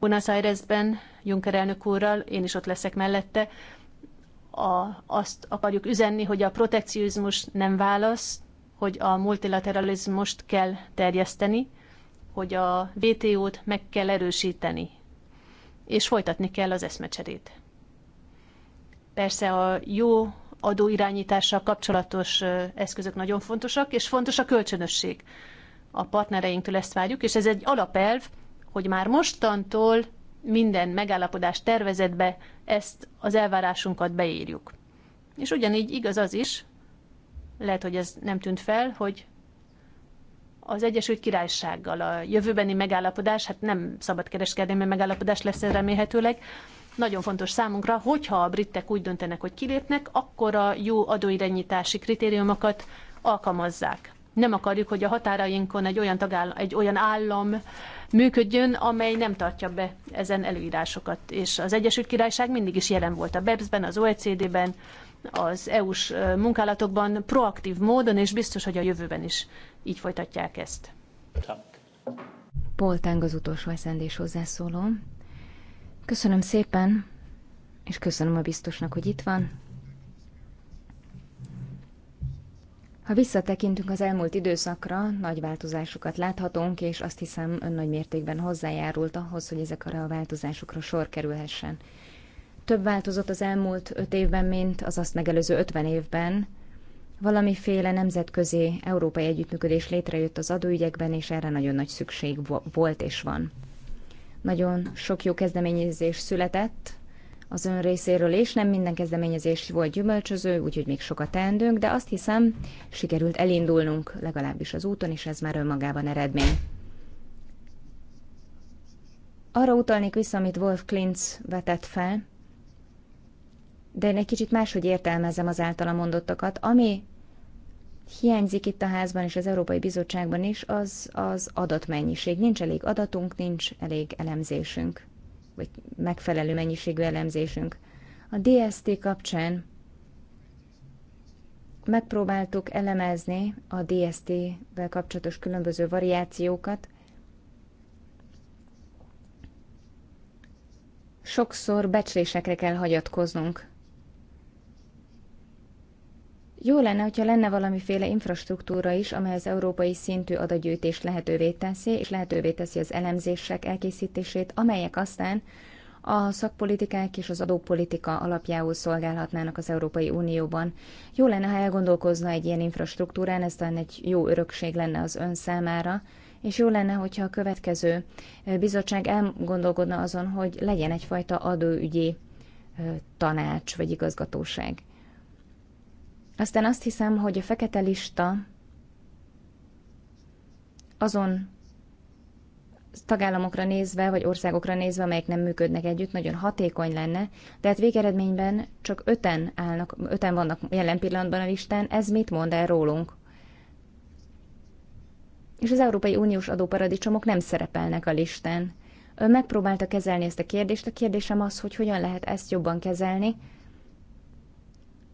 Buenos Airesben Juncker elnök úrral, én is ott leszek mellette, a, azt akarjuk üzenni, hogy a protekcionizmus nem válasz, hogy a multilateralizmust kell terjeszteni, hogy a VTO-t meg kell erősíteni, és folytatni kell az eszmecserét. Persze a jó adóirányítással kapcsolatos eszközök nagyon fontosak, és fontos a kölcsönösség. A partnereinktől ezt várjuk, és ez egy alapelv, hogy már mostantól minden megállapodás tervezetbe ezt az elvárásunkat beírjuk. És ugyanígy igaz az is, lehet, hogy ez nem tűnt fel, hogy az Egyesült Királysággal a jövőbeni megállapodás, hát nem szabadkereskedelmi megállapodás lesz ez remélhetőleg, nagyon fontos számunkra, hogyha a britek úgy döntenek, hogy kilépnek, akkor a jó adóirányítási kritériumokat alkalmazzák. Nem akarjuk, hogy a határainkon egy olyan, tagállam, egy olyan állam működjön, amely nem tartja be ezen előírásokat. És az Egyesült Királyság mindig is jelen volt a BEPS-ben, az OECD-ben, az EU-s munkálatokban proaktív módon, és biztos, hogy a jövőben is így folytatják ezt. Poltánk az utolsó eszendés hozzászóló. Köszönöm szépen, és köszönöm a biztosnak, hogy itt van. Ha visszatekintünk az elmúlt időszakra, nagy változásokat láthatunk, és azt hiszem ön nagy mértékben hozzájárult ahhoz, hogy ezekre a változásokra sor kerülhessen. Több változott az elmúlt öt évben, mint az azt megelőző ötven évben. Valamiféle nemzetközi európai együttműködés létrejött az adóügyekben, és erre nagyon nagy szükség volt és van. Nagyon sok jó kezdeményezés született az ön részéről, és nem minden kezdeményezés volt gyümölcsöző, úgyhogy még sokat teendőnk, de azt hiszem, sikerült elindulnunk legalábbis az úton, és ez már önmagában eredmény. Arra utalnék vissza, amit Wolf Klintz vetett fel, de én egy kicsit máshogy értelmezem az általa mondottakat. Ami hiányzik itt a házban és az Európai Bizottságban is, az az adatmennyiség. Nincs elég adatunk, nincs elég elemzésünk, vagy megfelelő mennyiségű elemzésünk. A DST kapcsán megpróbáltuk elemezni a DST-vel kapcsolatos különböző variációkat. Sokszor becslésekre kell hagyatkoznunk. Jó lenne, hogyha lenne valamiféle infrastruktúra is, amely az európai szintű adagyűjtés lehetővé teszi, és lehetővé teszi az elemzések elkészítését, amelyek aztán a szakpolitikák és az adópolitika alapjául szolgálhatnának az Európai Unióban. Jó lenne, ha elgondolkozna egy ilyen infrastruktúrán, ez talán egy jó örökség lenne az ön számára, és jó lenne, hogyha a következő bizottság elgondolkodna azon, hogy legyen egyfajta adóügyi tanács vagy igazgatóság. Aztán azt hiszem, hogy a fekete lista azon tagállamokra nézve, vagy országokra nézve, amelyek nem működnek együtt, nagyon hatékony lenne, de hát végeredményben csak öten állnak, öten vannak jelen pillanatban a listán, ez mit mond el rólunk? És az Európai Uniós adóparadicsomok nem szerepelnek a listán. Ön megpróbálta kezelni ezt a kérdést, a kérdésem az, hogy hogyan lehet ezt jobban kezelni,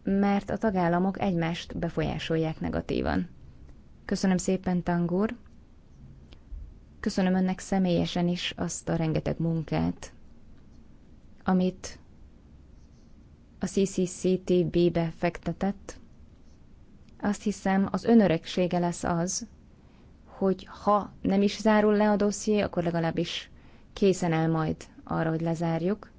mert a tagállamok egymást befolyásolják negatívan. Köszönöm szépen, Tangur! Köszönöm önnek személyesen is azt a rengeteg munkát, amit a CCCTB-be fektetett. Azt hiszem, az önöregsége lesz az, hogy ha nem is zárul le a dosszié, akkor legalábbis készen áll majd arra, hogy lezárjuk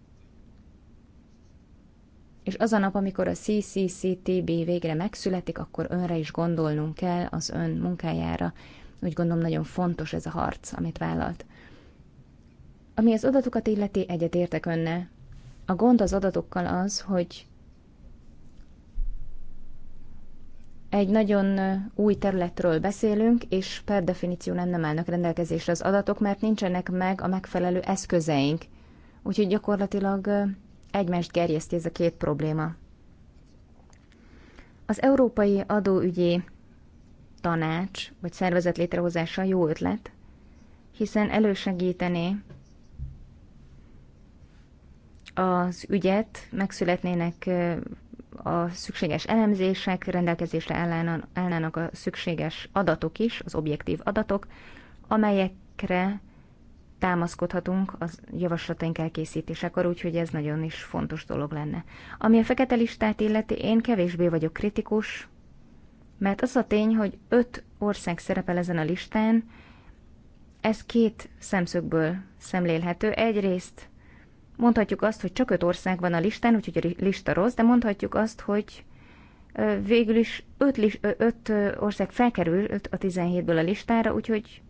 és az a nap, amikor a CCCTB végre megszületik, akkor önre is gondolnunk kell, az ön munkájára. Úgy gondolom nagyon fontos ez a harc, amit vállalt. Ami az adatokat illeti, egyetértek önne. A gond az adatokkal az, hogy egy nagyon új területről beszélünk, és per definíció nem, nem állnak rendelkezésre az adatok, mert nincsenek meg a megfelelő eszközeink. Úgyhogy gyakorlatilag egymást gerjeszti ez a két probléma. Az Európai Adóügyi Tanács vagy szervezet létrehozása jó ötlet, hiszen elősegítené az ügyet, megszületnének a szükséges elemzések, rendelkezésre állnának a szükséges adatok is, az objektív adatok, amelyekre támaszkodhatunk az javaslataink elkészítésekor, úgyhogy ez nagyon is fontos dolog lenne. Ami a fekete listát illeti, én kevésbé vagyok kritikus, mert az a tény, hogy öt ország szerepel ezen a listán, ez két szemszögből szemlélhető. Egyrészt mondhatjuk azt, hogy csak öt ország van a listán, úgyhogy a lista rossz, de mondhatjuk azt, hogy végül is öt, öt ország felkerült a 17-ből a listára, úgyhogy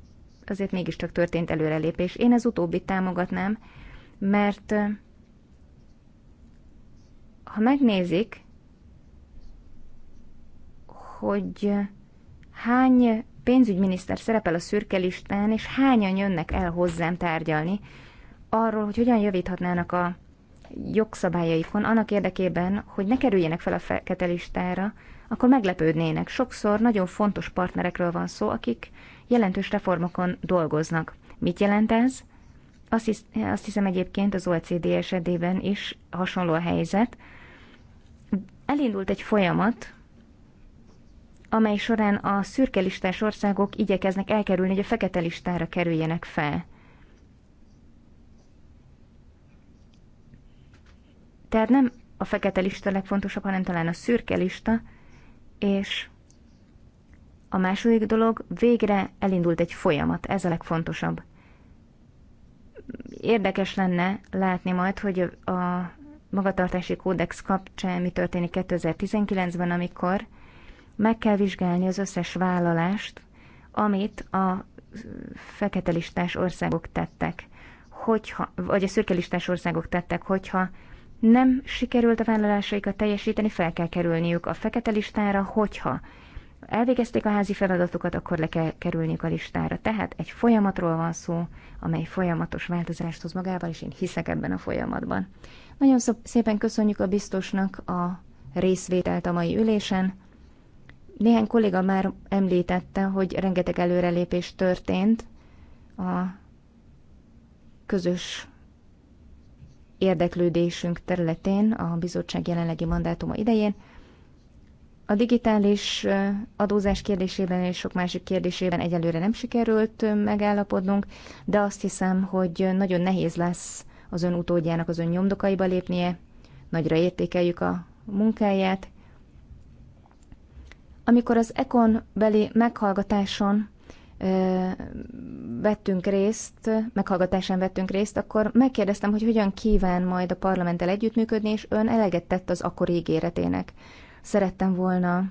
azért mégiscsak történt előrelépés. Én az utóbbit támogatnám, mert ha megnézik, hogy hány pénzügyminiszter szerepel a szürke listán, és hányan jönnek el hozzám tárgyalni arról, hogy hogyan javíthatnának a jogszabályaikon annak érdekében, hogy ne kerüljenek fel a fekete listára, akkor meglepődnének. Sokszor nagyon fontos partnerekről van szó, akik jelentős reformokon dolgoznak. Mit jelent ez? Azt, hisz, azt hiszem egyébként az OECD esetében is hasonló a helyzet. Elindult egy folyamat, amely során a szürke listás országok igyekeznek elkerülni, hogy a fekete listára kerüljenek fel. Tehát nem a fekete lista legfontosabb, hanem talán a szürke lista, és a második dolog, végre elindult egy folyamat, ez a legfontosabb. Érdekes lenne látni majd, hogy a magatartási kódex kapcsán mi történik 2019-ben, amikor meg kell vizsgálni az összes vállalást, amit a fekete listás országok tettek, hogyha, vagy a szürke listás országok tettek, hogyha nem sikerült a vállalásaikat teljesíteni, fel kell kerülniük a fekete listára, hogyha elvégezték a házi feladatukat, akkor le kell kerülniük a listára. Tehát egy folyamatról van szó, amely folyamatos változást hoz magával, és én hiszek ebben a folyamatban. Nagyon szépen köszönjük a biztosnak a részvételt a mai ülésen. Néhány kolléga már említette, hogy rengeteg előrelépés történt a közös érdeklődésünk területén a bizottság jelenlegi mandátuma idején. A digitális adózás kérdésében és sok másik kérdésében egyelőre nem sikerült megállapodnunk, de azt hiszem, hogy nagyon nehéz lesz az ön utódjának az ön nyomdokaiba lépnie. Nagyra értékeljük a munkáját. Amikor az Econ beli meghallgatáson vettünk részt, meghallgatásán vettünk részt, akkor megkérdeztem, hogy hogyan kíván majd a parlamenttel együttműködni, és ön eleget tett az akkori ígéretének. Szerettem volna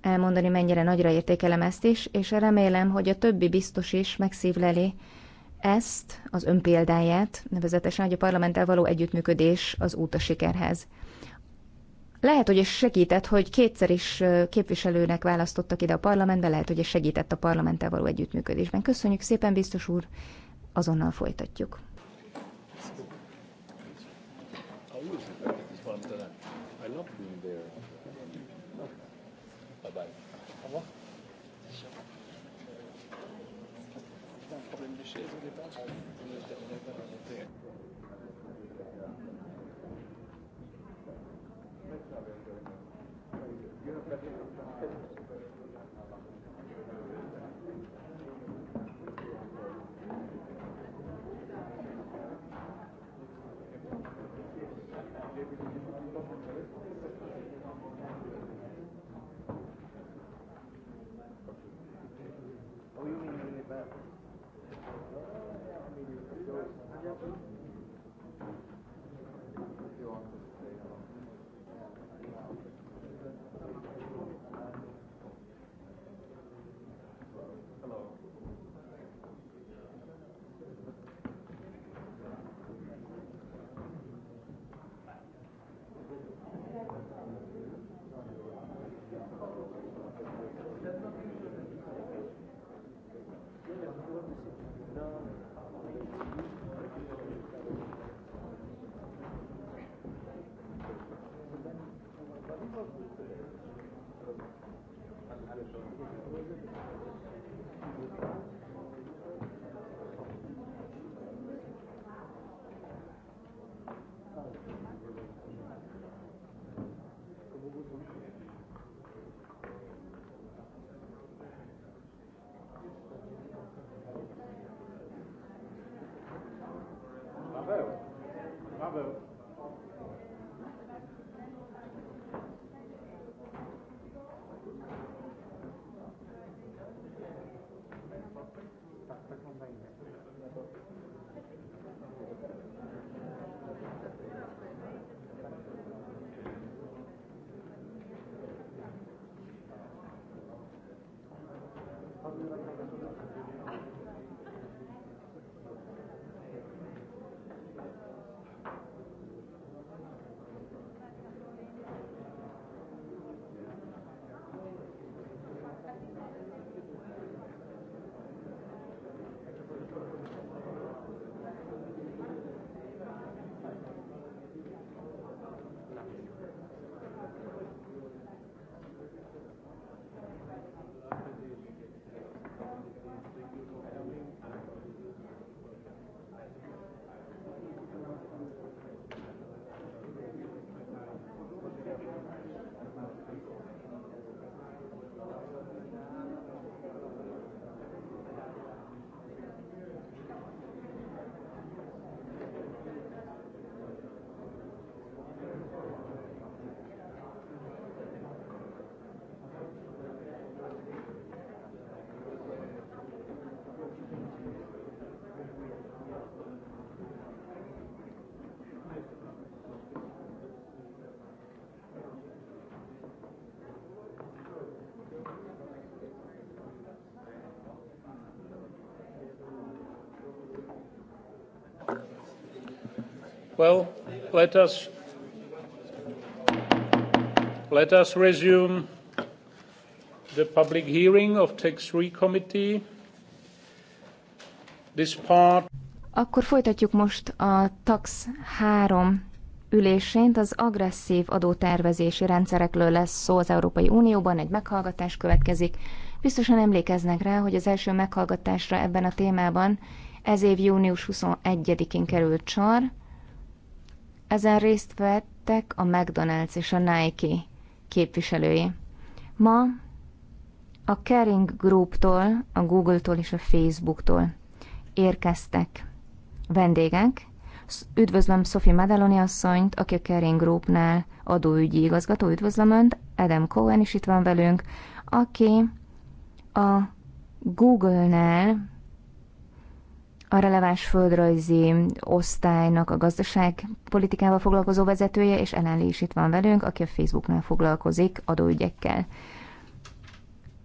elmondani, mennyire nagyra értékelem ezt is, és remélem, hogy a többi biztos is megszívleli ezt, az önpéldáját, nevezetesen, hogy a parlamenttel való együttműködés az út a sikerhez. Lehet, hogy ez segített, hogy kétszer is képviselőnek választottak ide a parlamentbe, lehet, hogy ez segített a parlamenttel való együttműködésben. Köszönjük szépen, biztos úr, azonnal folytatjuk. Well, let us let us resume the public hearing of Tax 3 Committee. This part. Akkor folytatjuk most a Tax 3 ülésént az agresszív adótervezési rendszerekről lesz szó az Európai Unióban, egy meghallgatás következik. Biztosan emlékeznek rá, hogy az első meghallgatásra ebben a témában ez év június 21-én került sor, ezen részt vettek a McDonald's és a Nike képviselői. Ma a Kering Group-tól, a Google-tól és a Facebook-tól érkeztek vendégek. Üdvözlöm Sophie Madaloni asszonyt, aki a Caring Groupnál adóügyi igazgató. Üdvözlöm Önt, Adam Cohen is itt van velünk, aki a Google-nál a releváns földrajzi osztálynak a gazdaságpolitikával foglalkozó vezetője, és Ellen is itt van velünk, aki a Facebooknál foglalkozik adóügyekkel.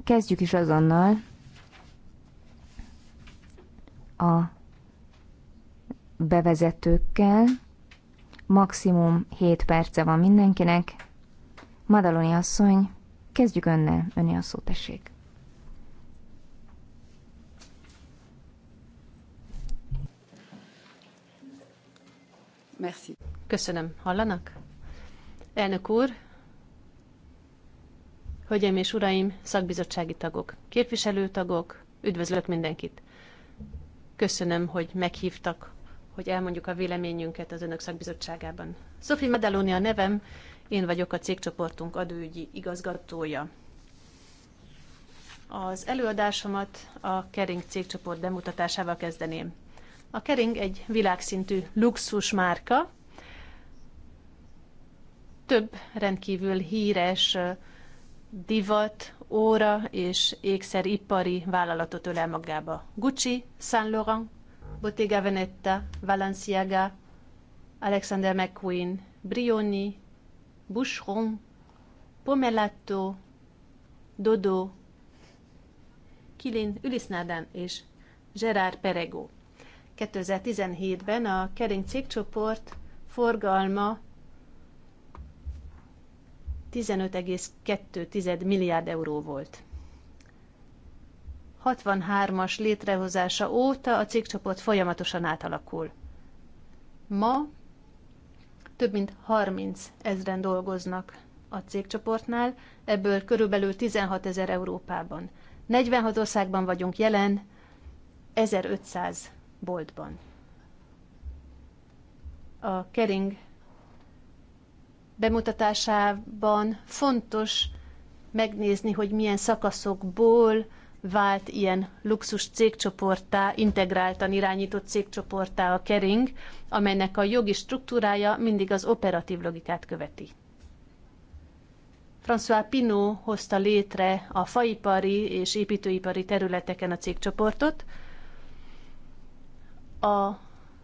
Kezdjük is azonnal a bevezetőkkel. Maximum 7 perce van mindenkinek. Madaloni asszony, kezdjük önnel, öni a szó, tessék. Merci. Köszönöm. Hallanak? Elnök úr, Hölgyeim és Uraim, szakbizottsági tagok, képviselőtagok, üdvözlök mindenkit! Köszönöm, hogy meghívtak, hogy elmondjuk a véleményünket az Önök szakbizottságában. Sophie Medaloni a nevem, én vagyok a cégcsoportunk adóügyi igazgatója. Az előadásomat a Kering cégcsoport bemutatásával kezdeném. A kering egy világszintű luxus márka. Több rendkívül híres divat, óra és ékszeripari vállalatot ölel magába. Gucci, Saint Laurent, Bottega Veneta, Valenciaga, Alexander McQueen, Brioni, Boucheron, Pomellato, Dodo, Kilin Ulisnádán és Gerard Perego. 2017-ben a Kering cégcsoport forgalma 15,2 milliárd euró volt. 63-as létrehozása óta a cégcsoport folyamatosan átalakul. Ma több mint 30 ezren dolgoznak a cégcsoportnál, ebből körülbelül 16 ezer Európában. 46 országban vagyunk jelen, 1500 boltban. A kering bemutatásában fontos megnézni, hogy milyen szakaszokból vált ilyen luxus cégcsoportá, integráltan irányított cégcsoportá a kering, amelynek a jogi struktúrája mindig az operatív logikát követi. François Pinot hozta létre a faipari és építőipari területeken a cégcsoportot, a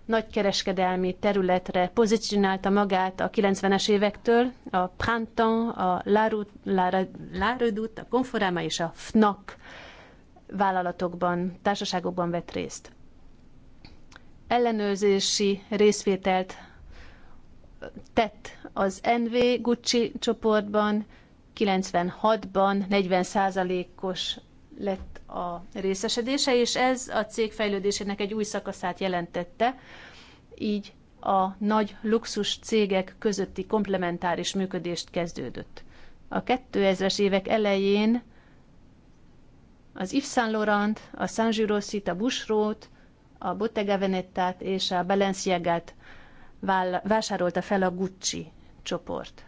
nagykereskedelmi területre pozícionálta magát a 90-es évektől, a Printemps, a Laredut, a Conforama és a FNAC vállalatokban, társaságokban vett részt. Ellenőrzési részvételt tett az NV Gucci csoportban, 96-ban 40%-os lett a részesedése, és ez a cég fejlődésének egy új szakaszát jelentette, így a nagy luxus cégek közötti komplementáris működést kezdődött. A 2000-es évek elején az Yves Saint Laurent, a Saint Girosit, a Bushrot, a Bottega Venettát és a Balenciagát vásárolta fel a Gucci csoport.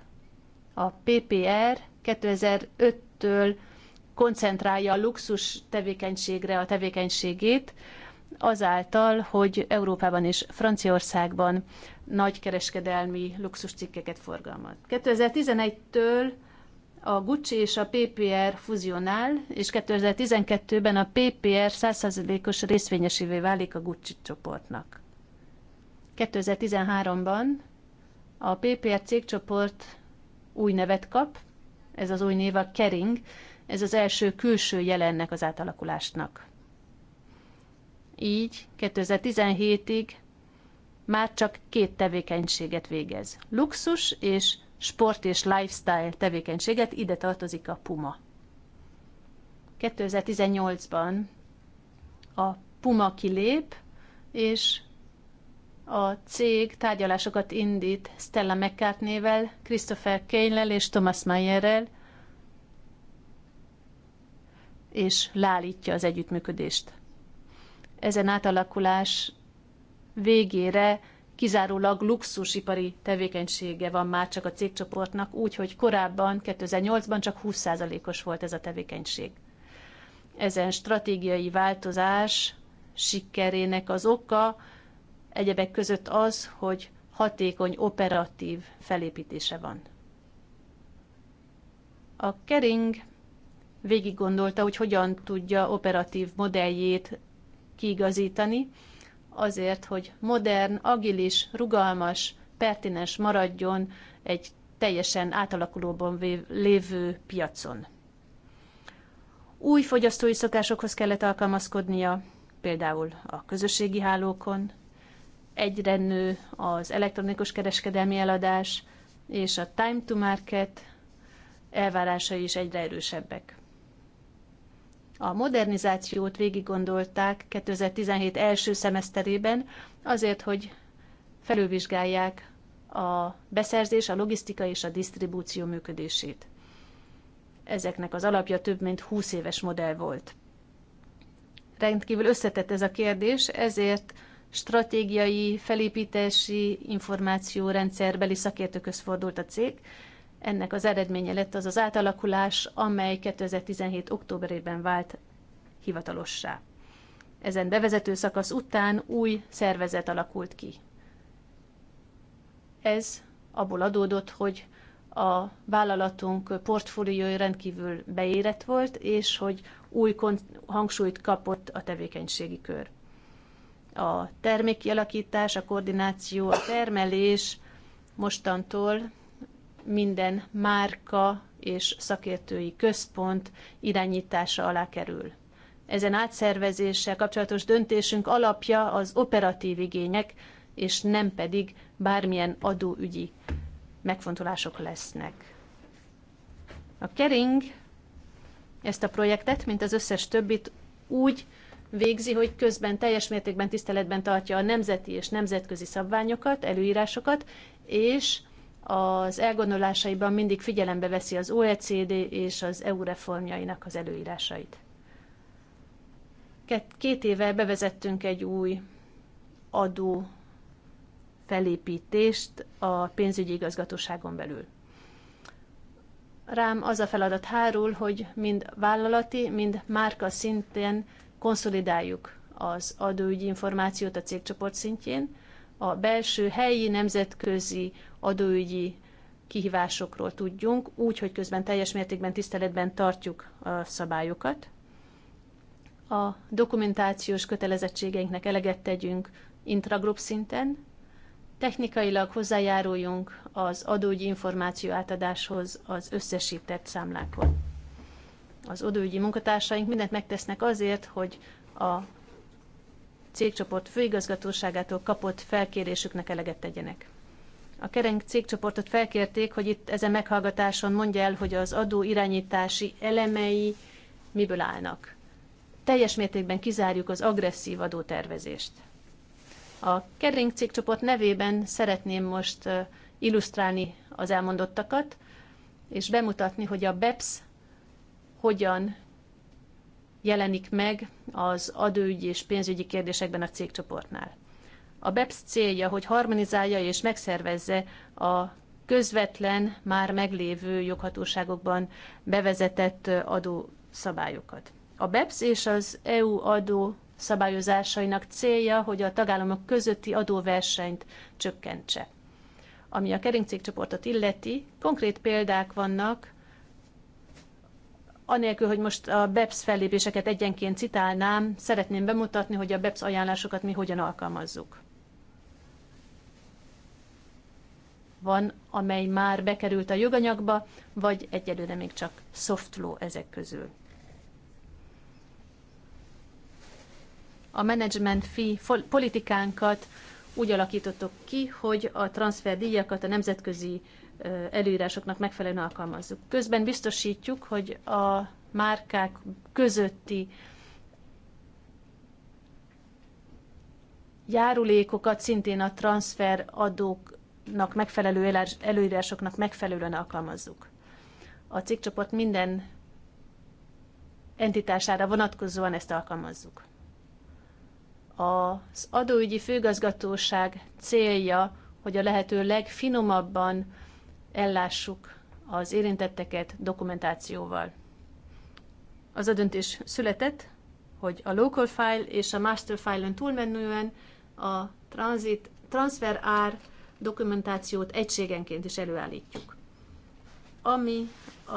A PPR 2005-től koncentrálja a luxus tevékenységre a tevékenységét, azáltal, hogy Európában és Franciaországban nagy kereskedelmi luxuscikkeket forgalmaz. 2011-től a Gucci és a PPR fuzionál, és 2012-ben a PPR 100%-os részvényesévé válik a Gucci csoportnak. 2013-ban a PPR cégcsoport új nevet kap, ez az új név a Kering, ez az első külső jelennek az átalakulásnak. Így 2017-ig már csak két tevékenységet végez. Luxus és sport és lifestyle tevékenységet ide tartozik a Puma. 2018-ban a Puma kilép, és a cég tárgyalásokat indít Stella McCartney-vel, Christopher Kane-lel és Thomas Mayerrel, és lálítja az együttműködést. Ezen átalakulás végére kizárólag luxusipari tevékenysége van már csak a cégcsoportnak, úgy, hogy korábban, 2008-ban csak 20%-os volt ez a tevékenység. Ezen stratégiai változás sikerének az oka egyebek között az, hogy hatékony operatív felépítése van. A kering végig gondolta, hogy hogyan tudja operatív modelljét kiigazítani, azért, hogy modern, agilis, rugalmas, pertinens maradjon egy teljesen átalakulóban lévő piacon. Új fogyasztói szokásokhoz kellett alkalmazkodnia, például a közösségi hálókon, egyre nő az elektronikus kereskedelmi eladás, és a time to market elvárásai is egyre erősebbek a modernizációt végig gondolták 2017 első szemeszterében azért, hogy felülvizsgálják a beszerzés, a logisztika és a disztribúció működését. Ezeknek az alapja több mint 20 éves modell volt. Rendkívül összetett ez a kérdés, ezért stratégiai, felépítési információrendszerbeli szakértőköz fordult a cég, ennek az eredménye lett az az átalakulás, amely 2017. októberében vált hivatalossá. Ezen bevezető szakasz után új szervezet alakult ki. Ez abból adódott, hogy a vállalatunk portfóliója rendkívül beérett volt, és hogy új hangsúlyt kapott a tevékenységi kör. A termékkialakítás, a koordináció, a termelés mostantól minden márka és szakértői központ irányítása alá kerül. Ezen átszervezéssel kapcsolatos döntésünk alapja az operatív igények, és nem pedig bármilyen adóügyi megfontolások lesznek. A Kering ezt a projektet, mint az összes többit úgy végzi, hogy közben teljes mértékben tiszteletben tartja a nemzeti és nemzetközi szabványokat, előírásokat, és az elgondolásaiban mindig figyelembe veszi az OECD és az EU reformjainak az előírásait. Két éve bevezettünk egy új adó felépítést a pénzügyi igazgatóságon belül. Rám az a feladat hárul, hogy mind vállalati, mind márka szinten konszolidáljuk az adóügyi információt a cégcsoport szintjén, a belső helyi nemzetközi adóügyi kihívásokról tudjunk, úgy, hogy közben teljes mértékben tiszteletben tartjuk a szabályokat. A dokumentációs kötelezettségeinknek eleget tegyünk intragrup szinten, technikailag hozzájáruljunk az adógyi információ átadáshoz az összesített számlákon. Az adóügyi munkatársaink mindent megtesznek azért, hogy a cégcsoport főigazgatóságától kapott felkérésüknek eleget tegyenek. A Kereng cégcsoportot felkérték, hogy itt ezen meghallgatáson mondja el, hogy az adó irányítási elemei miből állnak. Teljes mértékben kizárjuk az agresszív adótervezést. A Kereng cégcsoport nevében szeretném most illusztrálni az elmondottakat, és bemutatni, hogy a BEPS hogyan jelenik meg az adóügyi és pénzügyi kérdésekben a cégcsoportnál. A BEPS célja, hogy harmonizálja és megszervezze a közvetlen, már meglévő joghatóságokban bevezetett adószabályokat. A BEPS és az EU adó szabályozásainak célja, hogy a tagállamok közötti adóversenyt csökkentse. Ami a keringcégcsoportot illeti, konkrét példák vannak Anélkül, hogy most a BEPS fellépéseket egyenként citálnám, szeretném bemutatni, hogy a BEPS ajánlásokat mi hogyan alkalmazzuk. Van, amely már bekerült a joganyagba, vagy egyelőre még csak soft law ezek közül. A management fee politikánkat úgy alakítottuk ki, hogy a transferdíjakat a nemzetközi előírásoknak megfelelően alkalmazzuk. Közben biztosítjuk, hogy a márkák közötti járulékokat szintén a transfer adóknak megfelelő előírásoknak megfelelően alkalmazzuk. A cikkcsoport minden entitására vonatkozóan ezt alkalmazzuk. Az adóügyi főgazgatóság célja, hogy a lehető legfinomabban ellássuk az érintetteket dokumentációval. Az a döntés született, hogy a local file és a master file ön túlmenően a transit, transfer ár dokumentációt egységenként is előállítjuk. Ami a,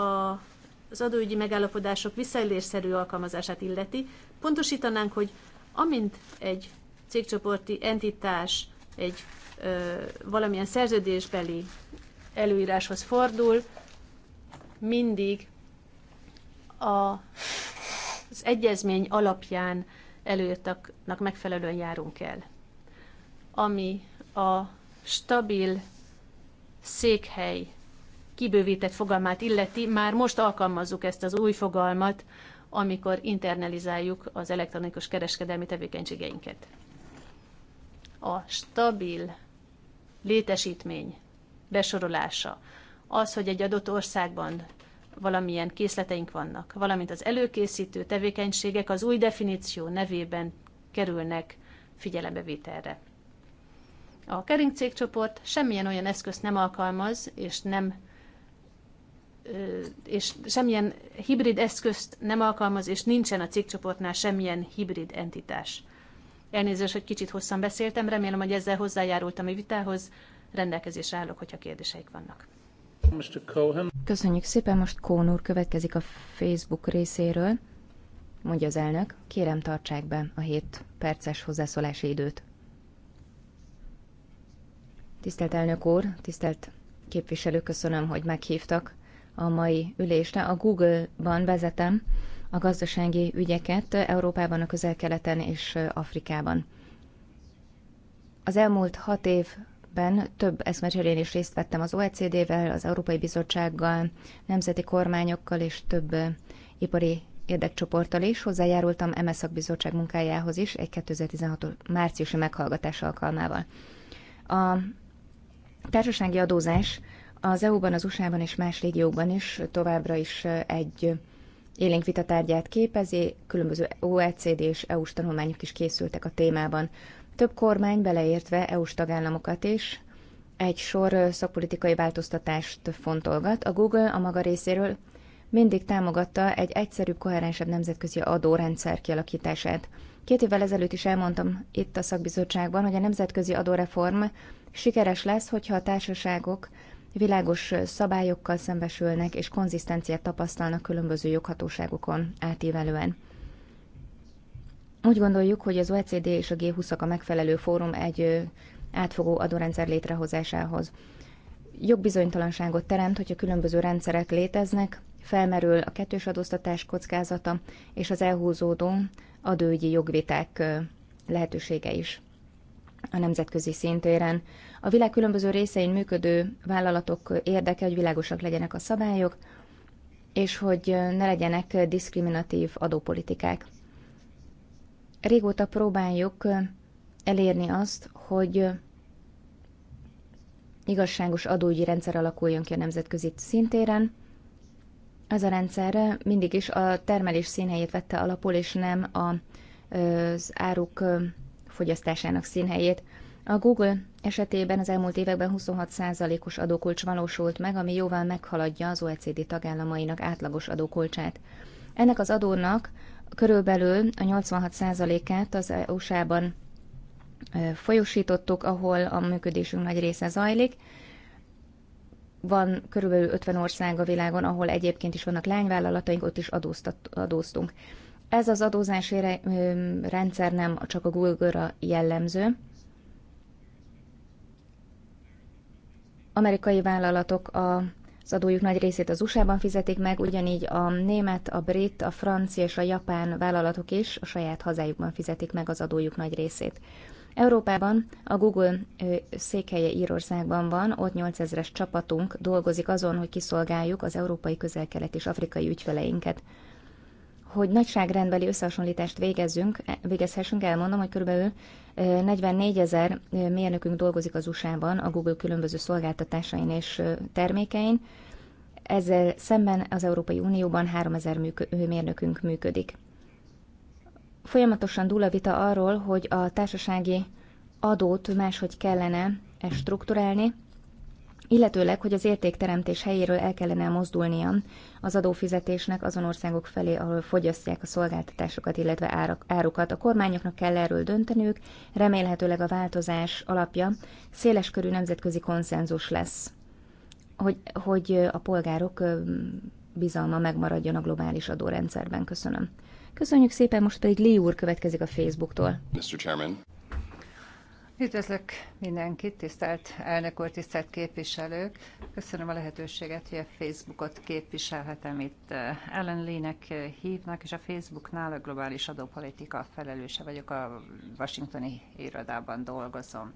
az adóügyi megállapodások visszaélésszerű alkalmazását illeti, pontosítanánk, hogy amint egy cégcsoporti entitás egy ö, valamilyen szerződésbeli előíráshoz fordul, mindig a, az egyezmény alapján előírtaknak megfelelően járunk el. Ami a stabil székhely kibővített fogalmát illeti, már most alkalmazzuk ezt az új fogalmat, amikor internalizáljuk az elektronikus kereskedelmi tevékenységeinket. A stabil létesítmény besorolása, az, hogy egy adott országban valamilyen készleteink vannak, valamint az előkészítő tevékenységek az új definíció nevében kerülnek figyelembevételre. A Kering cégcsoport semmilyen olyan eszközt nem alkalmaz, és nem és semmilyen hibrid eszközt nem alkalmaz, és nincsen a cégcsoportnál semmilyen hibrid entitás. Elnézést, hogy kicsit hosszan beszéltem, remélem, hogy ezzel hozzájárultam a vitához rendelkezésre állok, hogyha kérdéseik vannak. Köszönjük szépen, most Kón úr következik a Facebook részéről. Mondja az elnök, kérem tartsák be a 7 perces hozzászólási időt. Tisztelt elnök úr, tisztelt képviselő, köszönöm, hogy meghívtak a mai ülésre. A Google-ban vezetem a gazdasági ügyeket Európában, a közel-keleten és Afrikában. Az elmúlt hat év ben több eszmecserén is részt vettem az OECD-vel, az Európai Bizottsággal, nemzeti kormányokkal és több eh, ipari érdekcsoporttal is. Hozzájárultam MS e szakbizottság munkájához is egy 2016 márciusi meghallgatás alkalmával. A társasági adózás az EU-ban, az USA-ban és más régiókban is továbbra is eh, egy élénk vitatárgyát képezi, különböző OECD és EU-s tanulmányok is készültek a témában. Több kormány, beleértve EU-s tagállamokat is, egy sor szakpolitikai változtatást fontolgat. A Google a maga részéről mindig támogatta egy egyszerűbb, koherensebb nemzetközi adórendszer kialakítását. Két évvel ezelőtt is elmondtam itt a szakbizottságban, hogy a nemzetközi adóreform sikeres lesz, hogyha a társaságok világos szabályokkal szembesülnek és konzisztenciát tapasztalnak különböző joghatóságokon átívelően. Úgy gondoljuk, hogy az OECD és a G20-ak a megfelelő fórum egy átfogó adórendszer létrehozásához. Jogbizonytalanságot teremt, hogyha különböző rendszerek léteznek, felmerül a kettős adóztatás kockázata és az elhúzódó adőgyi jogviták lehetősége is a nemzetközi szintéren. A világ különböző részein működő vállalatok érdeke, hogy világosak legyenek a szabályok, és hogy ne legyenek diszkriminatív adópolitikák. Régóta próbáljuk elérni azt, hogy igazságos adógyi rendszer alakuljon ki a nemzetközi szintéren. Ez a rendszer mindig is a termelés színhelyét vette alapul, és nem az áruk fogyasztásának színhelyét. A Google esetében az elmúlt években 26%-os adókulcs valósult meg, ami jóval meghaladja az OECD tagállamainak átlagos adókulcsát. Ennek az adónak körülbelül a 86%-át az e USA-ban folyosítottuk, ahol a működésünk nagy része zajlik. Van körülbelül 50 ország a világon, ahol egyébként is vannak lányvállalataink, ott is adóztunk. Ez az adózási rendszer nem csak a Google-ra jellemző. Amerikai vállalatok a az adójuk nagy részét az USA-ban fizetik meg, ugyanígy a német, a brit, a francia és a japán vállalatok is a saját hazájukban fizetik meg az adójuk nagy részét. Európában a Google székhelye Írországban van, ott 8000-es csapatunk dolgozik azon, hogy kiszolgáljuk az európai, közel-kelet és afrikai ügyfeleinket hogy nagyságrendbeli összehasonlítást végezzünk, végezhessünk, elmondom, hogy körülbelül 44 ezer mérnökünk dolgozik az USA-ban a Google különböző szolgáltatásain és termékein, ezzel szemben az Európai Unióban 3 3000 mérnökünk működik. Folyamatosan dúl a vita arról, hogy a társasági adót máshogy kellene e strukturálni, illetőleg, hogy az értékteremtés helyéről el kellene mozdulnia az adófizetésnek azon országok felé, ahol fogyasztják a szolgáltatásokat, illetve árak, árukat. A kormányoknak kell erről dönteniük, remélhetőleg a változás alapja széleskörű nemzetközi konszenzus lesz, hogy, hogy a polgárok bizalma megmaradjon a globális adórendszerben. Köszönöm. Köszönjük szépen, most pedig Lee úr következik a Facebooktól. Mr. Chairman. Üdvözlök mindenkit, tisztelt elnök úr, tisztelt képviselők! Köszönöm a lehetőséget, hogy a Facebookot képviselhetem itt. Ellen Lee-nek hívnak, és a Facebooknál a globális adópolitika felelőse vagyok, a washingtoni irodában dolgozom.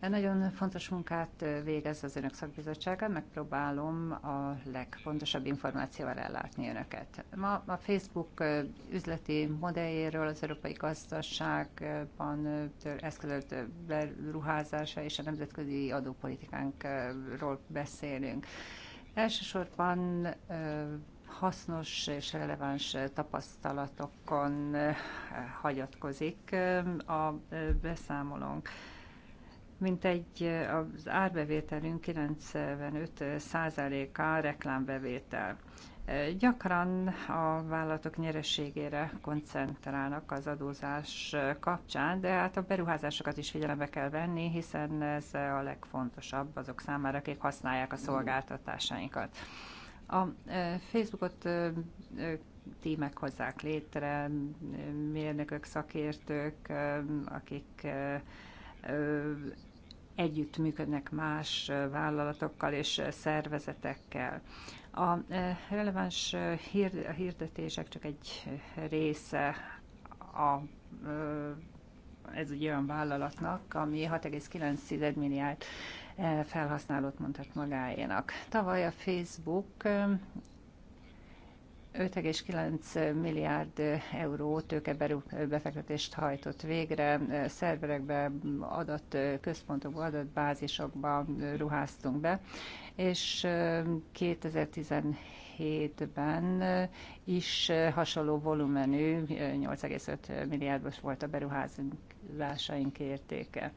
Nagyon fontos munkát végez az önök szakbizottsága, megpróbálom a legfontosabb információval ellátni önöket. Ma a Facebook üzleti modelljéről, az európai gazdaságban eszközölt beruházása és a nemzetközi adópolitikánkról beszélünk. Elsősorban hasznos és releváns tapasztalatokon hagyatkozik a beszámolónk mint egy az árbevételünk 95%-a reklámbevétel. Gyakran a vállalatok nyereségére koncentrálnak az adózás kapcsán, de hát a beruházásokat is figyelembe kell venni, hiszen ez a legfontosabb azok számára, akik használják a szolgáltatásainkat. A e, Facebookot e, e, tímek hozzák létre, mérnökök, szakértők, akik együttműködnek más vállalatokkal és szervezetekkel. A releváns hirdetések csak egy része a ez egy olyan vállalatnak, ami 6,9 milliárd felhasználót mondhat magáénak. Tavaly a Facebook 5,9 milliárd euró befektetést hajtott végre, szerverekbe, adat adatközpontokba, adatbázisokba ruháztunk be, és 2017-ben is hasonló volumenű, 8,5 milliárdos volt a beruházásaink értéke.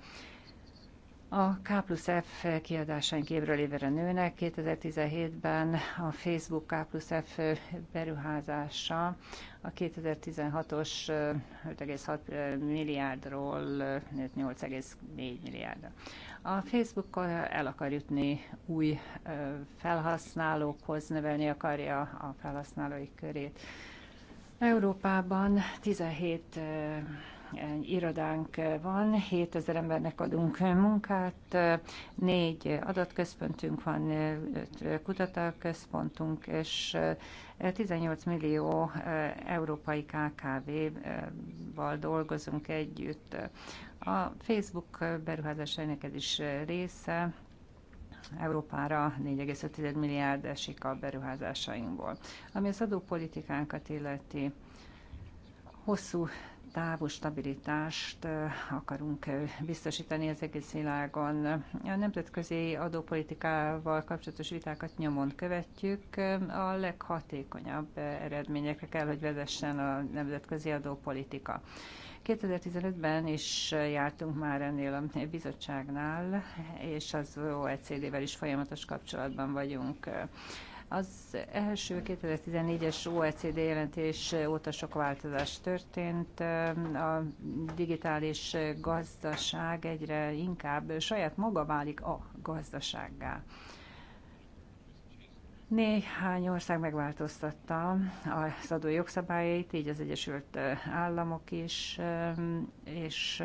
A K plusz F kiadásaink évről évre nőnek. 2017-ben a Facebook K plusz F beruházása a 2016-os 5,6 milliárdról nőtt 8,4 milliárdra. A Facebook el akar jutni új felhasználókhoz, növelni akarja a felhasználói körét. Európában 17 irodánk van, 7000 embernek adunk munkát, négy adatközpontunk van, kutatóközpontunk, és 18 millió európai KKV-val dolgozunk együtt. A Facebook beruházásainak ez is része, Európára 4,5 milliárd esik a beruházásainkból. Ami az adópolitikánkat illeti, hosszú távú stabilitást akarunk biztosítani az egész világon. A nemzetközi adópolitikával kapcsolatos vitákat nyomon követjük. A leghatékonyabb eredményekre kell, hogy vezessen a nemzetközi adópolitika. 2015-ben is jártunk már ennél a bizottságnál, és az OECD-vel is folyamatos kapcsolatban vagyunk. Az első 2014-es OECD jelentés óta sok változás történt. A digitális gazdaság egyre inkább saját maga válik a gazdasággá. Néhány ország megváltoztatta az adó jogszabályait, így az Egyesült Államok is, és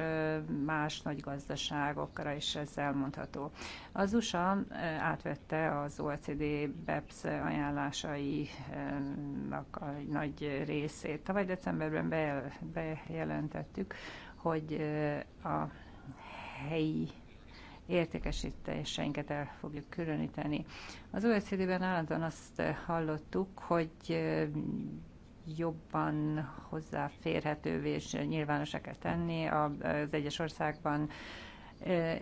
más nagy gazdaságokra is ez elmondható. Az USA átvette az OECD BEPS ajánlásainak a nagy részét. Tavaly decemberben bejelentettük, hogy a helyi értékesítéseinket el fogjuk különíteni. Az OECD-ben állandóan azt eh, hallottuk, hogy eh, jobban hozzáférhetővé és nyilvánosra kell tenni az egyes országban eh,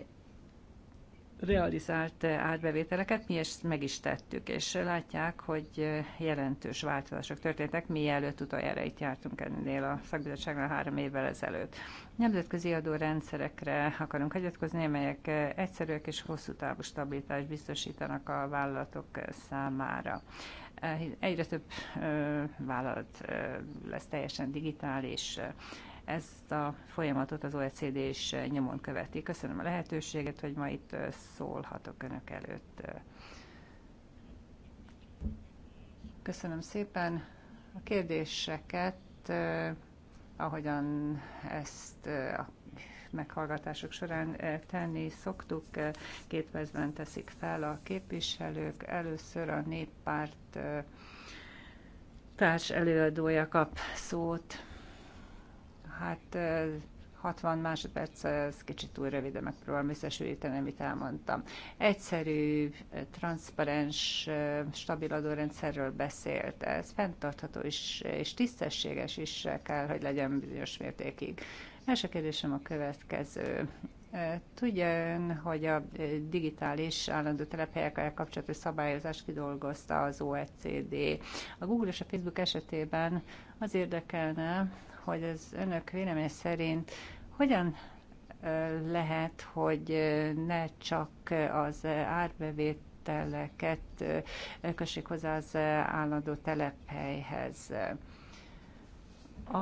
realizált árbevételeket, mi ezt meg is tettük, és látják, hogy jelentős változások történtek, mielőtt utoljára itt jártunk ennél a szakbizottságnál három évvel ezelőtt. Nemzetközi adórendszerekre akarunk hagyatkozni, amelyek egyszerűek és hosszú távú stabilitást biztosítanak a vállalatok számára. Egyre több vállalat lesz teljesen digitális, ezt a folyamatot az OECD is nyomon követi. Köszönöm a lehetőséget, hogy ma itt szólhatok Önök előtt. Köszönöm szépen a kérdéseket, ahogyan ezt a meghallgatások során tenni szoktuk. Két percben teszik fel a képviselők. Először a néppárt társ előadója kap szót. Hát 60 másodperc, ez kicsit túl rövid, de megpróbálom összesülíteni, amit elmondtam. Egyszerű, transzparens, stabil adórendszerről beszélt. Ez fenntartható is, és tisztességes is kell, hogy legyen bizonyos mértékig. Első kérdésem a következő. Tudja ön, hogy a digitális állandó telephelyekkel kapcsolatos szabályozást kidolgozta az OECD. A Google és a Facebook esetében az érdekelne, hogy az önök véleménye szerint hogyan lehet, hogy ne csak az árbevételeket kössék hozzá az állandó telephelyhez. A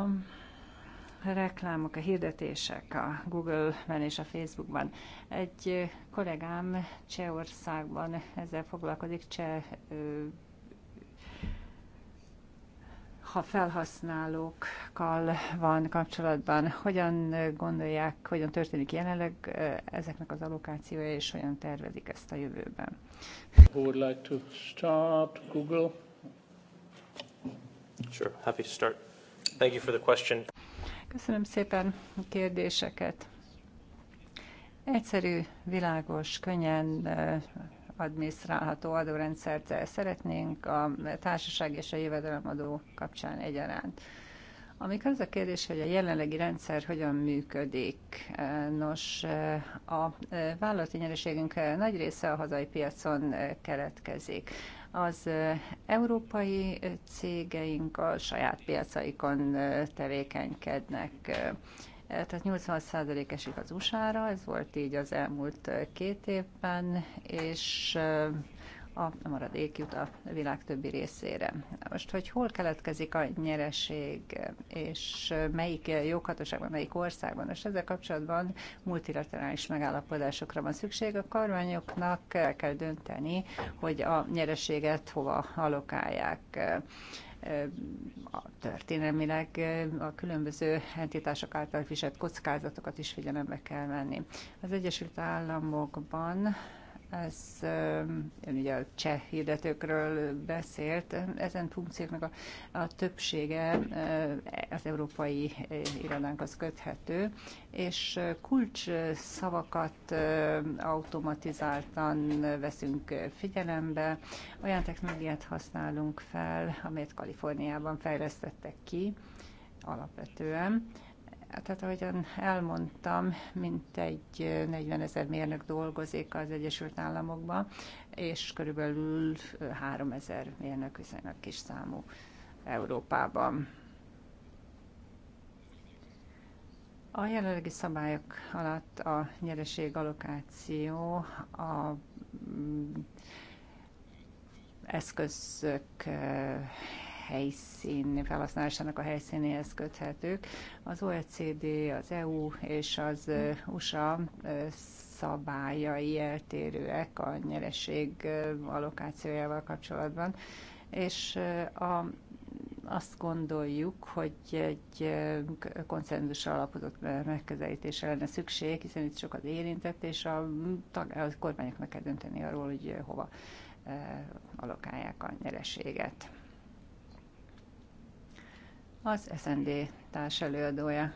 reklámok, a hirdetések a Google-ben és a Facebookban. Egy kollégám Csehországban ezzel foglalkozik, cseh ha felhasználókkal van kapcsolatban, hogyan gondolják, hogyan történik jelenleg ezeknek az allokációja, és hogyan tervezik ezt a jövőben? Who would like to start? Google? Sure, happy to start. Thank you for the question. Köszönöm szépen a kérdéseket. Egyszerű, világos, könnyen adminisztrálható adórendszert szeretnénk a társaság és a jövedelemadó kapcsán egyaránt. Amikor az a kérdés, hogy a jelenlegi rendszer hogyan működik, nos, a vállalati nyereségünk nagy része a hazai piacon keletkezik. Az európai cégeink a saját piacaikon tevékenykednek tehát 80% esik az USA-ra, ez volt így az elmúlt két évben, és a maradék jut a világ többi részére. Most, hogy hol keletkezik a nyereség, és melyik joghatóságban, melyik országban, és ezzel kapcsolatban multilaterális megállapodásokra van szükség. A kormányoknak kell dönteni, hogy a nyereséget hova alokálják a történelmileg a különböző entitások által viselt kockázatokat is figyelembe kell venni. Az Egyesült Államokban ez ön ugye a cseh hirdetőkről beszélt, ezen funkcióknak a, a többsége az európai irodánkhoz köthető, és kulcs szavakat automatizáltan veszünk figyelembe, olyan technológiát használunk fel, amelyet Kaliforniában fejlesztettek ki alapvetően, tehát hát ahogyan elmondtam, mint egy 40 ezer mérnök dolgozik az Egyesült Államokban, és körülbelül 3 ezer mérnök viszonylag kis számú Európában. A jelenlegi szabályok alatt a nyereség alokáció a mm, eszközök helyszín felhasználásának a helyszínéhez köthetők. Az OECD, az EU és az USA szabályai eltérőek a nyereség allokációjával kapcsolatban, és a azt gondoljuk, hogy egy konszenzusra alapozott megközelítésre lenne szükség, hiszen itt sok az érintett, és a, tag, a kormányoknak kell dönteni arról, hogy hova alokálják a nyereséget az SND előadója.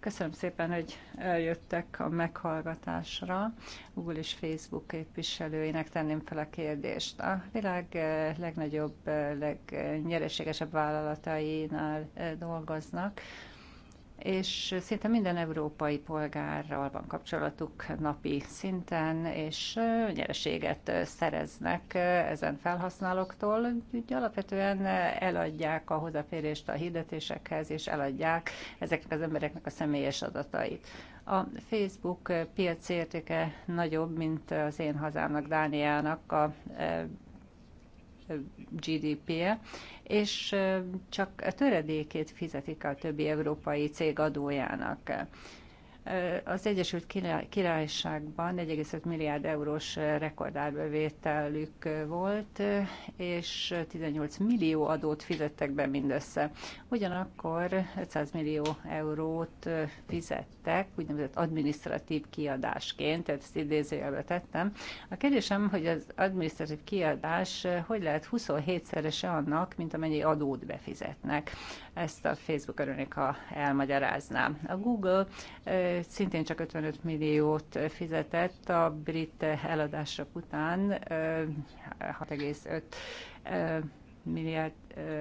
Köszönöm szépen, hogy eljöttek a meghallgatásra. Google és Facebook képviselőinek tenném fel a kérdést. A világ eh, legnagyobb, eh, legnyereségesebb vállalatainál eh, dolgoznak és szinte minden európai polgárral van kapcsolatuk napi szinten, és nyereséget szereznek ezen felhasználóktól. Úgy alapvetően eladják a hozzáférést a hirdetésekhez, és eladják ezeknek az embereknek a személyes adatait. A Facebook piacértéke nagyobb, mint az én hazámnak, Dániának a GDP-je, és csak a töredékét fizetik a többi európai cég adójának. Az Egyesült Királyságban 1,5 milliárd eurós rekordárbevételük volt, és 18 millió adót fizettek be mindössze. Ugyanakkor 500 millió eurót fizettek, úgynevezett adminisztratív kiadásként, tehát ezt idézőjelbe tettem. A kérdésem, hogy az adminisztratív kiadás hogy lehet 27-szerese annak, mint amennyi adót befizetnek. Ezt a Facebook örülnék, ha elmagyaráznám. A Google szintén csak 55 milliót fizetett a brit eladások után, 6,5 milliárd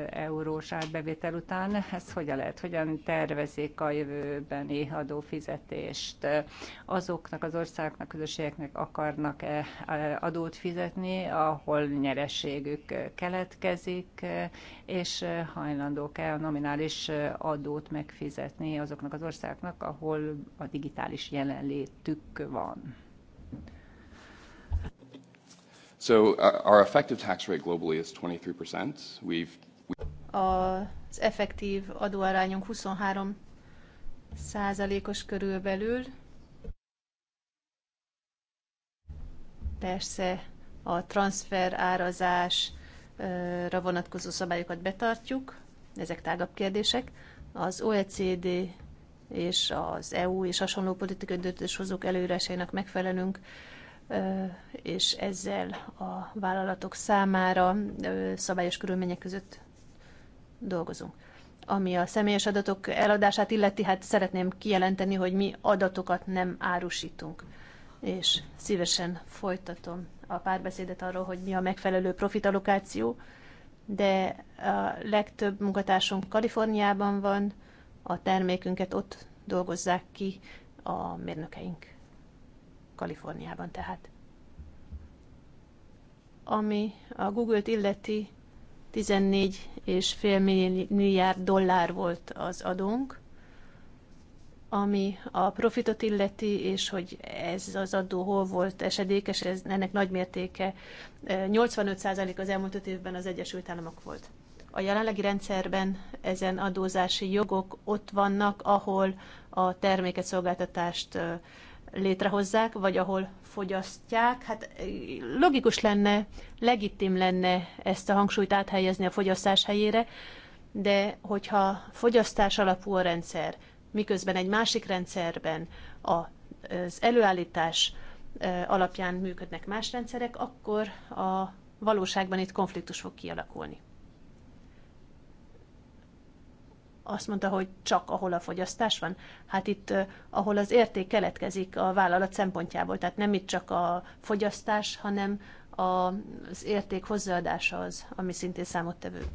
eurós árbevétel után, ez hogyan lehet, hogyan tervezik a jövőbeni adófizetést? Azoknak az országnak, közösségeknek akarnak-e adót fizetni, ahol nyereségük keletkezik, és hajlandók-e a nominális adót megfizetni azoknak az országnak, ahol a digitális jelenlétük van? So uh, our effective tax rate globally is 23%. We've az effektív adóarányunk 23 százalékos körülbelül. Persze a transfer árazásra vonatkozó szabályokat betartjuk, ezek tágabb kérdések. Az OECD és az EU és hasonló politikai döntéshozók előírásainak megfelelünk és ezzel a vállalatok számára szabályos körülmények között dolgozunk. Ami a személyes adatok eladását illeti, hát szeretném kijelenteni, hogy mi adatokat nem árusítunk. És szívesen folytatom a párbeszédet arról, hogy mi a megfelelő profitalokáció, de a legtöbb munkatársunk Kaliforniában van, a termékünket ott dolgozzák ki a mérnökeink. Kaliforniában tehát. Ami a Google-t illeti, 14,5 milliárd dollár volt az adónk, ami a profitot illeti, és hogy ez az adó hol volt esedékes, ez, ennek nagy mértéke 85% eh, az elmúlt öt évben az Egyesült Államok volt. A jelenlegi rendszerben ezen adózási jogok ott vannak, ahol a terméket, szolgáltatást eh, létrehozzák, vagy ahol fogyasztják. Hát eh, logikus lenne, legitim lenne ezt a hangsúlyt áthelyezni a fogyasztás helyére, de hogyha fogyasztás alapú a rendszer, miközben egy másik rendszerben az előállítás eh, alapján működnek más rendszerek, akkor a valóságban itt konfliktus fog kialakulni. azt mondta, hogy csak ahol a fogyasztás van. Hát itt, ahol az érték keletkezik a vállalat szempontjából, tehát nem itt csak a fogyasztás, hanem az érték hozzáadása az, ami szintén számottevő.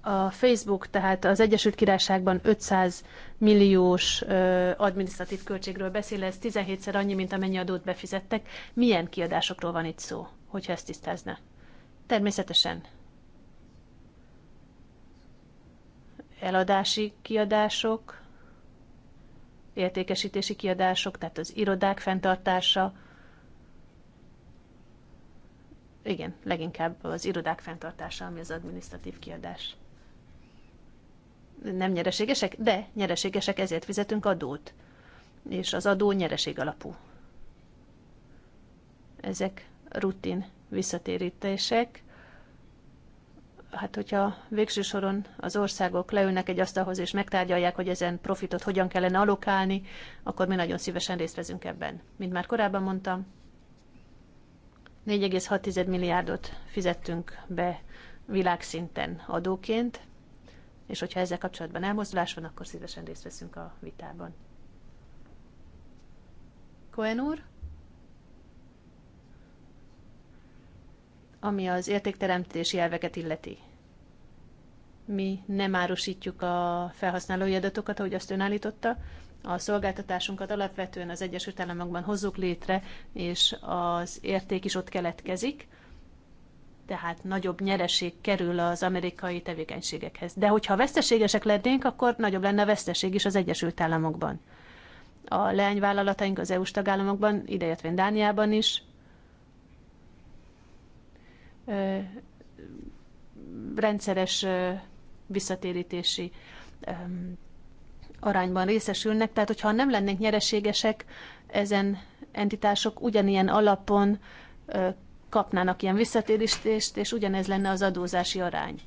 A Facebook, tehát az Egyesült Királyságban 500 milliós ö, adminisztratív költségről beszél, ez 17-szer annyi, mint amennyi adót befizettek. Milyen kiadásokról van itt szó, hogyha ezt tisztázna? Természetesen eladási kiadások, értékesítési kiadások, tehát az irodák fenntartása. Igen, leginkább az irodák fenntartása, ami az administratív kiadás. Nem nyereségesek, de nyereségesek, ezért fizetünk adót. És az adó nyereség alapú. Ezek rutin visszatérítések hát hogyha végső soron az országok leülnek egy asztalhoz és megtárgyalják, hogy ezen profitot hogyan kellene alokálni, akkor mi nagyon szívesen részt vezünk ebben. Mint már korábban mondtam, 4,6 milliárdot fizettünk be világszinten adóként, és hogyha ezzel kapcsolatban elmozdulás van, akkor szívesen részt veszünk a vitában. Cohen úr? ami az értékteremtési elveket illeti. Mi nem árusítjuk a felhasználói adatokat, ahogy azt ön állította. A szolgáltatásunkat alapvetően az Egyesült Államokban hozzuk létre, és az érték is ott keletkezik, tehát nagyobb nyereség kerül az amerikai tevékenységekhez. De hogyha veszteségesek lennénk, akkor nagyobb lenne a veszteség is az Egyesült Államokban. A leányvállalataink az EU-s tagállamokban, ideértve Dániában is, rendszeres visszatérítési arányban részesülnek, tehát hogyha nem lennénk nyereségesek, ezen entitások ugyanilyen alapon kapnának ilyen visszatérítést, és ugyanez lenne az adózási arány.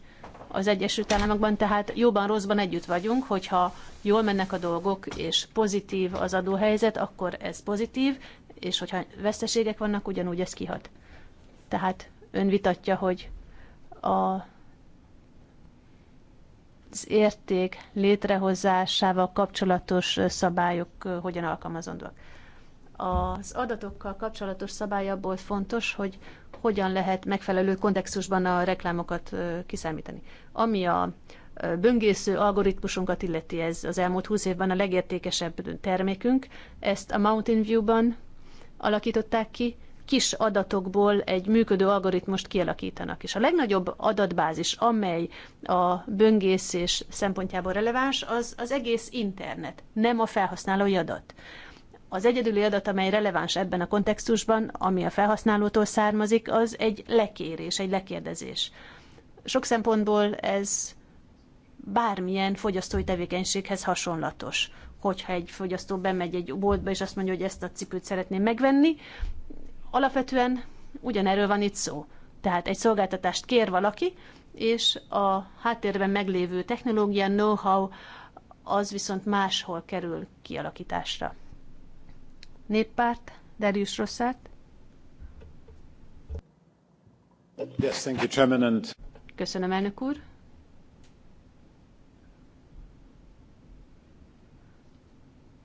Az Egyesült Államokban tehát jóban rosszban együtt vagyunk, hogyha jól mennek a dolgok, és pozitív az adóhelyzet, akkor ez pozitív, és hogyha veszteségek vannak, ugyanúgy ez kihat. Tehát ön vitatja, hogy a az érték létrehozásával kapcsolatos szabályok hogyan alkalmazandóak. Az adatokkal kapcsolatos szabály abból fontos, hogy hogyan lehet megfelelő kontextusban a reklámokat kiszámítani. Ami a böngésző algoritmusunkat illeti, ez az elmúlt 20 évben a legértékesebb termékünk, ezt a Mountain View-ban alakították ki, kis adatokból egy működő algoritmust kialakítanak. És a legnagyobb adatbázis, amely a böngészés szempontjából releváns, az az egész internet, nem a felhasználói adat. Az egyedüli adat, amely releváns ebben a kontextusban, ami a felhasználótól származik, az egy lekérés, egy lekérdezés. Sok szempontból ez bármilyen fogyasztói tevékenységhez hasonlatos hogyha egy fogyasztó bemegy egy boltba, és azt mondja, hogy ezt a cipőt szeretném megvenni, Alapvetően ugyanerről van itt szó. Tehát egy szolgáltatást kér valaki, és a háttérben meglévő technológia, know-how, az viszont máshol kerül kialakításra. Néppárt, Darius Rosszát. Yes, thank you, Chairman, and... Köszönöm, elnök úr.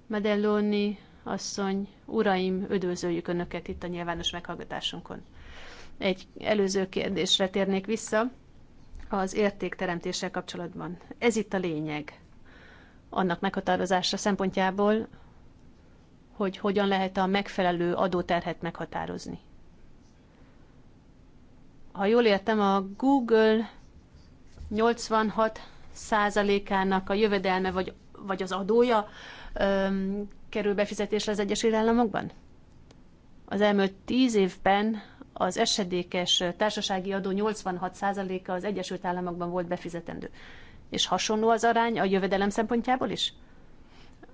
Medelloni asszony Uraim, üdvözöljük Önöket itt a nyilvános meghallgatásunkon. Egy előző kérdésre térnék vissza az értékteremtéssel kapcsolatban. Ez itt a lényeg annak meghatározása szempontjából, hogy hogyan lehet a megfelelő adóterhet meghatározni. Ha jól értem, a Google 86 százalékának a jövedelme vagy, vagy az adója kerül befizetésre az Egyesült Államokban? Az elmúlt tíz évben az esedékes társasági adó 86%-a az Egyesült Államokban volt befizetendő. És hasonló az arány a jövedelem szempontjából is?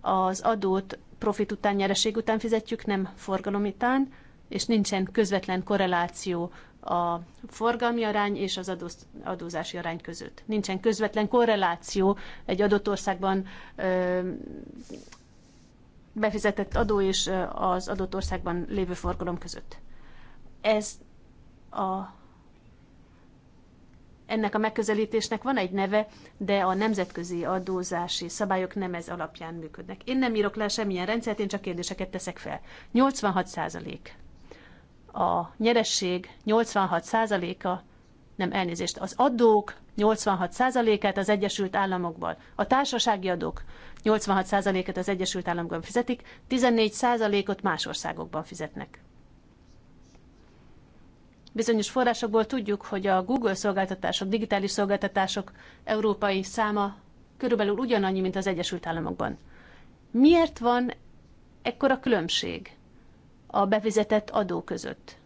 Az adót profit után, nyereség után fizetjük, nem forgalom után, és nincsen közvetlen korreláció a forgalmi arány és az adóz, adózási arány között. Nincsen közvetlen korreláció egy adott országban ö, befizetett adó és az adott országban lévő forgalom között. Ez a ennek a megközelítésnek van egy neve, de a nemzetközi adózási szabályok nem ez alapján működnek. Én nem írok le semmilyen rendszert, én csak kérdéseket teszek fel. 86 százalék. A nyeresség 86 százaléka nem elnézést, az adók 86%-át az Egyesült Államokban, a társasági adók 86%-át az Egyesült Államokban fizetik, 14%-ot más országokban fizetnek. Bizonyos forrásokból tudjuk, hogy a Google szolgáltatások, digitális szolgáltatások európai száma körülbelül ugyanannyi, mint az Egyesült Államokban. Miért van ekkora különbség a bevezetett adó között?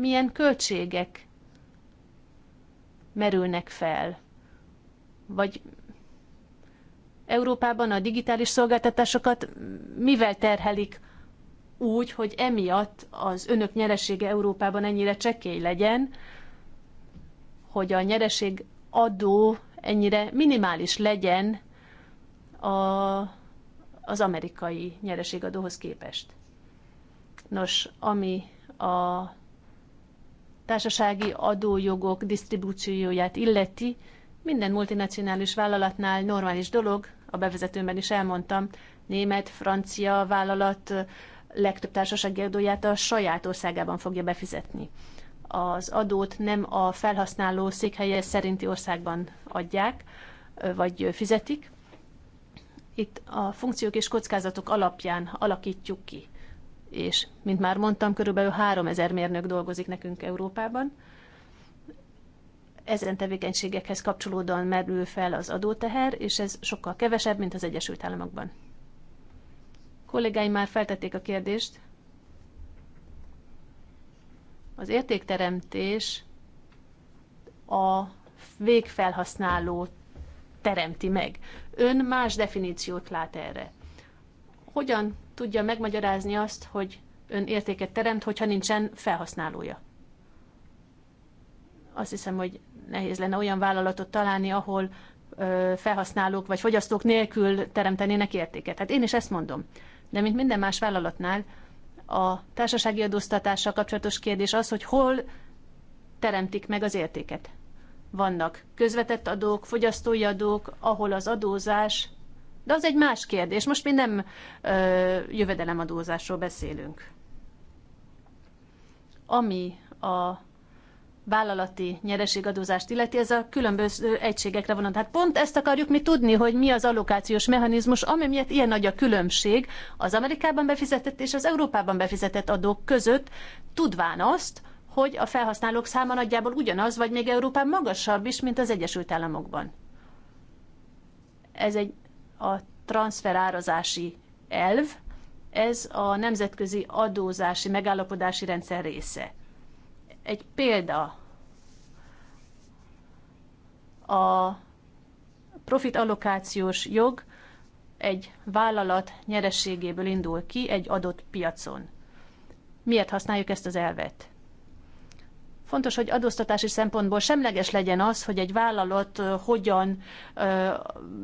milyen költségek merülnek fel. Vagy Európában a digitális szolgáltatásokat mivel terhelik úgy, hogy emiatt az önök nyeresége Európában ennyire csekély legyen, hogy a nyereség adó ennyire minimális legyen a, az amerikai nyereségadóhoz képest. Nos, ami a társasági adójogok disztribúcióját illeti, minden multinacionális vállalatnál normális dolog, a bevezetőmben is elmondtam, német, francia vállalat legtöbb társasági adóját a saját országában fogja befizetni. Az adót nem a felhasználó székhelye szerinti országban adják, vagy fizetik. Itt a funkciók és kockázatok alapján alakítjuk ki és mint már mondtam, körülbelül 3000 mérnök dolgozik nekünk Európában. Ezen tevékenységekhez kapcsolódóan merül fel az adóteher, és ez sokkal kevesebb, mint az Egyesült Államokban. Kollégáim már feltették a kérdést. Az értékteremtés a végfelhasználó teremti meg. Ön más definíciót lát erre. Hogyan tudja megmagyarázni azt, hogy ön értéket teremt, hogyha nincsen felhasználója? Azt hiszem, hogy nehéz lenne olyan vállalatot találni, ahol felhasználók vagy fogyasztók nélkül teremtenének értéket. Hát én is ezt mondom. De mint minden más vállalatnál, a társasági adóztatással kapcsolatos kérdés az, hogy hol teremtik meg az értéket. Vannak közvetett adók, fogyasztói adók, ahol az adózás de az egy más kérdés. Most mi nem ö, jövedelemadózásról beszélünk. Ami a vállalati nyereségadózást illeti, ez a különböző egységekre vonat. Hát pont ezt akarjuk mi tudni, hogy mi az allokációs mechanizmus, ami miatt ilyen nagy a különbség az Amerikában befizetett és az Európában befizetett adók között, tudván azt, hogy a felhasználók száma nagyjából ugyanaz, vagy még Európán magasabb is, mint az Egyesült Államokban. Ez egy a transferárazási elv, ez a nemzetközi adózási megállapodási rendszer része. Egy példa a profit allokációs jog egy vállalat nyerességéből indul ki egy adott piacon. Miért használjuk ezt az elvet? Fontos, hogy adóztatási szempontból semleges legyen az, hogy egy vállalat hogyan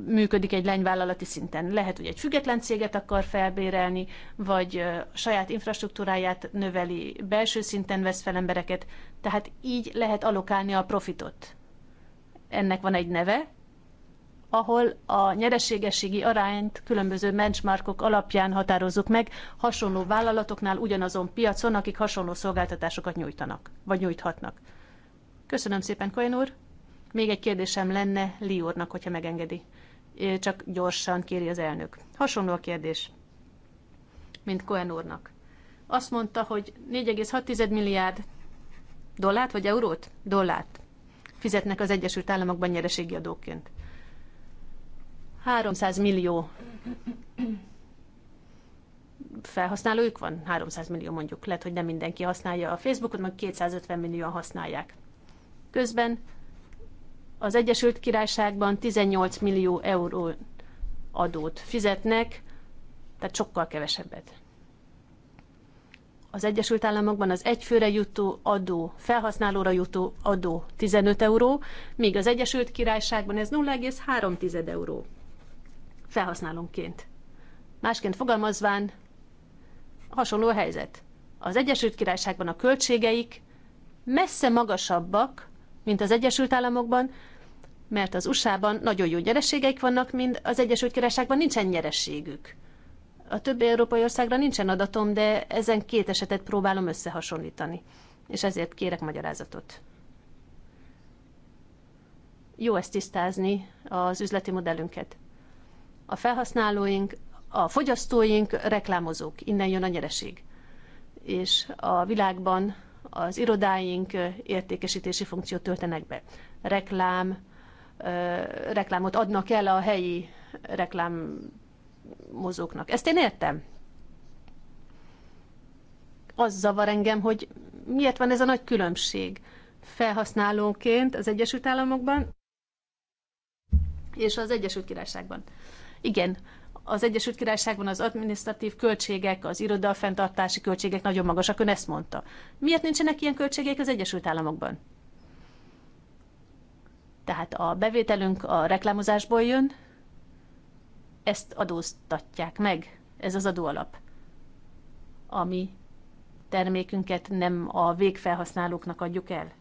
működik egy lányvállalati szinten. Lehet, hogy egy független céget akar felbérelni, vagy saját infrastruktúráját növeli, belső szinten vesz fel embereket. Tehát így lehet alokálni a profitot. Ennek van egy neve, ahol a nyereségességi arányt különböző benchmarkok alapján határozzuk meg hasonló vállalatoknál ugyanazon piacon, akik hasonló szolgáltatásokat nyújtanak, vagy nyújthatnak. Köszönöm szépen, Koen úr. Még egy kérdésem lenne Li úrnak, hogyha megengedi. Csak gyorsan kéri az elnök. Hasonló a kérdés, mint Koen úrnak. Azt mondta, hogy 4,6 milliárd dollárt vagy eurót? Dollárt fizetnek az Egyesült Államokban nyereségi adóként. 300 millió felhasználójuk van, 300 millió mondjuk, lehet, hogy nem mindenki használja a Facebookot, meg 250 millióan használják. Közben az Egyesült Királyságban 18 millió euró adót fizetnek, tehát sokkal kevesebbet. Az Egyesült Államokban az egyfőre jutó adó, felhasználóra jutó adó 15 euró, míg az Egyesült Királyságban ez 0,3 euró felhasználónként. Másként fogalmazván, hasonló a helyzet. Az Egyesült Királyságban a költségeik messze magasabbak, mint az Egyesült Államokban, mert az USA-ban nagyon jó nyerességeik vannak, mint az Egyesült Királyságban nincsen nyerességük. A többi európai országra nincsen adatom, de ezen két esetet próbálom összehasonlítani, és ezért kérek magyarázatot. Jó ezt tisztázni, az üzleti modellünket a felhasználóink, a fogyasztóink, reklámozók. Innen jön a nyereség. És a világban az irodáink értékesítési funkciót töltenek be. Reklám, reklámot adnak el a helyi reklámozóknak. Ezt én értem. Az zavar engem, hogy miért van ez a nagy különbség felhasználónként az Egyesült Államokban és az Egyesült Királyságban. Igen, az Egyesült Királyságban az adminisztratív költségek, az irodafenntartási költségek nagyon magasak, ön ezt mondta. Miért nincsenek ilyen költségek az Egyesült Államokban? Tehát a bevételünk a reklámozásból jön, ezt adóztatják meg, ez az adóalap, ami termékünket nem a végfelhasználóknak adjuk el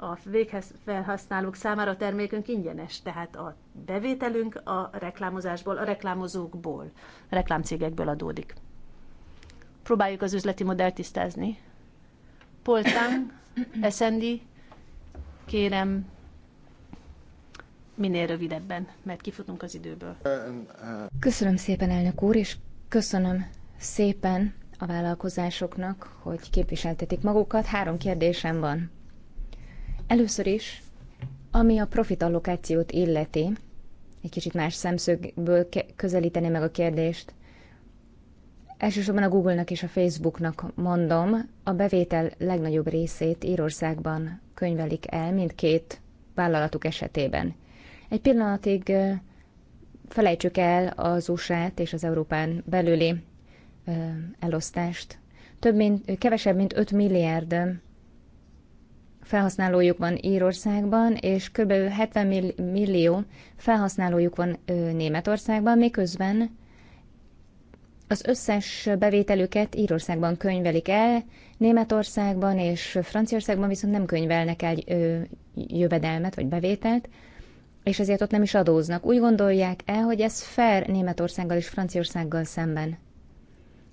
a végfelhasználók számára a termékünk ingyenes, tehát a bevételünk a reklámozásból, a reklámozókból, a reklámcégekből adódik. Próbáljuk az üzleti modellt tisztázni. Poltán, Eszendi, kérem minél rövidebben, mert kifutunk az időből. Köszönöm szépen, elnök úr, és köszönöm szépen a vállalkozásoknak, hogy képviseltetik magukat. Három kérdésem van. Először is, ami a profit allokációt illeti, egy kicsit más szemszögből közelíteni meg a kérdést. Elsősorban a Google-nak és a Facebooknak mondom, a bevétel legnagyobb részét Írországban könyvelik el mint két vállalatuk esetében. Egy pillanatig felejtsük el az usa és az Európán belüli elosztást. Több mint, kevesebb mint 5 milliárd felhasználójuk van Írországban, és kb. 70 millió felhasználójuk van Németországban, miközben az összes bevételüket Írországban könyvelik el, Németországban és Franciaországban viszont nem könyvelnek el jövedelmet vagy bevételt, és ezért ott nem is adóznak. Úgy gondolják el, hogy ez fair Németországgal és Franciaországgal szemben.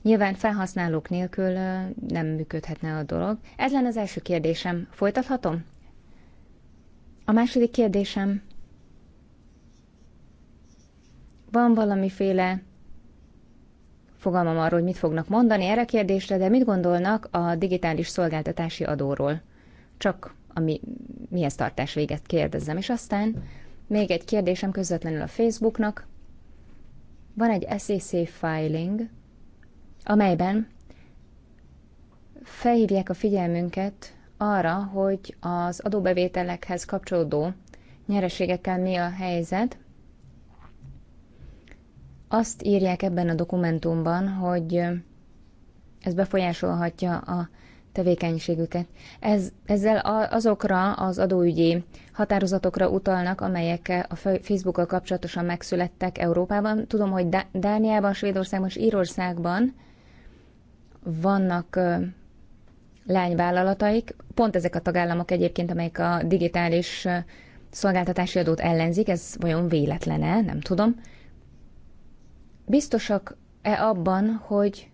Nyilván felhasználók nélkül nem működhetne a dolog. Ez lenne az első kérdésem. Folytathatom? A második kérdésem. Van valamiféle fogalmam arról, hogy mit fognak mondani erre a kérdésre, de mit gondolnak a digitális szolgáltatási adóról? Csak a mi, mihez tartás véget kérdezzem. És aztán még egy kérdésem közvetlenül a Facebooknak. Van egy SEC filing, amelyben felhívják a figyelmünket arra, hogy az adóbevételekhez kapcsolódó nyereségekkel mi a helyzet. Azt írják ebben a dokumentumban, hogy ez befolyásolhatja a tevékenységüket. Ez, ezzel azokra az adóügyi határozatokra utalnak, amelyek a Facebookkal kapcsolatosan megszülettek Európában. Tudom, hogy Dániában, Svédországban és Írországban vannak lányvállalataik, pont ezek a tagállamok egyébként, amelyek a digitális szolgáltatási adót ellenzik, ez vajon véletlene, nem tudom. Biztosak-e abban, hogy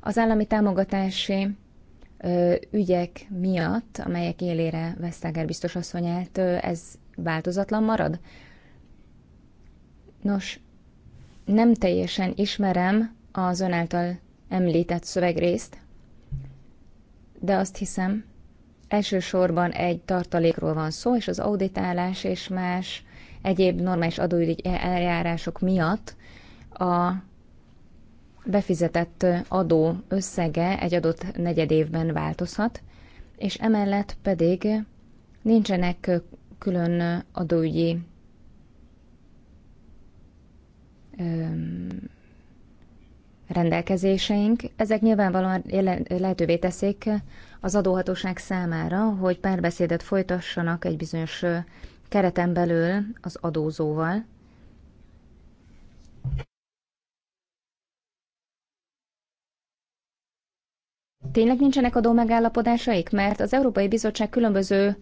az állami támogatási ügyek miatt, amelyek élére Vesztager biztos asszonyát, ez változatlan marad? Nos, nem teljesen ismerem az ön által említett szövegrészt, de azt hiszem, elsősorban egy tartalékról van szó, és az auditálás és más egyéb normális adóügyi eljárások miatt a befizetett adó összege egy adott negyed évben változhat, és emellett pedig nincsenek külön adóügyi rendelkezéseink. Ezek nyilvánvalóan lehetővé teszik az adóhatóság számára, hogy párbeszédet folytassanak egy bizonyos kereten belül az adózóval. Tényleg nincsenek adó megállapodásaik? Mert az Európai Bizottság különböző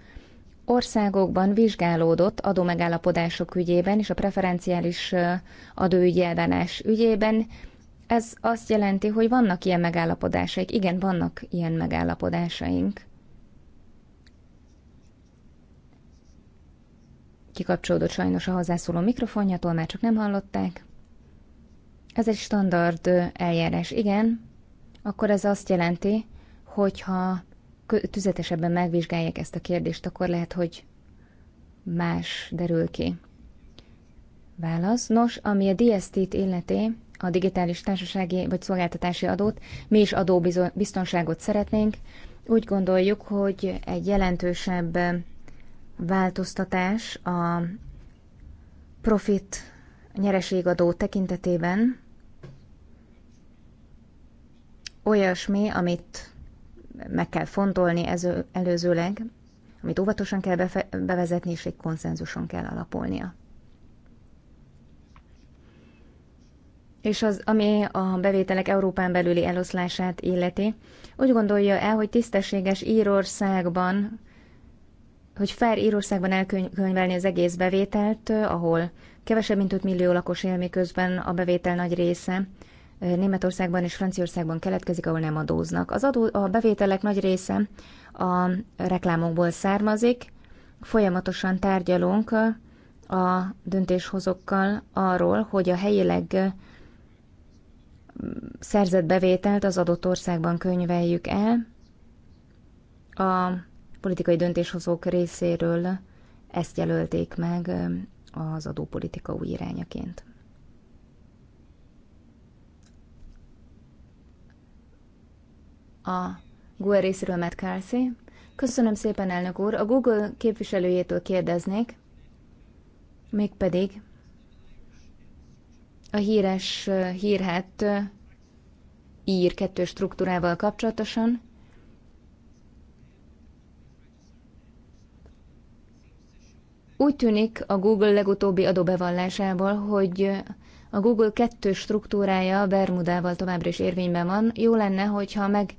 országokban vizsgálódott adó megállapodások ügyében és a preferenciális adóügyelvenás ügyében ez azt jelenti, hogy vannak ilyen megállapodásaik. Igen, vannak ilyen megállapodásaink. Kikapcsolódott sajnos a hozzászóló mikrofonja, már csak nem hallották. Ez egy standard eljárás, igen. Akkor ez azt jelenti, hogyha tüzetesebben megvizsgálják ezt a kérdést, akkor lehet, hogy más derül ki. Válasz. Nos, ami a DST-t illeti, a digitális társasági vagy szolgáltatási adót, mi is adóbiztonságot szeretnénk. Úgy gondoljuk, hogy egy jelentősebb változtatás a profit nyereségadó tekintetében olyasmi, amit meg kell fontolni előzőleg, amit óvatosan kell bevezetni, és egy konszenzuson kell alapolnia. és az, ami a bevételek Európán belüli eloszlását illeti, úgy gondolja el, hogy tisztességes Írországban, hogy fair Írországban elkönyvelni az egész bevételt, eh, ahol kevesebb mint 5 millió lakos él, miközben a bevétel nagy része eh, Németországban és Franciaországban keletkezik, ahol nem adóznak. Az adó, a bevételek nagy része a reklámokból származik, folyamatosan tárgyalunk eh, a döntéshozókkal arról, hogy a helyileg szerzett bevételt az adott országban könyveljük el. A politikai döntéshozók részéről ezt jelölték meg az adópolitika új irányaként. A Google részéről Matt Carsey. Köszönöm szépen, elnök úr. A Google képviselőjétől kérdeznék, mégpedig a híres hírhet ír kettő struktúrával kapcsolatosan. Úgy tűnik a Google legutóbbi adóbevallásából, hogy a Google kettő struktúrája Bermudával továbbra is érvényben van. Jó lenne, hogyha meg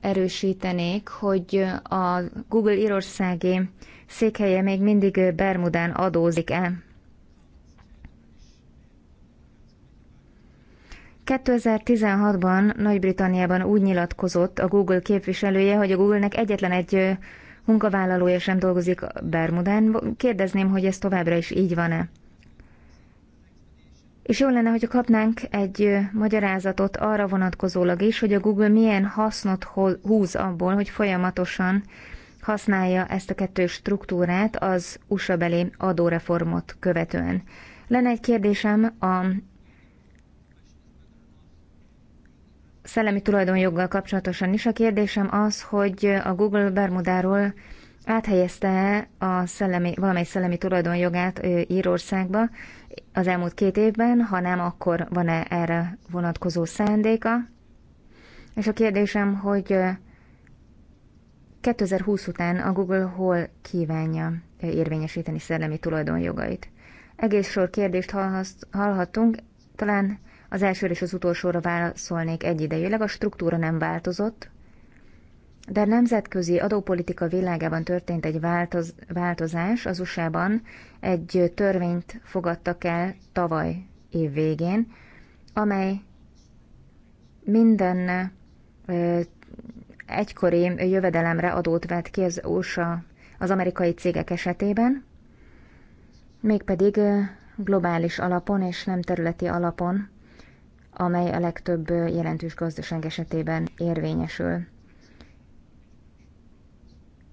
erősítenék, hogy a Google Írországi székhelye még mindig Bermudán adózik-e. 2016-ban Nagy-Britanniában úgy nyilatkozott a Google képviselője, hogy a Googlenek egyetlen egy munkavállalója sem dolgozik Bermudán. Kérdezném, hogy ez továbbra is így van-e. És jó lenne, hogyha kapnánk egy magyarázatot arra vonatkozólag is, hogy a Google milyen hasznot húz abból, hogy folyamatosan használja ezt a kettő struktúrát az USA belé adóreformot követően. Lenne egy kérdésem a szellemi tulajdonjoggal kapcsolatosan is. A kérdésem az, hogy a Google Bermudáról áthelyezte a szellemi, valamely szellemi tulajdonjogát Írországba az elmúlt két évben, ha nem, akkor van-e erre vonatkozó szándéka? És a kérdésem, hogy 2020 után a Google hol kívánja érvényesíteni szellemi tulajdonjogait? Egész sor kérdést hallhattunk, talán az első és az utolsóra válaszolnék egyidejűleg, a struktúra nem változott, de a nemzetközi adópolitika világában történt egy változ, változás. Az USA-ban egy törvényt fogadtak el tavaly év végén, amely minden ö, egykori jövedelemre adót vett ki az USA az amerikai cégek esetében, mégpedig globális alapon és nem területi alapon amely a legtöbb jelentős gazdaság esetében érvényesül.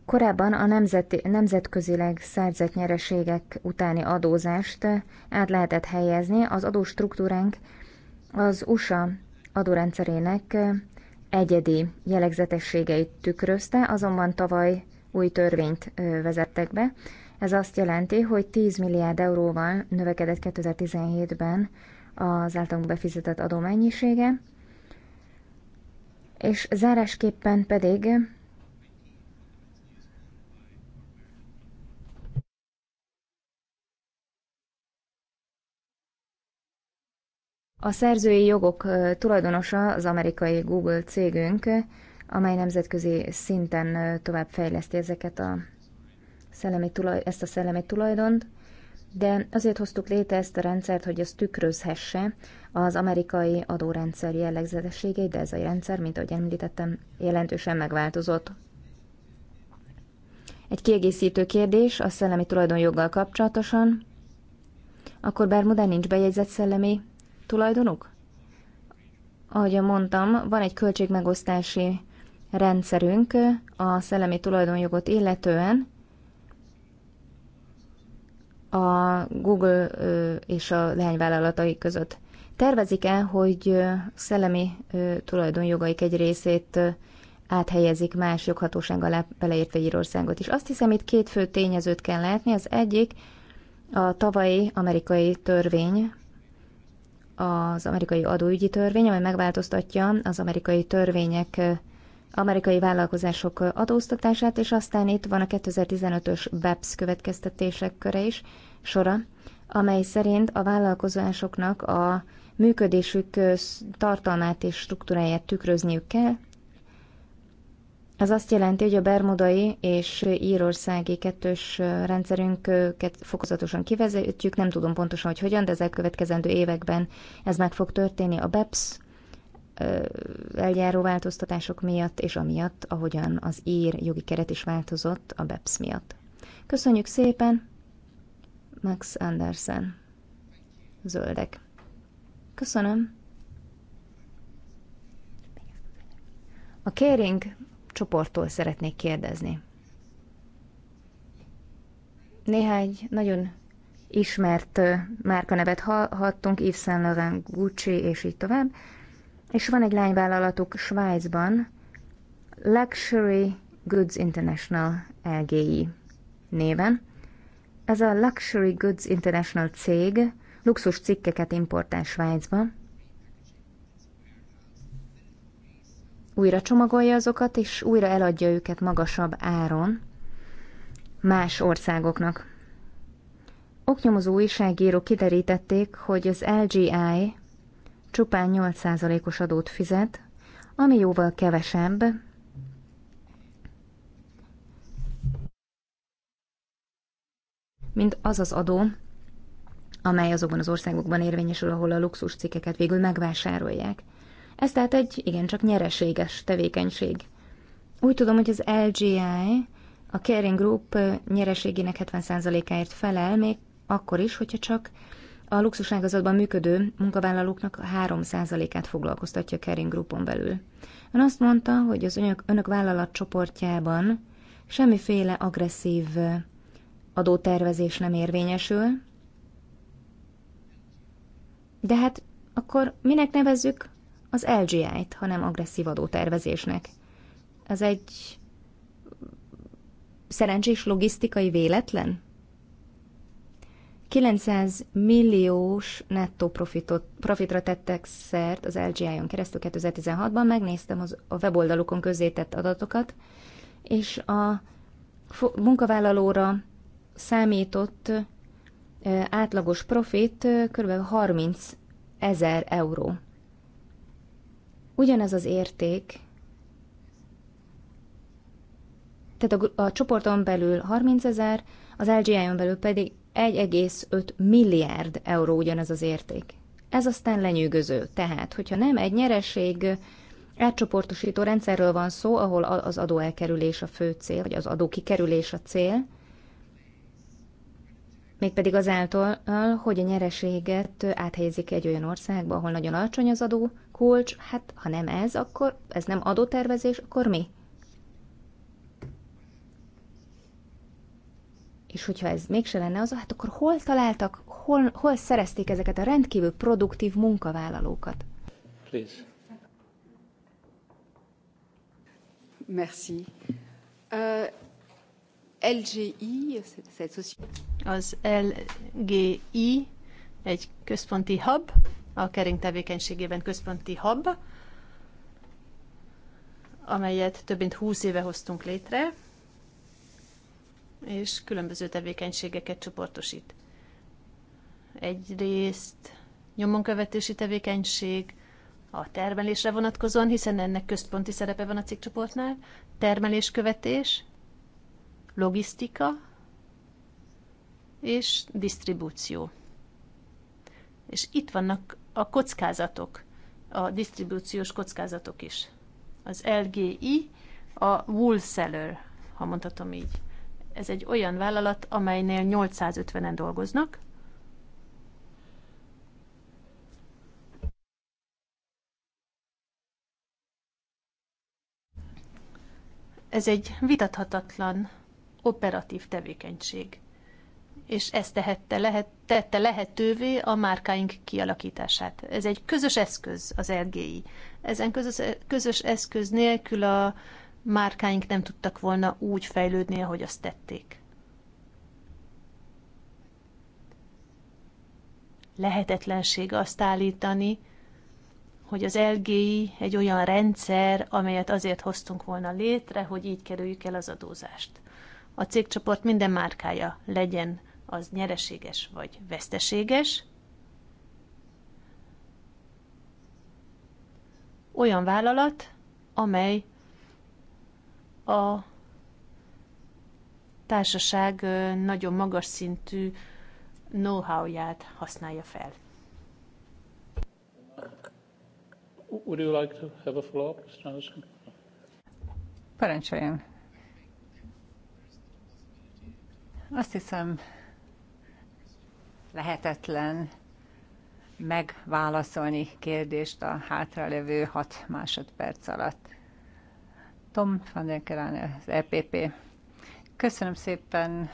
Korábban a nemzeti, nemzetközileg szerzett nyereségek utáni adózást át lehetett helyezni, az adóstruktúránk az USA adórendszerének egyedi jellegzetességeit tükrözte, azonban tavaly új törvényt vezettek be. Ez azt jelenti, hogy 10 milliárd euróval növekedett 2017-ben az általunk befizetett adó mennyisége, és zárásképpen pedig A szerzői jogok tulajdonosa az amerikai Google cégünk, amely nemzetközi szinten tovább fejleszti ezeket a szellemi tulaj, ezt a szellemi tulajdont de azért hoztuk létre ezt a rendszert, hogy az tükrözhesse az amerikai adórendszer jellegzetességeit, de ez a rendszer, mint ahogy említettem, jelentősen megváltozott. Egy kiegészítő kérdés a szellemi tulajdonjoggal kapcsolatosan. Akkor Bermudán nincs bejegyzett szellemi tulajdonuk? Ahogy mondtam, van egy költségmegosztási rendszerünk a szellemi tulajdonjogot illetően, a Google és a leányvállalatai között. Tervezik-e, hogy szellemi tulajdonjogaik egy részét áthelyezik más joghatóság alá, beleértve Írországot is. Azt hiszem, itt két fő tényezőt kell látni. Az egyik a tavalyi amerikai törvény, az amerikai adóügyi törvény, amely megváltoztatja az amerikai törvények amerikai vállalkozások adóztatását, és aztán itt van a 2015-ös BEPS következtetések köre is, sora, amely szerint a vállalkozásoknak a működésük tartalmát és struktúráját tükrözniük kell. Ez azt jelenti, hogy a bermudai és írországi kettős rendszerünket fokozatosan kivezetjük, nem tudom pontosan, hogy hogyan, de ezek következendő években ez meg fog történni. A BEPS eljáró változtatások miatt, és amiatt, ahogyan az ír jogi keret is változott a BEPS miatt. Köszönjük szépen, Max Andersen, zöldek. Köszönöm. A Kéring csoporttól szeretnék kérdezni. Néhány nagyon ismert márkanevet hallhattunk, Yves Saint Laurent, Gucci és így tovább és van egy lányvállalatuk Svájcban, Luxury Goods International LGI néven. Ez a Luxury Goods International cég luxus cikkeket importál Svájcba, újra csomagolja azokat, és újra eladja őket magasabb áron más országoknak. Oknyomozó újságírók kiderítették, hogy az LGI csupán 8%-os adót fizet, ami jóval kevesebb, mint az az adó, amely azokban az országokban érvényesül, ahol a luxus cikkeket végül megvásárolják. Ez tehát egy igencsak nyereséges tevékenység. Úgy tudom, hogy az LGI a Caring Group nyereségének 70%-áért felel, még akkor is, hogyha csak a luxuságazatban működő munkavállalóknak 3%-át foglalkoztatja Kering Groupon belül. Ön azt mondta, hogy az önök, önök vállalat csoportjában semmiféle agresszív adótervezés nem érvényesül, de hát akkor minek nevezzük az LGI-t, nem agresszív adótervezésnek? Ez egy szerencsés logisztikai véletlen? 900 milliós nettó profitot, profitra tettek szert az LGI-on keresztül 2016-ban, megnéztem az, a weboldalukon közzétett adatokat, és a munkavállalóra számított átlagos profit kb. 30 ezer euró. Ugyanez az érték, tehát a, a csoporton belül 30 ezer, az LGI-on belül pedig 1,5 milliárd euró ugyanez az érték. Ez aztán lenyűgöző. Tehát, hogyha nem egy nyereség átcsoportosító rendszerről van szó, ahol az adó elkerülés a fő cél, vagy az adó kikerülés a cél, mégpedig azáltal, hogy a nyereséget áthelyezik egy olyan országba, ahol nagyon alacsony az adó kulcs, hát ha nem ez, akkor ez nem adótervezés, akkor mi? És hogyha ez mégse lenne az, hát akkor hol találtak, hol, hol szerezték ezeket a rendkívül produktív munkavállalókat? Please. Merci. Uh, LGI, az LGI egy központi hub, a kering tevékenységében központi hub, amelyet több mint 20 éve hoztunk létre, és különböző tevékenységeket csoportosít. Egyrészt nyomonkövetési tevékenység, a termelésre vonatkozóan, hiszen ennek központi szerepe van a cikkcsoportnál, termeléskövetés, logisztika és disztribúció. És itt vannak a kockázatok, a disztribúciós kockázatok is. Az LGI, a wool seller, ha mondhatom így. Ez egy olyan vállalat, amelynél 850-en dolgoznak. Ez egy vitathatatlan operatív tevékenység, és ezt tehette, lehet, tette lehetővé a márkáink kialakítását. Ez egy közös eszköz az RGI. Ezen közös, közös eszköz nélkül a márkáink nem tudtak volna úgy fejlődni, ahogy azt tették. Lehetetlenség azt állítani, hogy az LGI egy olyan rendszer, amelyet azért hoztunk volna létre, hogy így kerüljük el az adózást. A cégcsoport minden márkája legyen az nyereséges vagy veszteséges, olyan vállalat, amely a társaság nagyon magas szintű know-how-ját használja fel. Would you like to have a follow-up? Parancsoljon. Azt hiszem, lehetetlen megválaszolni kérdést a hátralévő hat másodperc alatt. Tom van der Kerán, az EPP. Köszönöm szépen.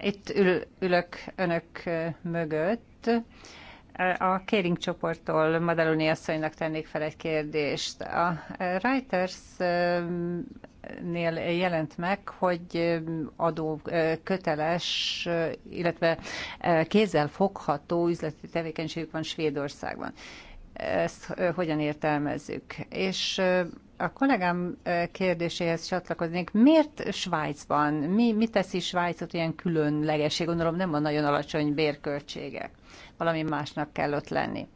Itt ül, ülök önök mögött. A Kéring csoporttól Madaloni asszonynak tennék fel egy kérdést. A Reuters-nél jelent meg, hogy adó köteles, illetve kézzel fogható üzleti tevékenységük van Svédországban. Ezt hogyan értelmezzük? És a kollégám kérdéséhez csatlakoznék. Miért Svájcban? Mi, mi teszi Svájcot ilyen különlegesé? Gondolom nem van nagyon alacsony bérköltsége. Valami másnak kell ott lenni.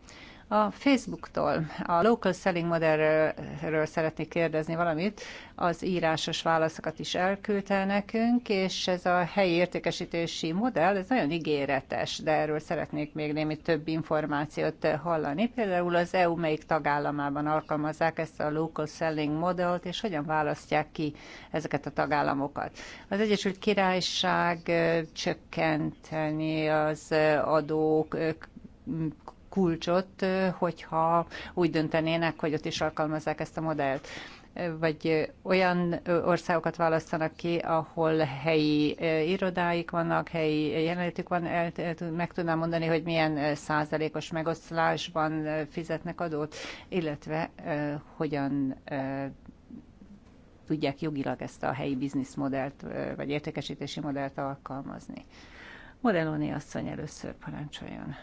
A Facebooktól, a local selling modellről szeretnék kérdezni valamit. Az írásos válaszokat is elküldte nekünk, és ez a helyi értékesítési modell, ez nagyon ígéretes, de erről szeretnék még némi több információt hallani. Például az EU melyik tagállamában alkalmazzák ezt a local selling modellt, és hogyan választják ki ezeket a tagállamokat. Az Egyesült Királyság csökkenteni az adók kulcsot, hogyha úgy döntenének, hogy ott is alkalmazzák ezt a modellt vagy olyan országokat választanak ki, ahol helyi irodáik vannak, helyi jelenlétük van, el, meg tudnám mondani, hogy milyen százalékos megoszlásban fizetnek adót, illetve hogyan tudják jogilag ezt a helyi bizniszmodellt, vagy értékesítési modellt alkalmazni. Modelloni asszony először parancsoljon.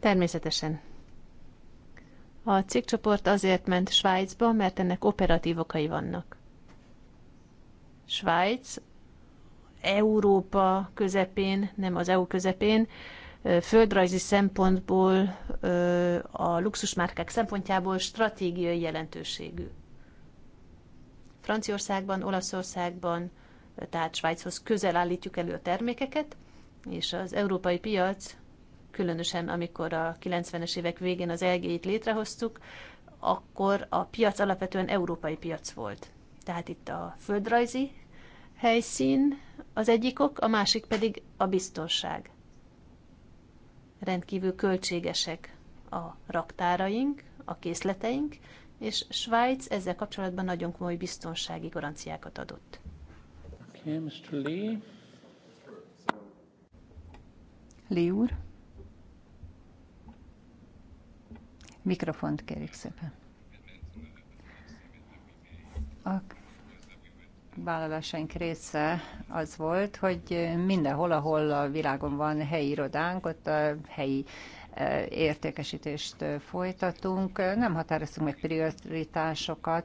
Természetesen. A cikkcsoport azért ment Svájcba, mert ennek operatív okai vannak. Svájc Európa közepén, nem az EU közepén, földrajzi szempontból, a luxusmárkák szempontjából stratégiai jelentőségű. Franciaországban, Olaszországban, tehát Svájchoz közel állítjuk elő a termékeket, és az európai piac különösen amikor a 90-es évek végén az LG-t létrehoztuk, akkor a piac alapvetően európai piac volt. Tehát itt a földrajzi helyszín az egyik ok, a másik pedig a biztonság. Rendkívül költségesek a raktáraink, a készleteink, és Svájc ezzel kapcsolatban nagyon komoly biztonsági garanciákat adott. Okay, Mr. Lee. Lee úr. Mikrofont kérjük szépen. A vállalásaink része az volt, hogy mindenhol, ahol a világon van helyi irodánk, ott a helyi értékesítést folytatunk. Nem határoztunk meg prioritásokat,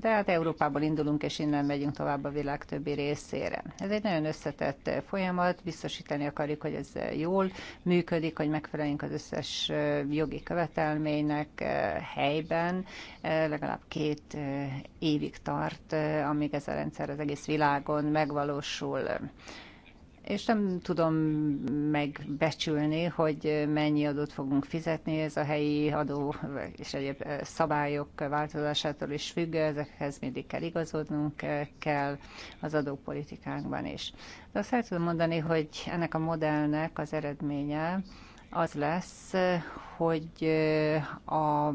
de hát Európából indulunk, és innen megyünk tovább a világ többi részére. Ez egy nagyon összetett folyamat, biztosítani akarjuk, hogy ez jól működik, hogy megfeleljünk az összes jogi követelménynek helyben. Legalább két évig tart, amíg ez a rendszer az egész világon megvalósul és nem tudom megbecsülni, hogy mennyi adót fogunk fizetni, ez a helyi adó és egyéb szabályok változásától is függ, ezekhez mindig kell igazodnunk kell az adópolitikánkban is. De azt el tudom mondani, hogy ennek a modellnek az eredménye, az lesz, hogy a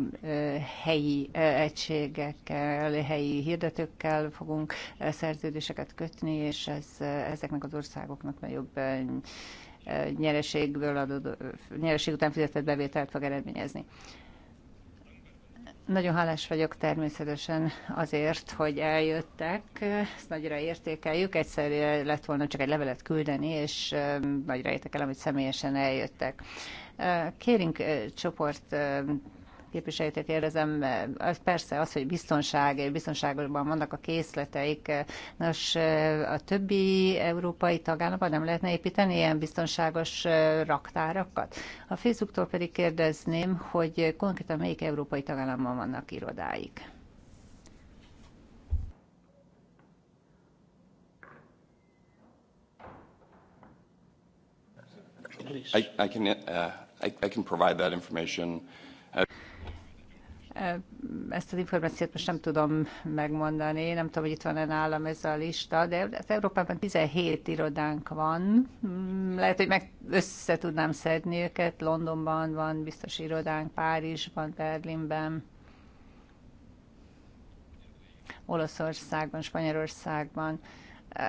helyi egységekkel, helyi hirdetőkkel fogunk szerződéseket kötni, és ez, ezeknek az országoknak nagyobb nyereségből adódó, nyereség után fizetett bevételt fog eredményezni. Nagyon hálás vagyok természetesen azért, hogy eljöttek, ezt nagyra értékeljük. Egyszer lett volna csak egy levelet küldeni, és nagyra értékelem, hogy személyesen eljöttek. Kérünk csoport képviselőtét kérdezem, az persze az, hogy biztonság, biztonságosban vannak a készleteik. Nos, a többi európai tagállamban nem lehetne építeni ilyen biztonságos raktárakat? A Facebooktól pedig kérdezném, hogy konkrétan melyik európai tagállamban vannak irodáik? I, I can uh, I, I can provide that information. Uh, ezt az információt most nem tudom megmondani, nem tudom, hogy itt van-e nálam ez a lista, de hát Európában 17 irodánk van. Mm, lehet, hogy meg össze tudnám szedni őket. Londonban van biztos irodánk, Párizsban, Berlinben, Olaszországban, Spanyolországban.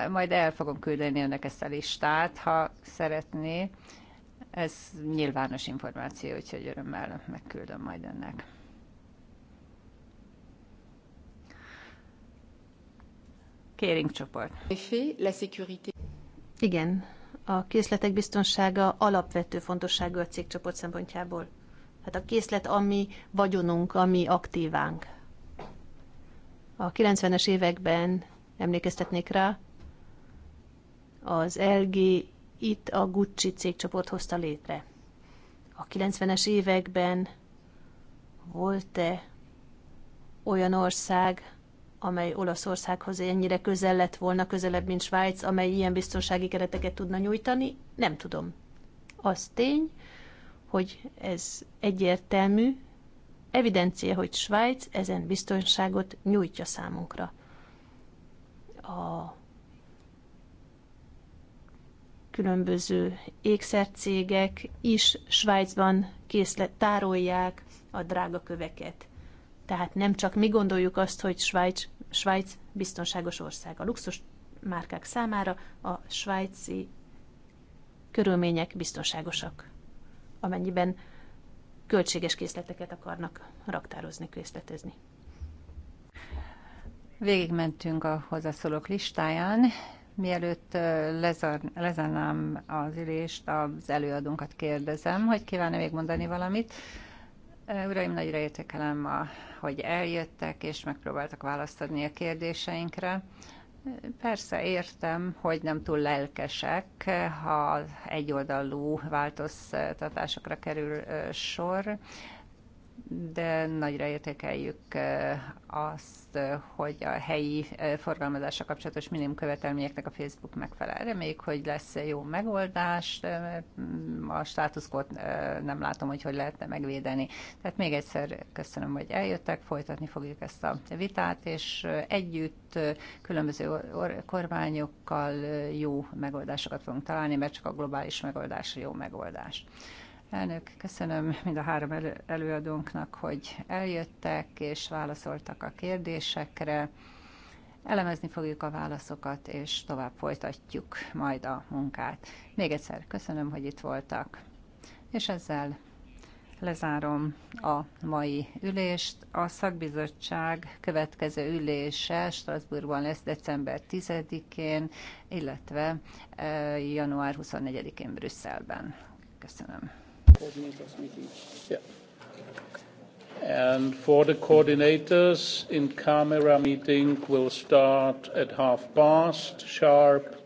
Majd el fogom küldeni önnek ezt a listát, ha szeretné. Ez nyilvános információ, úgyhogy örömmel megküldöm majd önnek. Kéring csoport. Igen, a készletek biztonsága alapvető fontosságú a cégcsoport szempontjából. Hát a készlet a mi vagyonunk, a mi aktívánk. A 90-es években emlékeztetnék rá, az LG itt a Gucci cégcsoport hozta létre. A 90-es években volt-e olyan ország, amely Olaszországhoz ennyire közel lett volna, közelebb, mint Svájc, amely ilyen biztonsági kereteket tudna nyújtani? Nem tudom. Az tény, hogy ez egyértelmű, evidencia, hogy Svájc ezen biztonságot nyújtja számunkra. A különböző ékszercégek is Svájcban készlet, tárolják a drága köveket. Tehát nem csak mi gondoljuk azt, hogy Svájc Svájc biztonságos ország a luxus márkák számára, a svájci körülmények biztonságosak, amennyiben költséges készleteket akarnak raktározni, készletezni. Végigmentünk a hozzászólók listáján. Mielőtt lezar, lezárnám az ülést, az előadónkat kérdezem, hogy kívánna még mondani valamit. Uraim, nagyra értékelem, a, hogy eljöttek és megpróbáltak választ adni a kérdéseinkre. Persze értem, hogy nem túl lelkesek, ha egyoldalú változtatásokra kerül sor de nagyra értékeljük azt, hogy a helyi forgalmazásra kapcsolatos minimum követelményeknek a Facebook megfelel. Reméljük, hogy lesz jó megoldás, a státuszkót nem látom, hogy hogy lehetne megvédeni. Tehát még egyszer köszönöm, hogy eljöttek, folytatni fogjuk ezt a vitát, és együtt különböző kormányokkal jó megoldásokat fogunk találni, mert csak a globális megoldás a jó megoldás. Elnök, köszönöm mind a három elő, előadónknak, hogy eljöttek és válaszoltak a kérdésekre. Elemezni fogjuk a válaszokat, és tovább folytatjuk majd a munkát. Még egyszer köszönöm, hogy itt voltak. És ezzel lezárom a mai ülést. A szakbizottság következő ülése Strasbourgban lesz december 10-én, illetve eh, január 24-én Brüsszelben. Köszönöm. Coordinators meeting. Yeah. And for the coordinators, in camera meeting will start at half past sharp